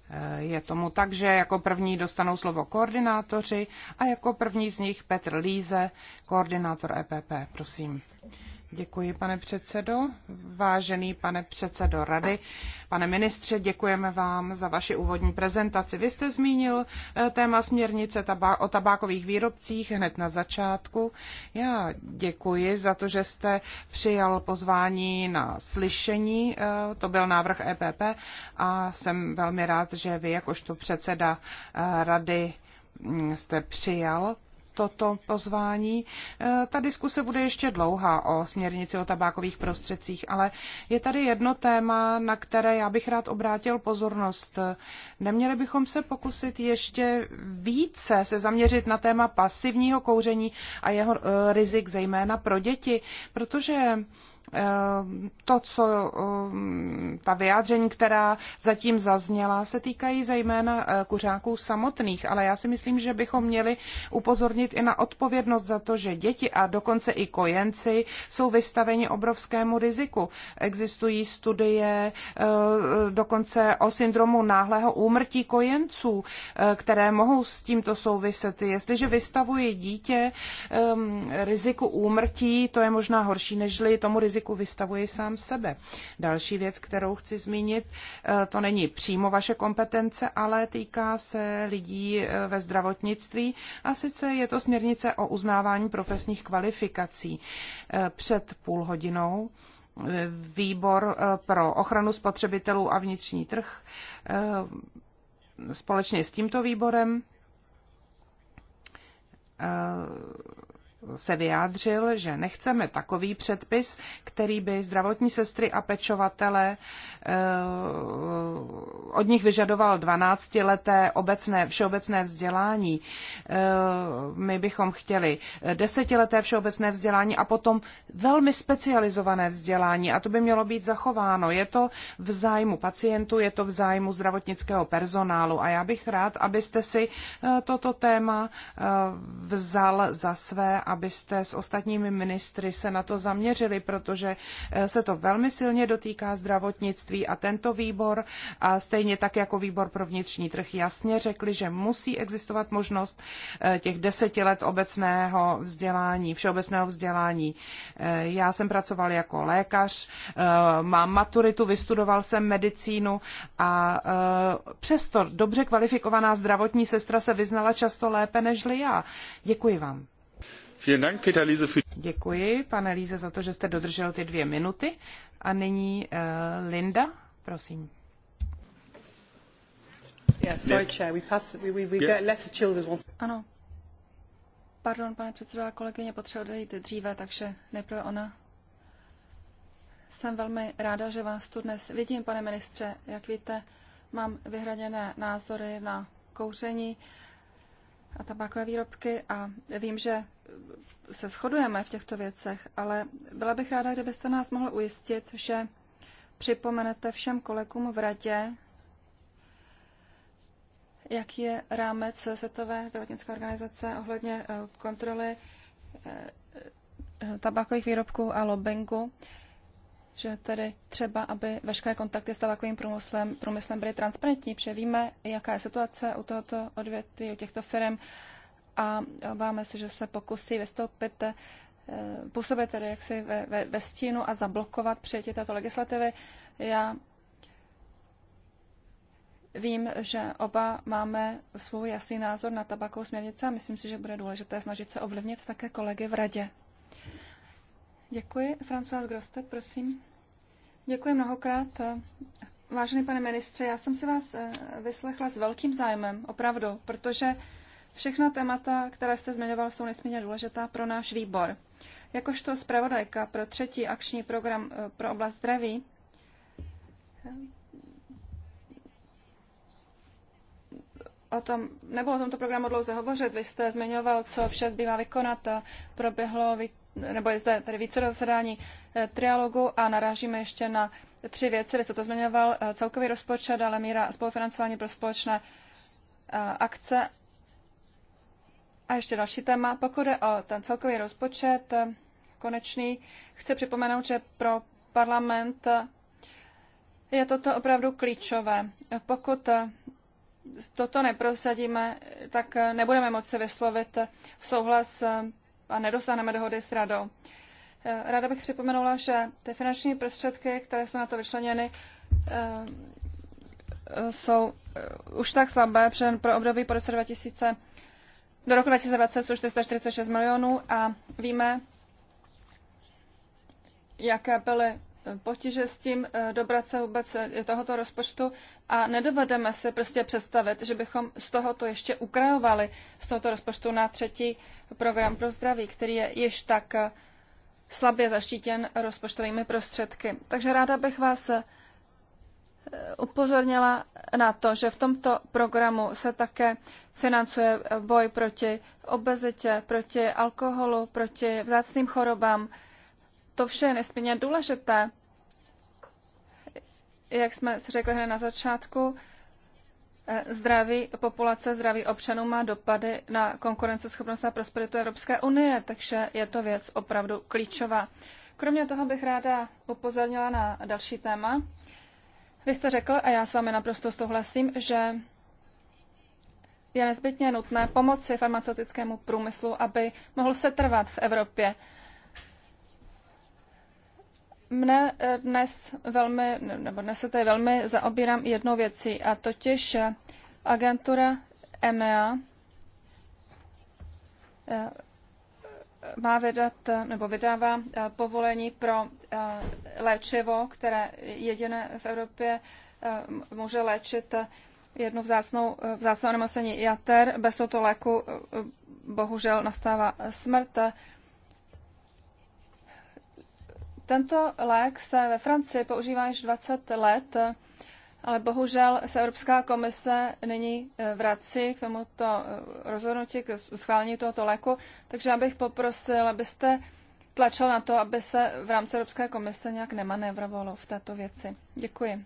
eh, je tomu tak, že jako první dostanou slovo koordinátoři a jako první z nich Petr Líze, koordinátor EPP. Prosím. Děkuji, pane předsedo. Vážený pane předsedo rady, pane ministře, děkujeme vám za vaši úvodní prezentaci. Vy jste zmínil eh, téma směrnice o tabákových výrobcích hned na začátku. Já děkuji za to, že jste přijal pozvání na slyšení. Eh, to byl návrh EPP a jsem velmi rád, že vy jakožto předseda eh, rady mm, jste přijal toto pozvání. E, ta diskuse bude ještě dlouhá o směrnici o tabákových prostředcích, ale je tady jedno téma, na které já bych rád obrátil pozornost. Neměli bychom se pokusit ještě více se zaměřit na téma pasivního kouření a jeho e, rizik, zejména pro děti, protože to, co um, ta vyjádření, která zatím zazněla, se týkají zejména eh, kuřáků samotných, ale já si myslím, že bychom měli upozornit i na odpovědnost za to, že děti a dokonce i kojenci jsou vystaveni obrovskému riziku. Existují studie eh, dokonce o syndromu náhlého úmrtí kojenců, eh, které mohou s tímto souviset. Jestliže vystavuje dítě ehm, riziku úmrtí, to je možná horší, nežli tomu riziku riziku vystavuji sám sebe. Další věc, kterou chci zmínit, eh, to není přímo vaše kompetence, ale týká se lidí eh, ve zdravotnictví a sice je to směrnice o uznávání profesních kvalifikací. Eh, před půl hodinou výbor pro ochranu spotřebitelů a vnitřní trh společně s tímto výborem se vyjádřil, že nechceme takový předpis, který by zdravotní sestry a pečovatele eh, od nich vyžadoval 12-leté obecné, všeobecné vzdělání. Eh, my bychom chtěli desetileté všeobecné vzdělání a potom velmi specializované vzdělání a to by mělo být zachováno. Je to v zájmu pacientů, je to v zájmu zdravotnického personálu a já bych rád, abyste si eh, toto téma vzal za své a abyste s ostatními ministry se na to zaměřili, protože eh, se to velmi silně dotýká zdravotnictví a tento výbor a stejně tak jako výbor pro vnitřní trh jasně řekli, že musí existovat možnost eh, těch deseti let obecného vzdělání, všeobecného vzdělání. Eh, já jsem pracoval jako lékař, mám maturitu, vystudoval jsem medicínu a přesto dobře kvalifikovaná zdravotní sestra se vyznala často lépe než já. Děkuji vám. Děkuji, pane Líze, za to, že jste dodržel ty dvě minuty. A nyní uh, Linda, prosím. Ano. Pardon, pane předsedo a kolegyně, potřebuji odejít dříve, takže nejprve ona. Jsem velmi ráda, že vás tu dnes vidím, pane ministře. Jak víte, mám vyhraněné názory na kouření a tabákové výrobky a vím, že se shodujeme v těchto věcech, ale byla bych ráda, kdybyste nás mohl ujistit, že připomenete všem kolegům v radě, jaký je rámec Světové zdravotnické organizace ohledně eh, kontroly eh, tabakových výrobků a lobbingu, že tedy třeba, aby veškeré kontakty s tabakovým průmyslem, průmyslem byly transparentní, protože víme, jaká je situace u tohoto odvětví, u těchto firm a obáváme se, že se pokusí vystoupit eh, působit tedy jaksi ve, ve, ve stínu a zablokovat přijetí této legislativy. Já vím, že oba máme svůj jasný názor na tabakovou směrnici a myslím si, že bude důležité snažit se ovlivnit také kolegy v radě. Děkuji. François Grostet, prosím. Děkuji mnohokrát. Vážený pane ministře, já jsem si vás eh, vyslechla s velkým zájmem, opravdu, protože Všechna témata, které jste zmiňoval, jsou nesmírně důležitá pro náš výbor. Jakožto zpravodajka pro třetí akční program eh, pro oblast zdraví, o tom, nebo o tomto programu dlouze hovořit. Vy jste zmiňoval, co vše zbývá vykonat. Proběhlo, nebo je zde tady více zasedání e, trialogu a narážíme ještě na tři věci. Vy jste to zmiňoval, e, celkový rozpočet, ale míra spolufinancování pro společné e, akce a ještě další téma, pokud jde o ten celkový rozpočet eh, konečný, chci připomenout, že pro parlament eh, je toto opravdu klíčové. Pokud eh, toto neprosadíme, tak nebudeme moci vyslovit souhlas a nedosáhneme dohody s radou. Ráda bych připomenula, že ty finanční prostředky, které jsou na to vyčleněny, jsou už tak slabé, protože pro období po roce 2000 do roku 2020 jsou 446 milionů a víme, jaké byly potíže s tím eh, dobrat se vůbec eh, tohoto rozpočtu a nedovedeme si prostě představit, že bychom z tohoto ještě ukrajovali z tohoto rozpočtu na třetí program pro zdraví, který je již tak eh, slabě zaštítěn rozpočtovými prostředky. Takže ráda bych vás upozornila na to, že v tomto programu se také financuje boj proti obezitě, proti alkoholu, proti vzácným chorobám. To vše je nesmírně důležité. Jak jsme si řekli hned na začátku, eh, zdraví populace, zdraví občanů má dopady na konkurenceschopnost a prosperitu Evropské unie, takže je to věc opravdu klíčová. Kromě toho bych ráda upozornila na další téma, vy jste řekl, a já s vámi naprosto souhlasím, že je nezbytně nutné pomoci farmaceutickému průmyslu, aby mohl se trvat v Evropě. Mne eh, dnes velmi, nebo dnes se tady velmi zaobírám jednou věcí, a totiž eh, agentura EMEA eh, má vydat nebo vydává eh, povolení pro eh, léčivo, které jediné v Evropě eh, může léčit jednu vzácnou, vzácnou nemocení jater. Bez tohoto léku bohužel nastává smrt. Tento lék se ve Francii používá již 20 let ale bohužel se Evropská komise nyní eh, vrací k tomuto eh, rozhodnutí, k schválení tohoto léku, takže já bych poprosil, abyste tlačil na to, aby se v rámci Evropské komise nějak nemanévrovalo v této věci. Děkuji.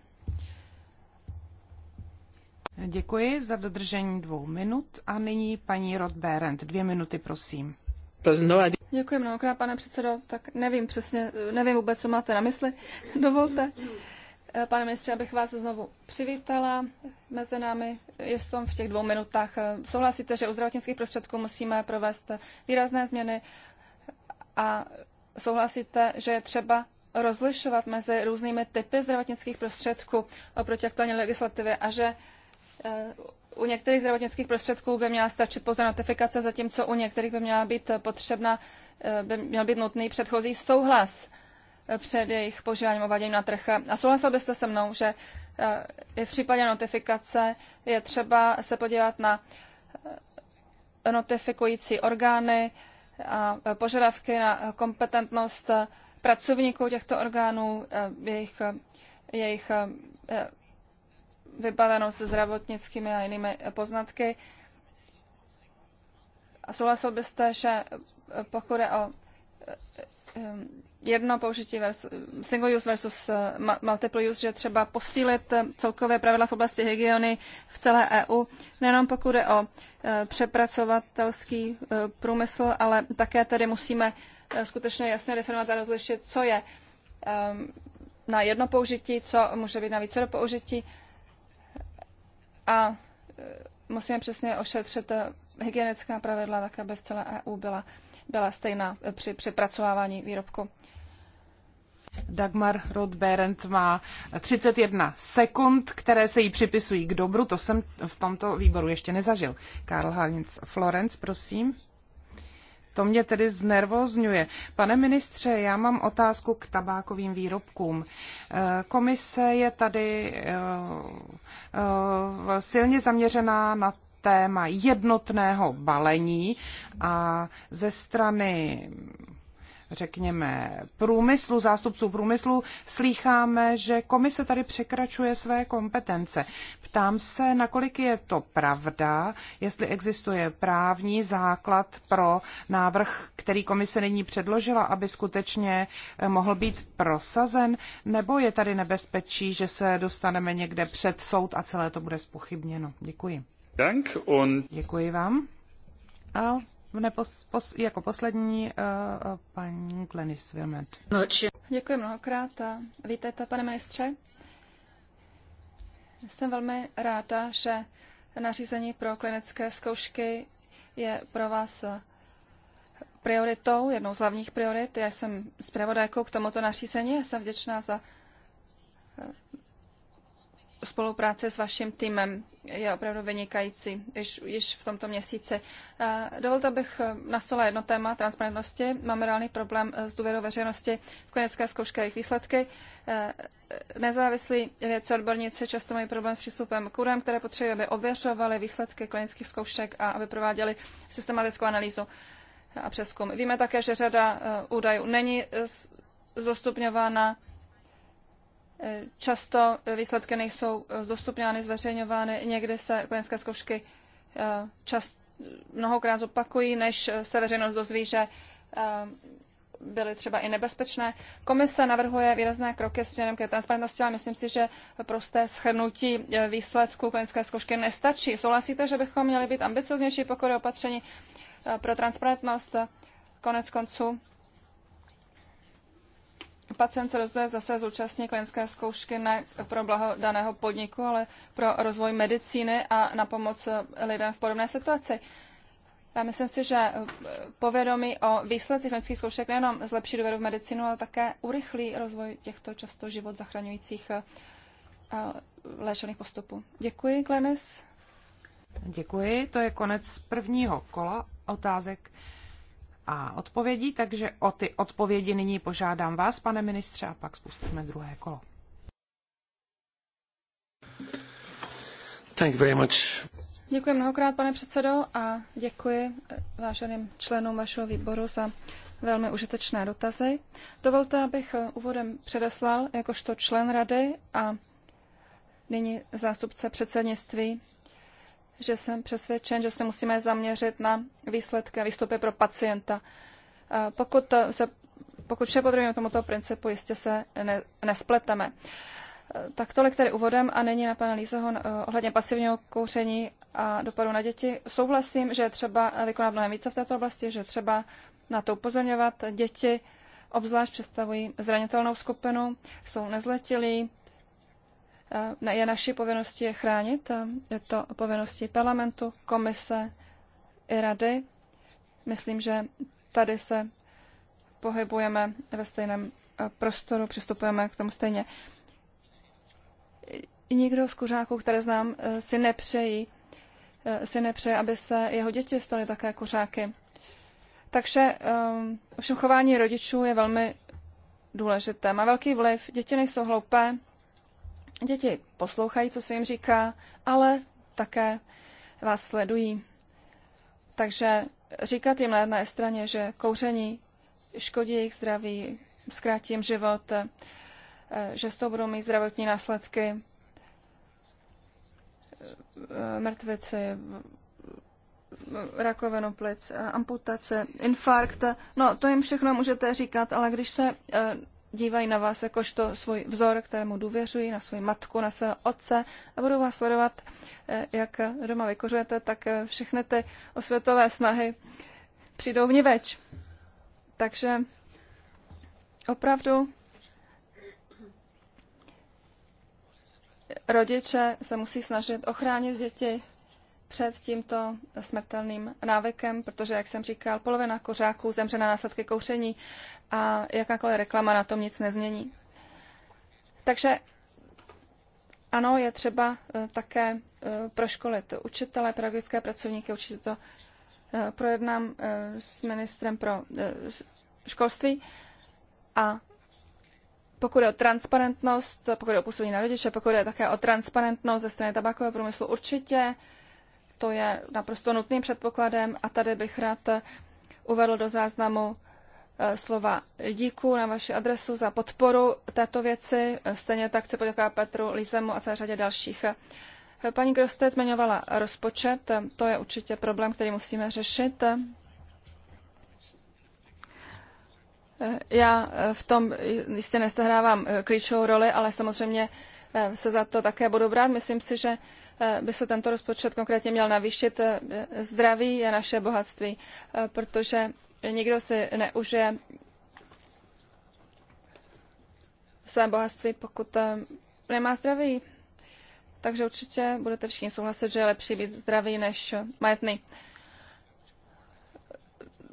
Děkuji za dodržení dvou minut a nyní paní Rodberend. Dvě minuty, prosím. Děkuji mnohokrát, pane předsedo. Tak nevím přesně, nevím vůbec, co máte na mysli. Dovolte, Eh, pane ministře, abych vás znovu přivítala mezi námi. Je tom v těch dvou minutách. Eh, souhlasíte, že u zdravotnických prostředků musíme provést výrazné změny a souhlasíte, že je třeba rozlišovat mezi různými typy zdravotnických prostředků oproti aktuální legislativě a že eh, u některých zdravotnických prostředků by měla stačit pouze notifikace, zatímco u některých by měla být potřebna, by měl být nutný předchozí souhlas před jejich požíváním uváděním na trh. A souhlasil byste se mnou, že eh, v případě notifikace je třeba se podívat na eh, notifikující orgány a požadavky na kompetentnost pracovníků těchto orgánů, eh, jejich, jejich vybavenost se zdravotnickými a jinými poznatky. A souhlasil byste, že pokud je o jedno použití versus, single use versus eh, multiple use, že třeba posílit eh, celkové pravidla v oblasti hygieny v celé EU, nejenom pokud je o eh, přepracovatelský průmysl, ale také tedy musíme skutečně jasně definovat a rozlišit, co je ehm, na jedno použití, co může být na více do použití a musíme přesně ošetřit hygienická pravidla tak, aby v celé EU byla byla stejná při přepracovávání výrobku. Dagmar Roth-Berendt má 31 sekund, které se jí připisují k dobru. To jsem v tomto výboru ještě nezažil. Karl Heinz Florenc, prosím. To mě tedy znervozňuje. Pane ministře, já mám otázku k tabákovým výrobkům. Eh, komise je tady eh, eh, silně zaměřená na téma jednotného balení a ze strany řekněme, průmyslu, zástupců průmyslu, slýcháme, že komise tady překračuje své kompetence. Ptám se, nakolik je to pravda, jestli existuje právní základ pro návrh, který komise nyní předložila, aby skutečně eh, mohl být prosazen, nebo je tady nebezpečí, že se dostaneme někde před soud a celé to bude spochybněno. Děkuji. Děkuji vám. A nepos, pos, jako poslední uh, paní Glenis Wilmet. Děkuji mnohokrát. Vítejte, pane ministře. Jsem velmi ráda, že nařízení pro klinické zkoušky je pro vás prioritou, jednou z hlavních priorit. Já jsem zpravodajkou k tomuto nařízení a jsem vděčná za spolupráce s vaším týmem je opravdu vynikající, již, již v tomto měsíci. Dovolte, abych nastola jedno téma transparentnosti. Máme reálný problém s důvěrou veřejnosti v klinické zkoušky a jejich výsledky. E, nezávislí vědci odborníci často mají problém s přístupem k údajům, které potřebují, aby ověřovali výsledky klinických zkoušek a aby prováděli systematickou analýzu a přeskum. Víme také, že řada e, údajů není zdostupňována Často výsledky nejsou zdostupňovány, zveřejňovány, někdy se klinické zkoušky eh, čas, mnohokrát zopakují, než se veřejnost dozví, že eh, byly třeba i nebezpečné. Komise navrhuje výrazné kroky směrem ke transparentnosti, ale myslím si, že prosté schrnutí eh, výsledků klinické zkoušky nestačí. Souhlasíte, že bychom měli být ambicioznější, pokud opatření pro transparentnost? Konec konců pacient se rozhoduje zase zúčastnit klinické zkoušky ne pro blaho daného podniku, ale pro rozvoj medicíny a na pomoc eh, lidem v podobné situaci. Já myslím si, že eh, povědomí o výsledcích klinických zkoušek nejenom zlepší důvěru v medicínu, ale také urychlí rozvoj těchto často život zachraňujících eh, léčených postupů. Děkuji, Glenis. Děkuji, to je konec prvního kola otázek a odpovědí, takže o ty odpovědi nyní požádám vás, pane ministře, a pak spustíme druhé kolo. Thank you very much. Děkuji mnohokrát, pane předsedo, a děkuji váženým členům vašeho výboru za velmi užitečné dotazy. Dovolte, abych úvodem předeslal, jakožto člen rady a nyní zástupce předsednictví že jsem přesvědčen, že se musíme zaměřit na výsledky a výstupy pro pacienta. Pokud, se, pokud vše podrobíme tomuto principu, jistě se ne, nespleteme. Tak tolik tedy úvodem a není na pana Lízeho eh, ohledně pasivního kouření a dopadu na děti. Souhlasím, že je třeba vykonat mnohem více v této oblasti, že třeba na to upozorňovat. Děti obzvlášť představují zranitelnou skupinu, jsou nezletilí, Eh, je naší povinností je chránit. Eh, je to povinností parlamentu, komise i rady. Myslím, že tady se pohybujeme ve stejném eh, prostoru, přistupujeme k tomu stejně. Nikdo z kuřáků, které znám, si nepřejí, si nepřeje, aby se jeho děti staly také kuřáky. Takže um, ovšem chování rodičů je velmi důležité. Má velký vliv. Děti nejsou hloupé, Děti poslouchají, co se jim říká, ale také vás sledují. Takže říkat jim na jedné straně, že kouření škodí jejich zdraví, zkrátí jim život, eh, že z toho budou mít zdravotní následky, eh, mrtvici, rakovinu plic, eh, amputace, infarkt. No, to jim všechno můžete říkat, ale když se dívají na vás jakožto svůj vzor, kterému důvěřují, na svou matku, na svého otce a budou vás sledovat, eh, jak doma vykořujete, tak eh, všechny ty osvětové snahy přijdou v več. Takže opravdu rodiče se musí snažit ochránit děti před tímto smrtelným návykem, protože, jak jsem říkal, polovina kořáků zemře na následky kouření a jakákoliv reklama na tom nic nezmění. Takže ano, je třeba eh, také eh, proškolit učitele, pedagogické pracovníky, určitě to eh, projednám s ministrem pro školství a pokud je o transparentnost, pokud je o působení na rodiče, pokud je také o transparentnost ze strany tabakového průmyslu, určitě to je naprosto nutným předpokladem a tady bych rád uvedl do záznamu eh, slova díku na vaši adresu za podporu této věci. Stejně tak chci poděkovat Petru Lízemu a celé řadě dalších. Eh, paní Groste zmiňovala rozpočet. Eh, to je určitě problém, který musíme řešit. Já v tom jistě nesehrávám klíčovou roli, ale samozřejmě Eh, se za to také budou brát. Myslím si, že eh, by se tento rozpočet konkrétně měl navýšit. Eh, zdraví je naše bohatství, protože nikdo si neužije své bohatství, pokud nemá zdraví. Takže určitě budete všichni souhlasit, že je lepší být zdravý než majetný.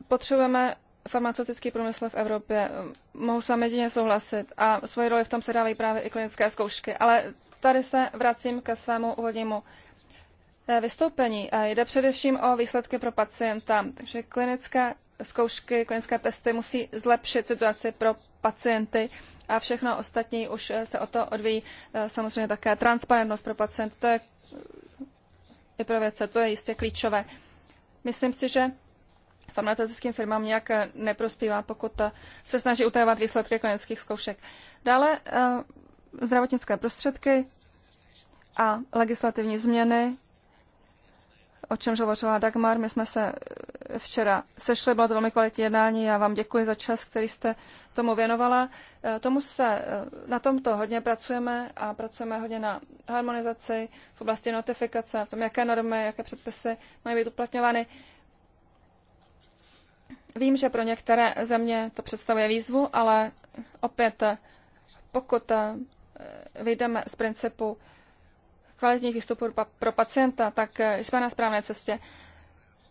Potřebujeme farmaceutický průmysl v Evropě. Eh, Mohu s vámi jedině souhlasit a svoji roli v tom se dávají právě i klinické zkoušky. Ale tady se vracím ke svému úvodnímu eh, vystoupení. Jde především o výsledky pro pacienta, takže klinické zkoušky, klinické testy musí zlepšit situaci pro pacienty a všechno ostatní už eh, se o to odvíjí. Samozřejmě také transparentnost pro pacienta. to je i pro vědce, to je jistě klíčové. Myslím si, že farmaceutickým firmám nějak eh, neprospívá, pokud eh, se snaží utajovat výsledky klinických zkoušek. Dále eh, zdravotnické prostředky a legislativní změny, o čemž hovořila Dagmar. My jsme se včera sešli, bylo to velmi kvalitní jednání. Já vám děkuji za čas, který jste tomu věnovala. Tomu se, na tomto hodně pracujeme a pracujeme hodně na harmonizaci v oblasti notifikace, v tom, jaké normy, jaké předpisy mají být uplatňovány. Vím, že pro některé země to představuje výzvu, ale opět, pokud eh, vyjdeme z principu kvalitních výstupů pro pacienta, tak eh, jsme na správné cestě.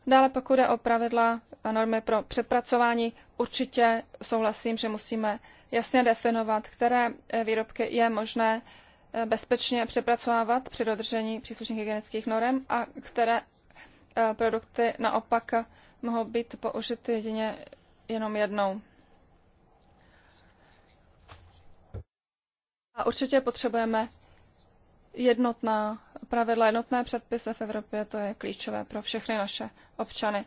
Dále pokud jde o pravidla a normy pro přepracování, určitě souhlasím, že musíme jasně definovat, které eh, výrobky je možné bezpečně přepracovávat při dodržení příslušných hygienických norm a které produkty naopak mohou být použity jedině jenom jednou. A určitě potřebujeme jednotná pravidla, jednotné předpisy v Evropě, to je klíčové pro všechny naše občany.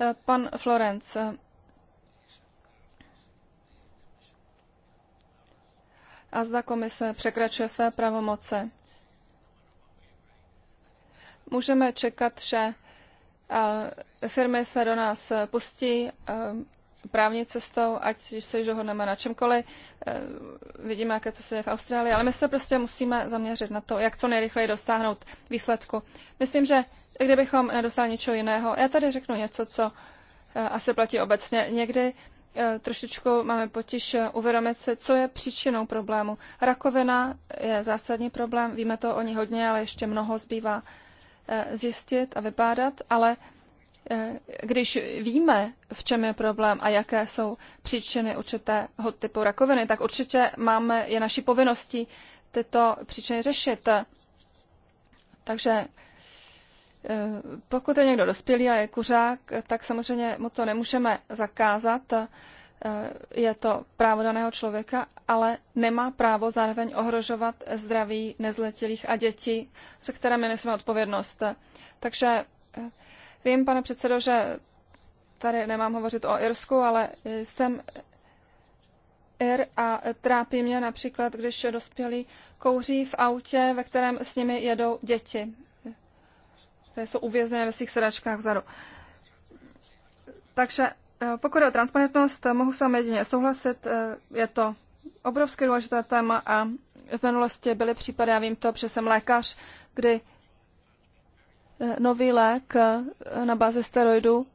Eh, pan Florenc, a zda komise překračuje své pravomoce. Můžeme čekat, že firmy se do nás pustí právní cestou, ať se žohodneme na čemkoliv. E, vidíme, jaké co se je v Austrálii, ale my se prostě musíme zaměřit na to, jak co nejrychleji dosáhnout výsledku. Myslím, že kdybychom nedosáhli ničeho jiného, já tady řeknu něco, co e, asi platí obecně. Někdy e, trošičku máme potíž uvědomit si, co je příčinou problému. Rakovina je zásadní problém, víme to o ní hodně, ale ještě mnoho zbývá. Eh, zjistit a vybádat, ale eh, když víme, v čem je problém a jaké jsou příčiny určitého typu rakoviny, tak určitě máme, je naší povinností tyto příčiny řešit. Takže eh, pokud je někdo dospělý a je kuřák, tak samozřejmě mu to nemůžeme zakázat, Eh, je to právo daného člověka, ale nemá právo zároveň ohrožovat zdraví nezletilých a dětí, se kterými nesme odpovědnost. Takže eh, vím, pane předsedo, že tady nemám hovořit o Irsku, ale jsem Ir a trápí mě například, když dospělí kouří v autě, ve kterém s nimi jedou děti, které jsou uvězněné ve svých sedačkách vzadu. Takže Eh, pokud je o transparentnost, mohu s vámi jedině souhlasit. Eh, je to obrovsky důležité téma a v minulosti byly případy, já vím to, protože jsem lékař, kdy eh, nový lék na bázi steroidů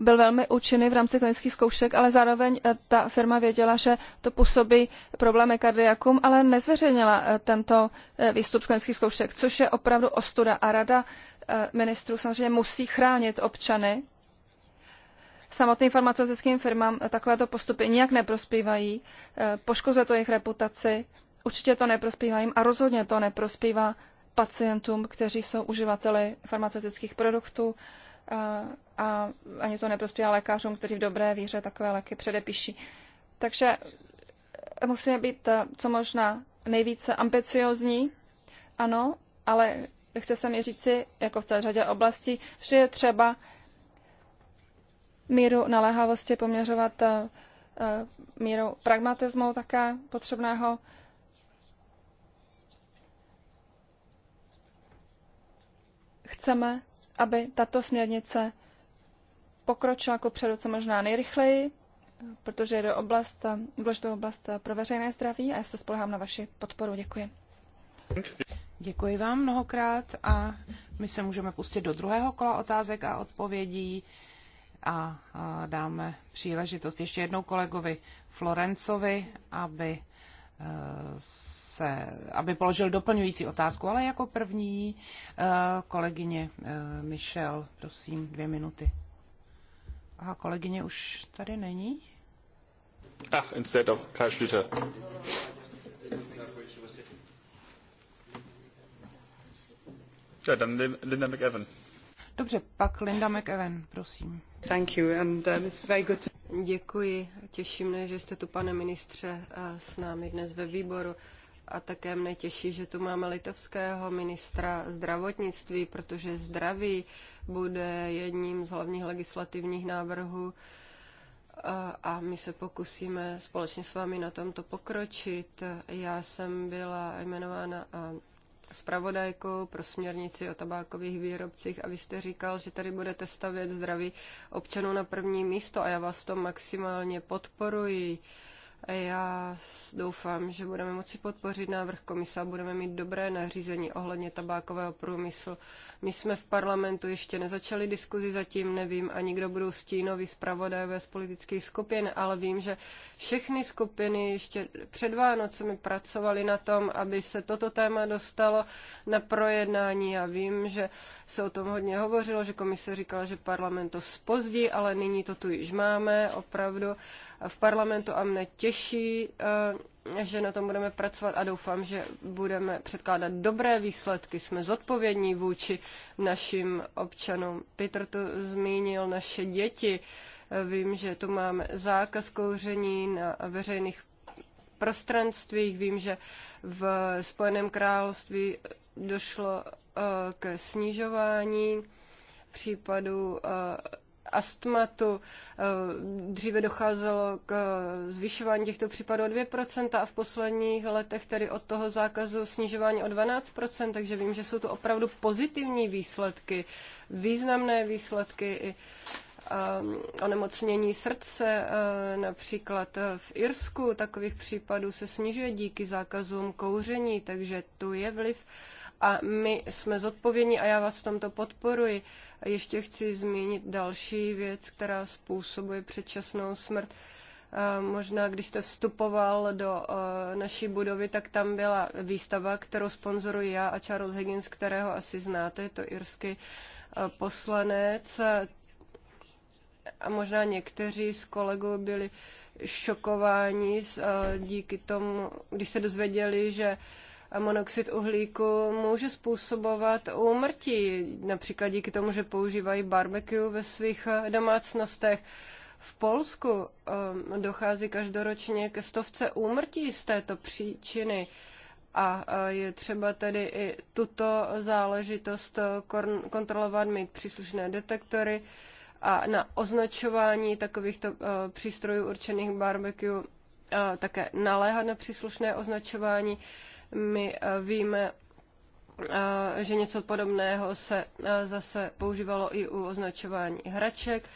byl velmi účinný v rámci klinických zkoušek, ale zároveň ta firma věděla, že to působí problémy kardiakům, ale nezveřejnila tento výstup z klinických zkoušek, což je opravdu ostuda. A rada ministrů samozřejmě musí chránit občany samotným farmaceutickým firmám eh, takovéto postupy nijak neprospívají, eh, poškozuje to jejich reputaci, určitě to neprospívá jim a rozhodně to neprospívá pacientům, kteří jsou uživateli farmaceutických produktů eh, a ani to neprospívá lékařům, kteří v dobré víře takové léky předepíší. Takže musíme být co možná nejvíce ambiciozní, ano, ale chce se mi říci, jako v celé řadě oblastí, že je třeba míru naléhavosti poměřovat eh, eh, míru pragmatismu také potřebného. Chceme, aby tato směrnice pokročila ku předu co možná nejrychleji, protože je do oblast, eh, důležitou oblast pro veřejné zdraví a já se spolehám na vaši podporu. Děkuji. Děkuji vám mnohokrát a my se můžeme pustit do druhého kola otázek a odpovědí a dáme příležitost ještě jednou kolegovi Florencovi, aby, e, se, aby položil doplňující otázku, ale jako první e, kolegyně e, Michel, prosím, dvě minuty. A kolegyně už tady není? Ach, instead of Karl Schlüter. Ja, dann Linda McEwan. Dobře, pak Linda McEwen, prosím. Thank you and, um, it's very good to... Děkuji, těší mne, že jste tu, pane ministře, s námi dnes ve výboru. A také mne těší, že tu máme litovského ministra zdravotnictví, protože zdraví bude jedním z hlavních legislativních návrhů a my se pokusíme společně s vámi na tomto pokročit. Já jsem byla jmenována zpravodajku pro směrnici o tabákových výrobcích a vy jste říkal, že tady budete stavět zdraví občanů na první místo a já vás to maximálně podporuji. Uh, a Já doufám, že budeme moci podpořit návrh komisa a budeme mít dobré nařízení ohledně tabákového průmyslu. My jsme v parlamentu ještě nezačali diskuzi, zatím nevím ani kdo budou stínoví zpravodajové z politických skupin, ale vím, že všechny skupiny ještě před Vánocemi pracovali na tom, aby se toto téma dostalo na projednání. Já vím, že se o tom hodně hovořilo, že komise říkala, že parlament to spozdí, ale nyní to tu již máme opravdu v parlamentu a mne těší, těší, eh, že na tom budeme pracovat a doufám, že budeme předkládat dobré výsledky. Jsme zodpovědní vůči našim občanům. Petr to zmínil naše děti. Eh, vím, že tu máme zákaz kouření na veřejných prostranstvích. Vím, že v Spojeném království došlo eh, ke snižování případů astmatu. Eh, dříve docházelo k eh, zvyšování těchto případů o 2% a v posledních letech tedy od toho zákazu snižování o 12%, takže vím, že jsou to opravdu pozitivní výsledky, významné výsledky i ehm, onemocnění srdce, eh, například v Irsku takových případů se snižuje díky zákazům kouření, takže tu je vliv a my jsme zodpovědní a já vás v tomto podporuji. A ještě chci zmínit další věc, která způsobuje předčasnou smrt. Možná, když jste vstupoval do naší budovy, tak tam byla výstava, kterou sponzoruji já a Charles Higgins, kterého asi znáte, je to irský poslanec. A možná někteří z kolegů byli šokováni díky tomu, když se dozvěděli, že a monoxid uhlíku může způsobovat úmrtí, například díky tomu, že používají barbecue ve svých eh, domácnostech. V Polsku eh, dochází každoročně ke stovce úmrtí z této příčiny a eh, je třeba tedy i tuto záležitost kontrolovat, mít příslušné detektory a na označování takovýchto přístrojů určených barbecue také naléhat na příslušné označování my eh, víme, eh, že něco podobného se eh, zase používalo i u označování hraček.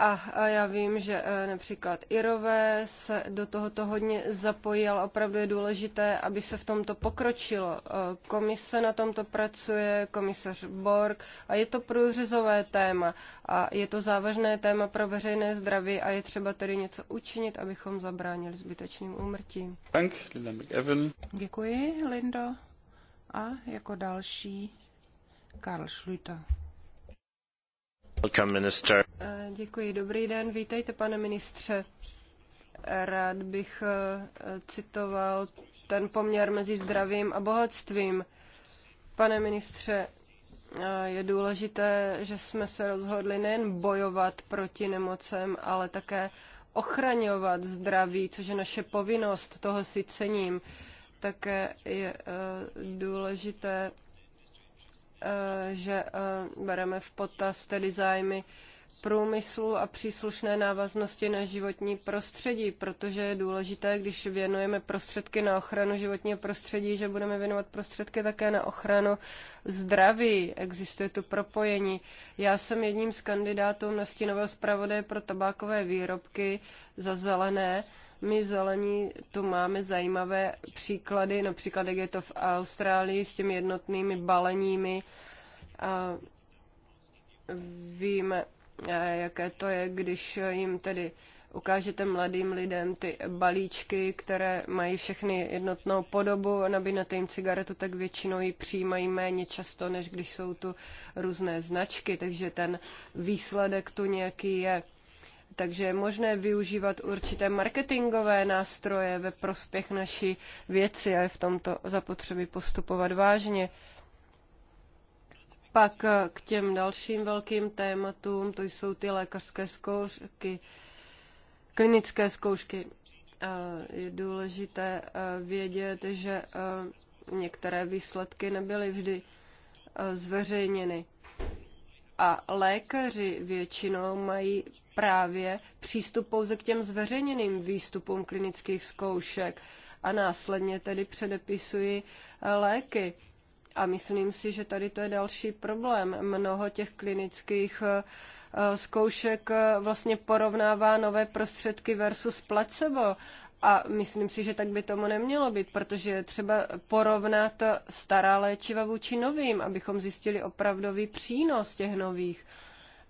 A, já vím, že e, například Irové se do tohoto hodně zapojil. Opravdu je důležité, aby se v tomto pokročilo. E, komise na tomto pracuje, komisař Borg a je to průřezové téma a je to závažné téma pro veřejné zdraví a je třeba tedy něco učinit, abychom zabránili zbytečným úmrtím. Frank, Linda Děkuji, Lindo. A jako další Karl Schlüter. Eh, děkuji, dobrý den, vítejte, pane ministře. Rád bych eh, citoval ten poměr mezi zdravím a bohatstvím. Pane ministře, eh, je důležité, že jsme se rozhodli nejen bojovat proti nemocem, ale také ochraňovat zdraví, což je naše povinnost, toho si cením. Také je důležité Eh, že eh, bereme v potaz tedy zájmy průmyslu a příslušné návaznosti na životní prostředí, protože je důležité, když věnujeme prostředky na ochranu životního prostředí, že budeme věnovat prostředky také na ochranu zdraví. Existuje tu propojení. Já jsem jedním z kandidátů na stínového zpravodaje pro tabákové výrobky za zelené my zelení tu máme zajímavé příklady, například jak je to v Austrálii s těmi jednotnými baleními. A víme, jaké to je, když jim tedy ukážete mladým lidem ty balíčky, které mají všechny jednotnou podobu nabídnete jim cigaretu, tak většinou ji přijímají méně často, než když jsou tu různé značky, takže ten výsledek tu nějaký je takže je možné využívat určité marketingové nástroje ve prospěch naší věci a je v tomto zapotřebí postupovat vážně. Pak eh, k těm dalším velkým tématům, to jsou ty lékařské zkoušky, klinické zkoušky. Eh, je důležité eh, vědět, že některé výsledky nebyly vždy zveřejněny a lékaři většinou mají právě přístup pouze k těm zveřejněným výstupům klinických zkoušek a následně tedy předepisují eh, léky. A myslím si, že tady to je další problém. Mnoho těch klinických eh, eh, zkoušek vlastně porovnává nové prostředky versus placebo a myslím si, že tak by tomu nemělo být, protože je třeba porovnat stará léčiva vůči novým, abychom zjistili opravdový přínos těch nových.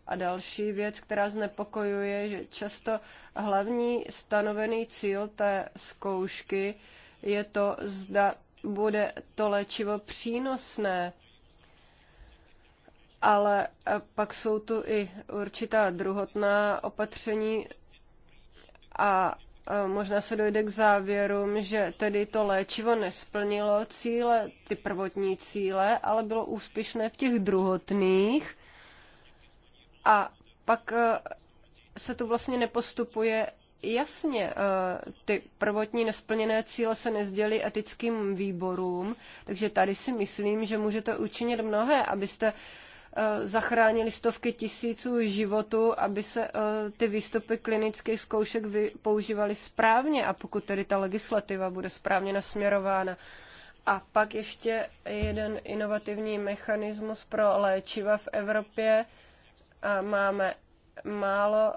A další věc, která znepokojuje, že často hlavní stanovený cíl té zkoušky je to, zda bude to léčivo přínosné. Ale pak jsou tu i určitá druhotná opatření a možná se dojde k závěrům, že tedy to léčivo nesplnilo cíle, ty prvotní cíle, ale bylo úspěšné v těch druhotných a pak e, se tu vlastně nepostupuje jasně, e, ty prvotní nesplněné cíle se nezdělí etickým výborům, takže tady si myslím, že můžete učinit mnohé, abyste Eh, zachránili stovky tisíců životů, aby se eh, ty výstupy klinických zkoušek používaly správně a pokud tedy ta legislativa bude správně nasměrována. A pak ještě jeden inovativní mechanismus pro léčiva v Evropě. A máme málo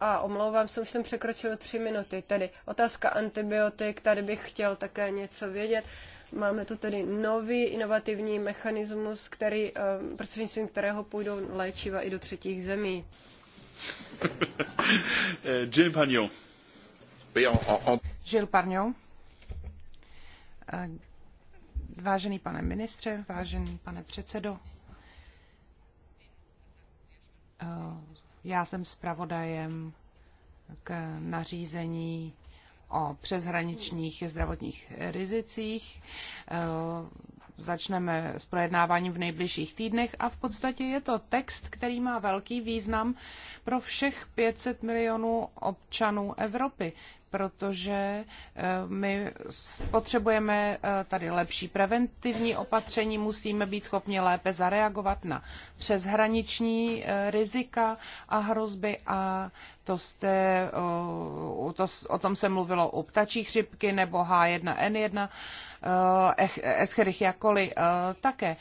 a omlouvám se, už jsem překročil tři minuty. Tedy otázka antibiotik, tady bych chtěl také něco vědět. Uh, Máme tu tedy nový inovativní mechanismus, který, eh, prostřednictvím kterého půjdou léčiva i do třetích zemí. Eh, Jill Pagnon. Žil Parňo. Eh, vážený pane ministře, vážený pane předsedo, já jsem zpravodajem k nařízení o přeshraničních zdravotních rizicích. Eh, začneme s projednáváním v nejbližších týdnech a v podstatě je to text, který má velký význam pro všech 500 milionů občanů Evropy protože eh, my potřebujeme eh, tady lepší preventivní opatření, musíme být schopni lépe zareagovat na přeshraniční eh, rizika a hrozby a to jste, to, o tom se mluvilo u ptačí chřipky nebo H1N1, Escherichia jakoli také.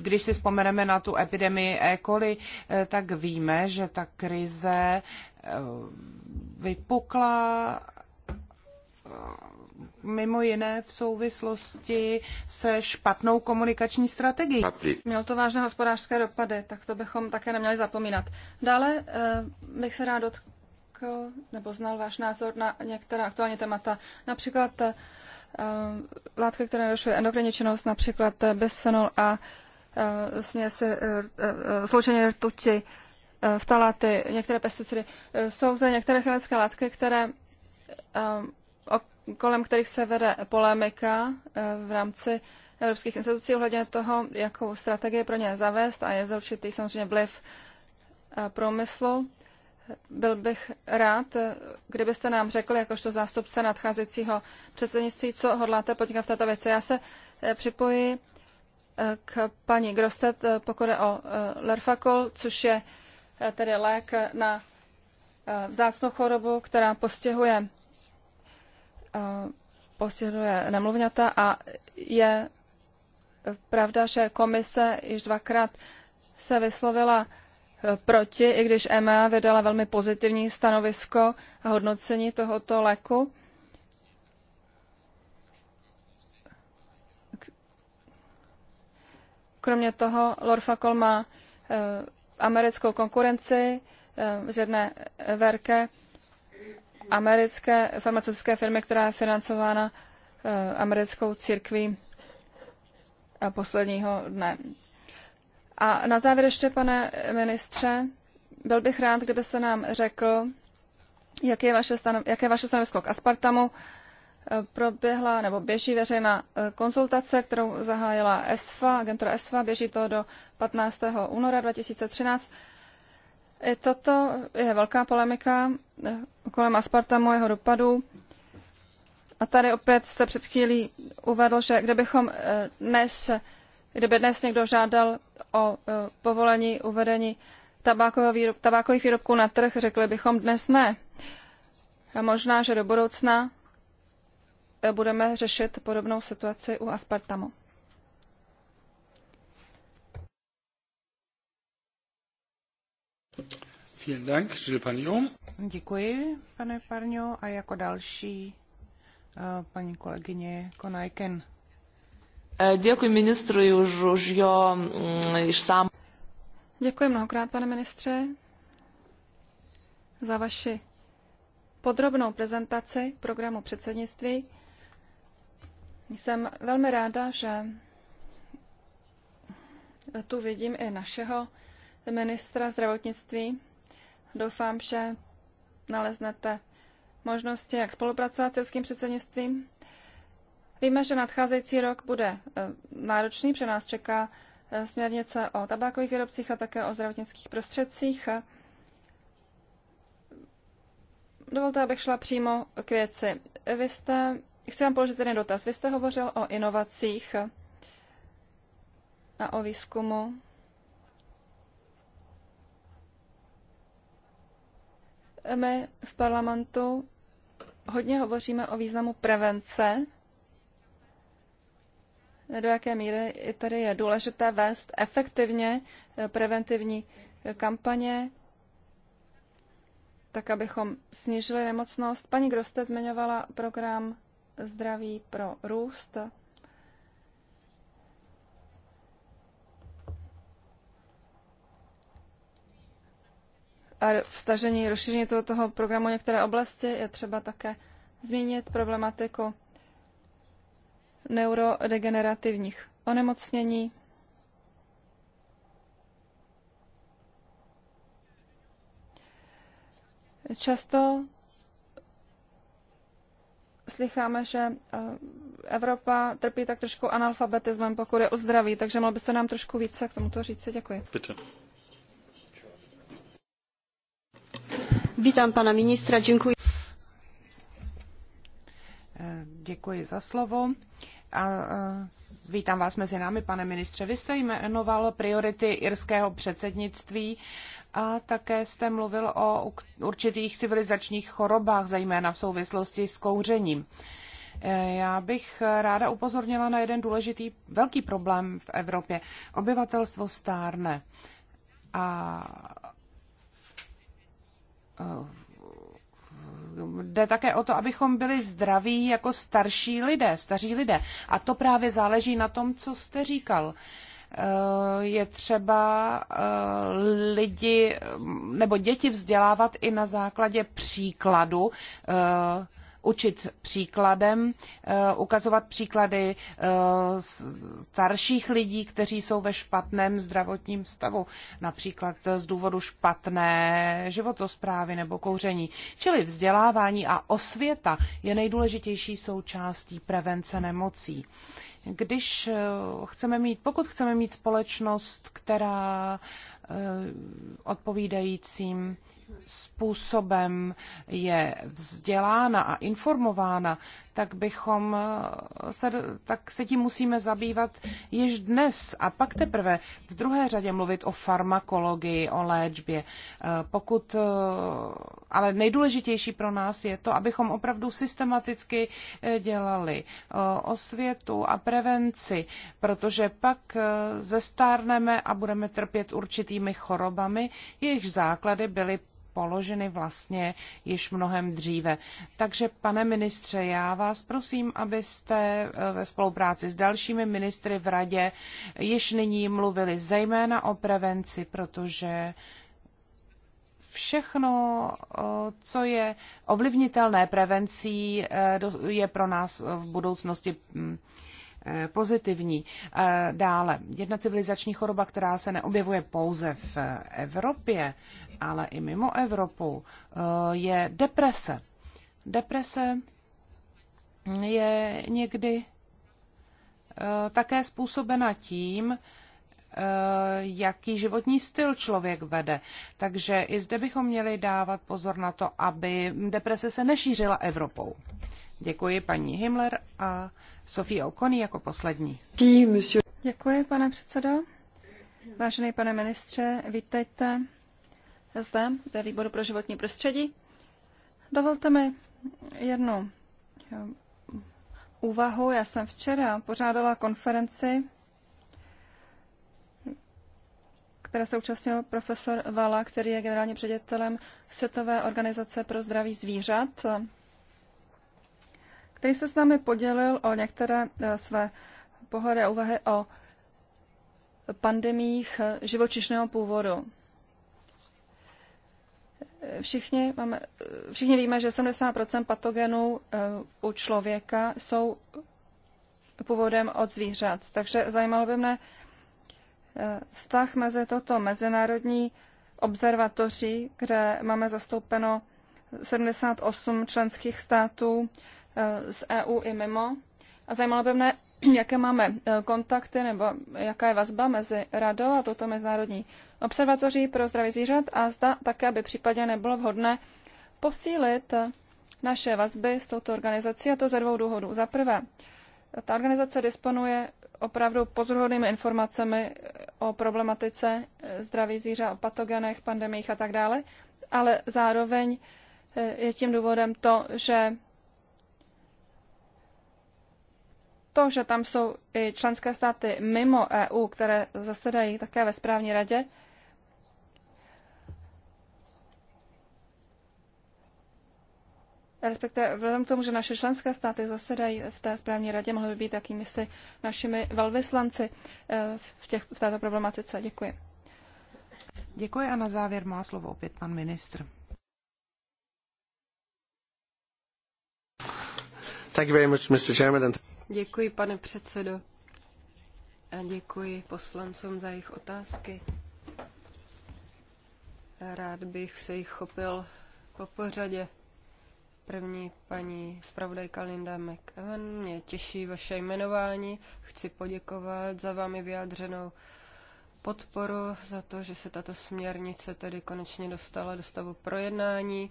Když si vzpomeneme na tu epidemii E. coli, tak víme, že ta krize Eh, vypukla eh, mimo jiné v souvislosti se špatnou komunikační strategií. měl to vážné hospodářské dopady, tak to bychom také neměli zapomínat. Dále eh, bych se rád dotkl nebo znal váš názor na některá aktuální témata, například látky, které narušují endokrinní činnost, například bisphenol a směsi sloučení rtuti ftaláty, eh, některé pesticidy. Eh, jsou zde některé chemické látky, které, eh, kolem kterých se vede polemika v rámci evropských institucí ohledně toho, jakou strategii pro ně zavést a je za určitý samozřejmě vliv průmyslu. Byl bych rád, kdybyste nám řekli, jakožto zástupce nadcházejícího předsednictví, co hodláte podnikat v této věci. Já se připoji k paní Grostet, pokud je o Lerfakol, což je Eh, tedy lék na eh, vzácnou chorobu, která postihuje, eh, postihuje nemluvňata a je pravda, že komise již dvakrát se vyslovila proti, i když EMA vydala velmi pozitivní stanovisko a hodnocení tohoto léku. Kromě toho Lorfakol má americkou konkurenci eh, z jedné verke americké farmaceutické firmy, která je financována eh, americkou církví eh, posledního dne. A na závěr ještě, pane ministře, byl bych rád, kdybyste nám řekl, jak je vaše jaké je vaše stanovisko k aspartamu Eh, proběhla nebo běží veřejná eh, konzultace, kterou zahájila ESFA, agentura ESFA, běží to do 15. února 2013. I toto je velká polemika eh, kolem Aspartamu, jeho dopadu. A tady opět jste před chvílí uvedl, že kdybychom dnes, kdyby dnes někdo žádal o povolení uvedení tabákových výrobků na trh, řekli bychom dnes ne. A možná, že do budoucna Eh, budeme řešit podobnou situaci u Aspartamu. Děkuji, pane Parňo. A jako další eh, paní kolegyně Konajken. Eh, děkuji ministru už, už jo, mm, již sám. Děkuji mnohokrát, pane ministře, za vaši podrobnou prezentaci programu předsednictví. Jsem velmi ráda, že tu vidím i našeho ministra zdravotnictví. Doufám, že naleznete možnosti, jak spolupracovat s českým předsednictvím. Víme, že nadcházející rok bude eh, náročný, pře nás čeká eh, směrnice o tabákových výrobcích a také o zdravotnických prostředcích. Dovolte, abych šla přímo k věci. Vy jste Chci vám položit jeden dotaz. Vy jste hovořil o inovacích a o výzkumu. My v parlamentu hodně hovoříme o významu prevence, do jaké míry tady je důležité vést efektivně preventivní kampaně, tak abychom snížili nemocnost. Paní Groste zmiňovala program zdraví, pro růst. A vstažení, rozšíření toho, toho programu některé oblasti je třeba také zmínit problematiku neurodegenerativních onemocnění, Často slycháme, že eh, Evropa trpí tak trošku analfabetismem, pokud je o zdraví, takže mohl byste nám trošku více k tomuto říct. Děkuji. Bitte. Vítám pana ministra, děkuji. Eh, děkuji za slovo. A eh, vítám vás mezi námi, pane ministře. Vy jste jmenoval priority irského předsednictví. A také jste mluvil o určitých civilizačních chorobách, zejména v souvislosti s kouřením. Eh, já bych ráda upozornila na jeden důležitý velký problém v Evropě. Obyvatelstvo stárne. A eh, jde také o to, abychom byli zdraví jako starší lidé, staří lidé. A to právě záleží na tom, co jste říkal. Eh, je třeba eh, lidi nebo děti vzdělávat i na základě příkladu, eh, učit příkladem, ukazovat příklady starších lidí, kteří jsou ve špatném zdravotním stavu, například z důvodu špatné životosprávy nebo kouření. Čili vzdělávání a osvěta je nejdůležitější součástí prevence nemocí. Když eh, chceme mít, pokud chceme mít společnost, která eh, odpovídajícím způsobem je vzdělána a informována, tak bychom eh, se, tak se tím musíme zabývat již dnes a pak teprve v druhé řadě mluvit o farmakologii, o léčbě. Eh, pokud, eh, ale nejdůležitější pro nás je to, abychom opravdu systematicky dělali osvětu a prevenci, protože pak zestárneme a budeme trpět určitými chorobami, jejichž základy byly položeny vlastně již mnohem dříve. Takže, pane ministře, já vás prosím, abyste eh, ve spolupráci s dalšími ministry v radě již nyní mluvili zejména o prevenci, protože všechno, eh, co je ovlivnitelné prevencí, eh, je pro nás v budoucnosti mm, Eh, pozitivní. Eh, dále, jedna civilizační choroba, která se neobjevuje pouze v Evropě, ale i mimo Evropu, eh, je deprese. Deprese je někdy také způsobena tím, jaký životní styl člověk vede. Takže i zde bychom měli dávat pozor na to, aby deprese se nešířila Evropou. Děkuji paní Himmler a Sofie Okony jako poslední. Děkuji, pane předsedo. Vážený pane ministře, vítejte zde ve výboru pro životní prostředí. Dovolte mi jednu eh, úvahu. Já jsem včera pořádala konferenci, které se účastnil profesor Vala, který je generálním ředitelem Světové organizace pro zdraví zvířat který se s námi podělil o některé eh, své pohledy a úvahy o pandemích eh, živočišného původu. Eh, všichni, máme, všichni víme, že 70 patogenů u člověka jsou původem od zvířat. Takže zajímalo by mne vztah mezi toto mezinárodní observatoří, kde máme zastoupeno 78 členských států, Eh, z EU i mimo. A zajímalo by mne, jaké máme eh, kontakty nebo jaká je vazba mezi radou a touto mezinárodní observatoří pro zdraví zvířat a zda také by případně nebylo vhodné posílit eh, naše vazby s touto organizací a to ze dvou důvodů. Za prvé, ta organizace disponuje opravdu pozoruhodnými informacemi o problematice zdraví zvířat, o patogenech, pandemích a tak dále, ale zároveň je tím důvodem to, že To, že tam jsou i členské státy mimo EU, které zasedají také ve správní radě, respektive vzhledem k tomu, že naše členské státy zasedají v té správní radě, mohly by být jakýmisi našimi velvyslanci eh, v, těch, v této problematice. Děkuji. Děkuji a na závěr má slovo opět pan ministr. Thank you very much, Mr. Chairman. And... Děkuji, pane předsedo. A děkuji poslancům za jejich otázky. Rád bych se jich chopil po pořadě. První paní zpravodajka Linda McEwan, mě těší vaše jmenování. Chci poděkovat za vámi vyjádřenou podporu, za to, že se tato směrnice tedy konečně dostala do stavu projednání.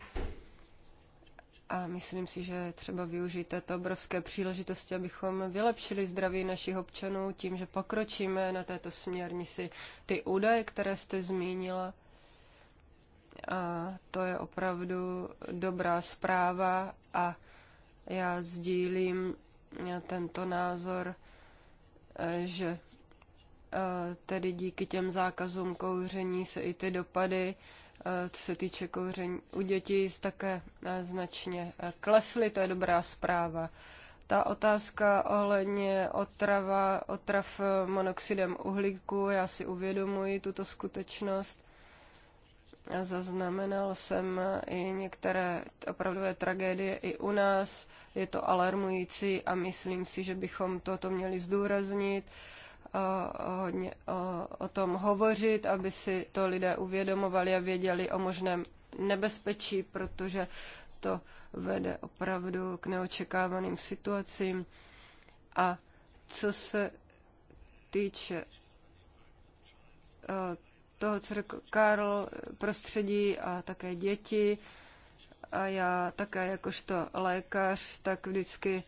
A myslím si, že třeba využít této obrovské příležitosti, abychom vylepšili zdraví našich občanů tím, že pokročíme na této směrnici. Ty údaje, které jste zmínila, a to je opravdu dobrá zpráva a já sdílím tento názor, že e, tedy díky těm zákazům kouření se i ty dopady Eh, co se týče kouření u dětí, také eh, značně eh, klesly, to je dobrá zpráva. Ta otázka ohledně otrava, otrav monoxidem uhlíku, já si uvědomuji tuto skutečnost. Zaznamenal jsem i některé opravdové tragédie i u nás. Je to alarmující a myslím si, že bychom toto měli zdůraznit hodně o, o tom hovořit, aby si to lidé uvědomovali a věděli o možném nebezpečí, protože to vede opravdu k neočekávaným situacím. A co se týče toho, co řekl Karl, prostředí a také děti, a já také jakožto lékař, tak vždycky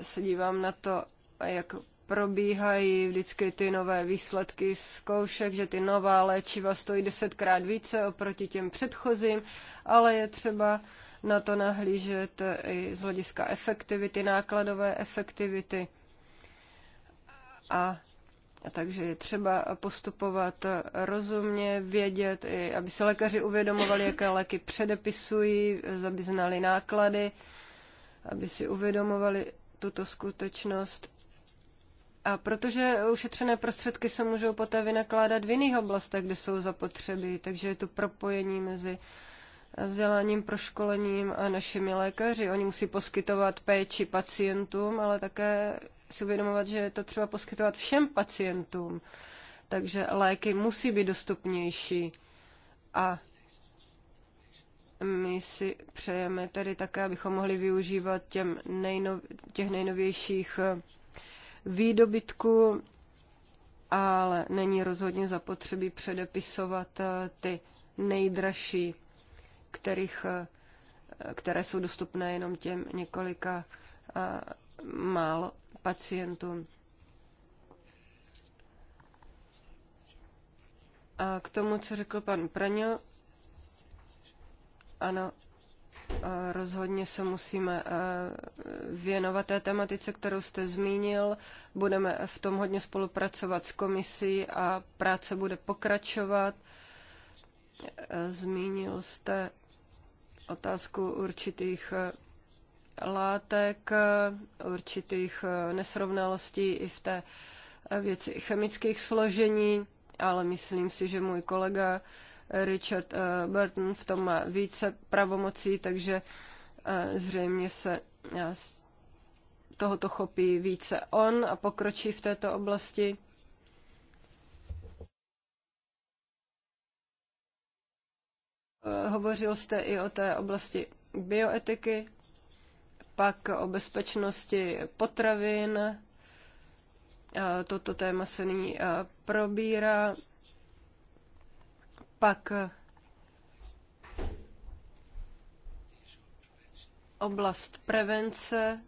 se dívám na to, jak probíhají vždycky ty nové výsledky zkoušek, že ty nová léčiva stojí desetkrát více oproti těm předchozím, ale je třeba na to nahlížet i z hlediska efektivity, nákladové efektivity. A takže je třeba postupovat rozumně, vědět, i, aby se lékaři uvědomovali, jaké léky předepisují, aby znali náklady, aby si uvědomovali tuto skutečnost a protože ušetřené prostředky se můžou poté vynakládat v jiných oblastech, kde jsou zapotřebí, takže je tu propojení mezi vzděláním, proškolením a našimi lékaři. Oni musí poskytovat péči pacientům, ale také si uvědomovat, že je to třeba poskytovat všem pacientům. Takže léky musí být dostupnější a my si přejeme tedy také, abychom mohli využívat těm nejnov, těch nejnovějších výdobytku, ale není rozhodně zapotřebí předepisovat eh, ty nejdražší, kterých, eh, které jsou dostupné jenom těm několika eh, málo pacientům. A k tomu, co řekl pan Praňo, ano, Rozhodně se musíme e, věnovat té tematice, kterou jste zmínil. Budeme v tom hodně spolupracovat s komisí a práce bude pokračovat. E, zmínil jste otázku určitých e, látek, určitých nesrovnalostí i v té věci chemických složení, ale myslím si, že můj kolega Richard eh, Burton v tom má více pravomocí, takže eh, zřejmě se eh, tohoto chopí více on a pokročí v této oblasti. Hovořil jste i o té oblasti bioetiky, pak o bezpečnosti potravin. Toto téma se nyní probírá pak oblast prevence,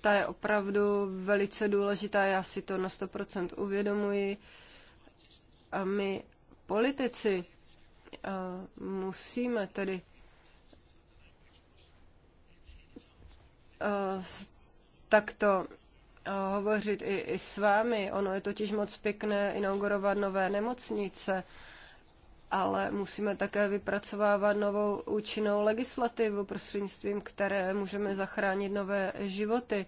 ta je opravdu velice důležitá, já si to na 100% uvědomuji. A my, politici, musíme tedy takto hovořit i, i s vámi. Ono je totiž moc pěkné inaugurovat nové nemocnice, ale musíme také vypracovávat novou účinnou legislativu, prostřednictvím které můžeme zachránit nové životy.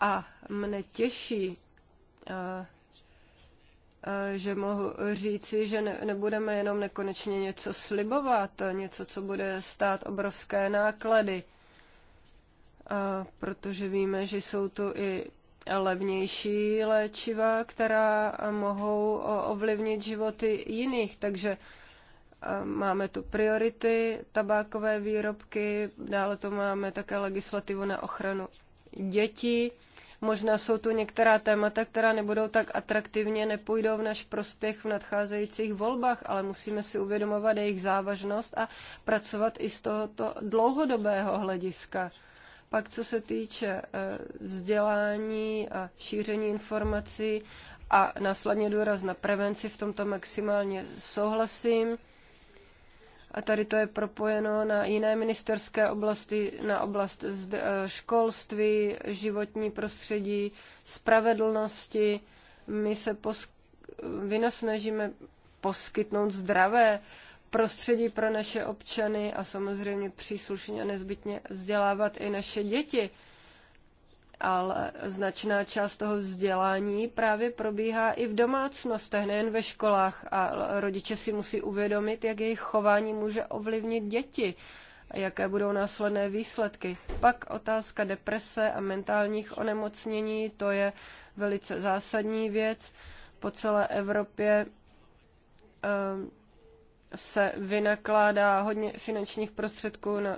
A mne těší, eh, eh, že mohu říci, že nebudeme jenom nekonečně něco slibovat, něco, co bude stát obrovské náklady, eh, protože víme, že jsou tu i levnější léčiva, která mohou ovlivnit životy jiných. Takže máme tu priority, tabákové výrobky, dále to máme také legislativu na ochranu dětí. Možná jsou tu některá témata, která nebudou tak atraktivně, nepůjdou v náš prospěch v nadcházejících volbách, ale musíme si uvědomovat jejich závažnost a pracovat i z tohoto dlouhodobého hlediska. Pak co se týče eh, vzdělání a šíření informací a následně důraz na prevenci, v tomto maximálně souhlasím. A tady to je propojeno na jiné ministerské oblasti, na oblast eh, školství, životní prostředí, spravedlnosti. My se pos- vynasnažíme poskytnout zdravé prostředí pro naše občany a samozřejmě příslušně a nezbytně vzdělávat i naše děti. Ale značná část toho vzdělání právě probíhá i v domácnostech, nejen ve školách. A rodiče si musí uvědomit, jak jejich chování může ovlivnit děti a jaké budou následné výsledky. Pak otázka deprese a mentálních onemocnění, to je velice zásadní věc. Po celé Evropě um, se vynakládá hodně finančních prostředků na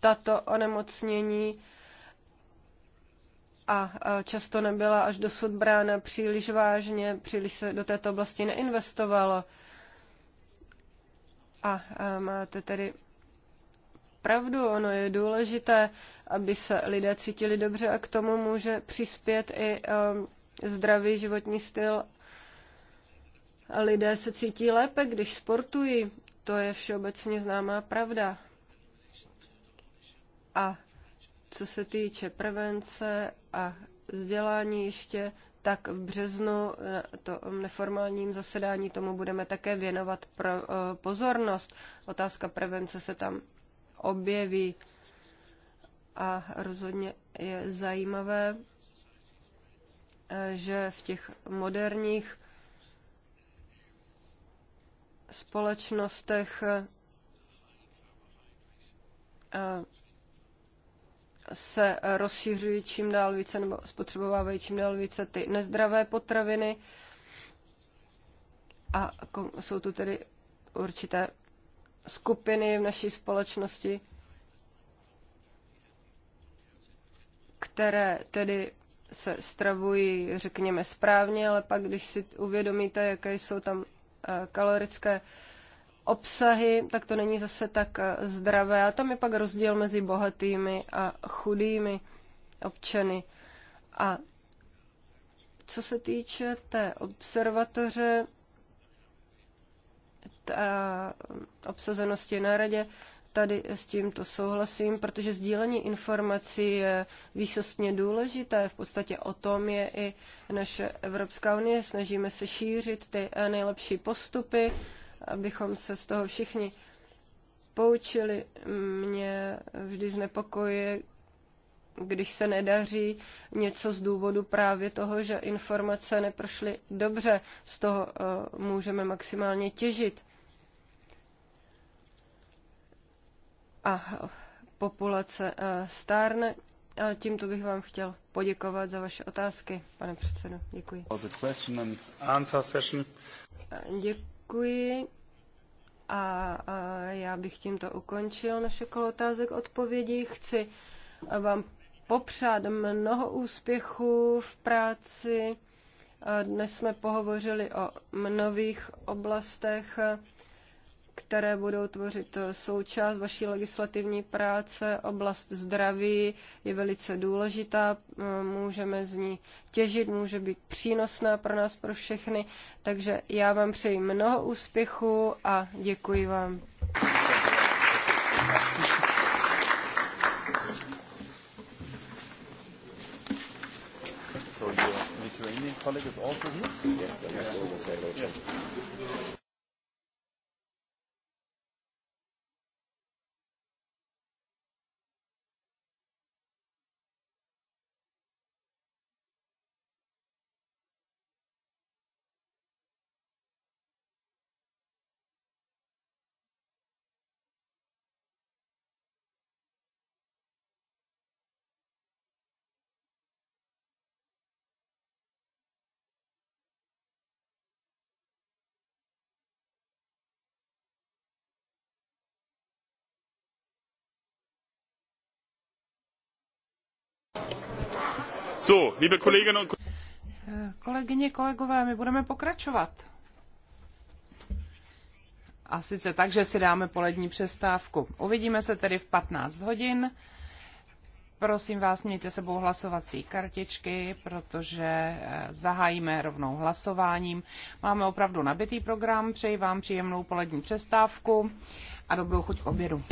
tato onemocnění a často nebyla až dosud brána příliš vážně, příliš se do této oblasti neinvestovalo. A, máte tedy pravdu, ono je důležité, aby se lidé cítili dobře a k tomu může přispět i um, zdravý životní styl Lidé se cítí lépe, když sportují. To je všeobecně známá pravda. A co se týče prevence a vzdělání ještě, tak v březnu eh, to neformálním zasedání tomu budeme také věnovat pro, eh, pozornost. Otázka prevence se tam objeví a rozhodně je zajímavé, eh, že v těch moderních společnostech eh, se rozšiřují čím dál více nebo spotřebovávají čím dál více ty nezdravé potraviny a jsou tu tedy určité skupiny v naší společnosti, které tedy se stravují, řekněme, správně, ale pak, když si uvědomíte, jaké jsou tam Eh, kalorické obsahy, tak to není zase tak eh, zdravé. A tam je pak rozdíl mezi bohatými a chudými občany. A co se týče té observatoře, ta obsazenosti na radě, Tady s tímto souhlasím, protože sdílení informací je výsostně důležité. V podstatě o tom je i naše Evropská unie. Snažíme se šířit ty nejlepší postupy, abychom se z toho všichni poučili. Mě vždy znepokojuje, když se nedaří něco z důvodu právě toho, že informace neprošly dobře, z toho eh, můžeme maximálně těžit. a populace eh, stárne. A eh, tímto bych vám chtěl poděkovat za vaše otázky, pane předsedo. Děkuji. Eh, děkuji. A, a já bych tímto ukončil naše kolo otázek odpovědí. Chci vám popřát mnoho úspěchů v práci. Dnes jsme pohovořili o mnových oblastech které budou tvořit eh, součást vaší legislativní práce. Oblast zdraví je velice důležitá, eh, můžeme z ní těžit, může být přínosná pro nás, pro všechny. Takže já vám přeji mnoho úspěchu a děkuji vám. So your Lithuanian colleague is also here? Yes, I yes. will say hello. So, liebe Kolegyně, kolegové, my budeme pokračovat. A sice tak, že si dáme polední přestávku. Uvidíme se tedy v 15 hodin. Prosím vás, mějte sebou hlasovací kartičky, protože eh, zahájíme rovnou hlasováním. Máme opravdu nabitý program, přeji vám příjemnou polední přestávku a dobrou chuť k obědu.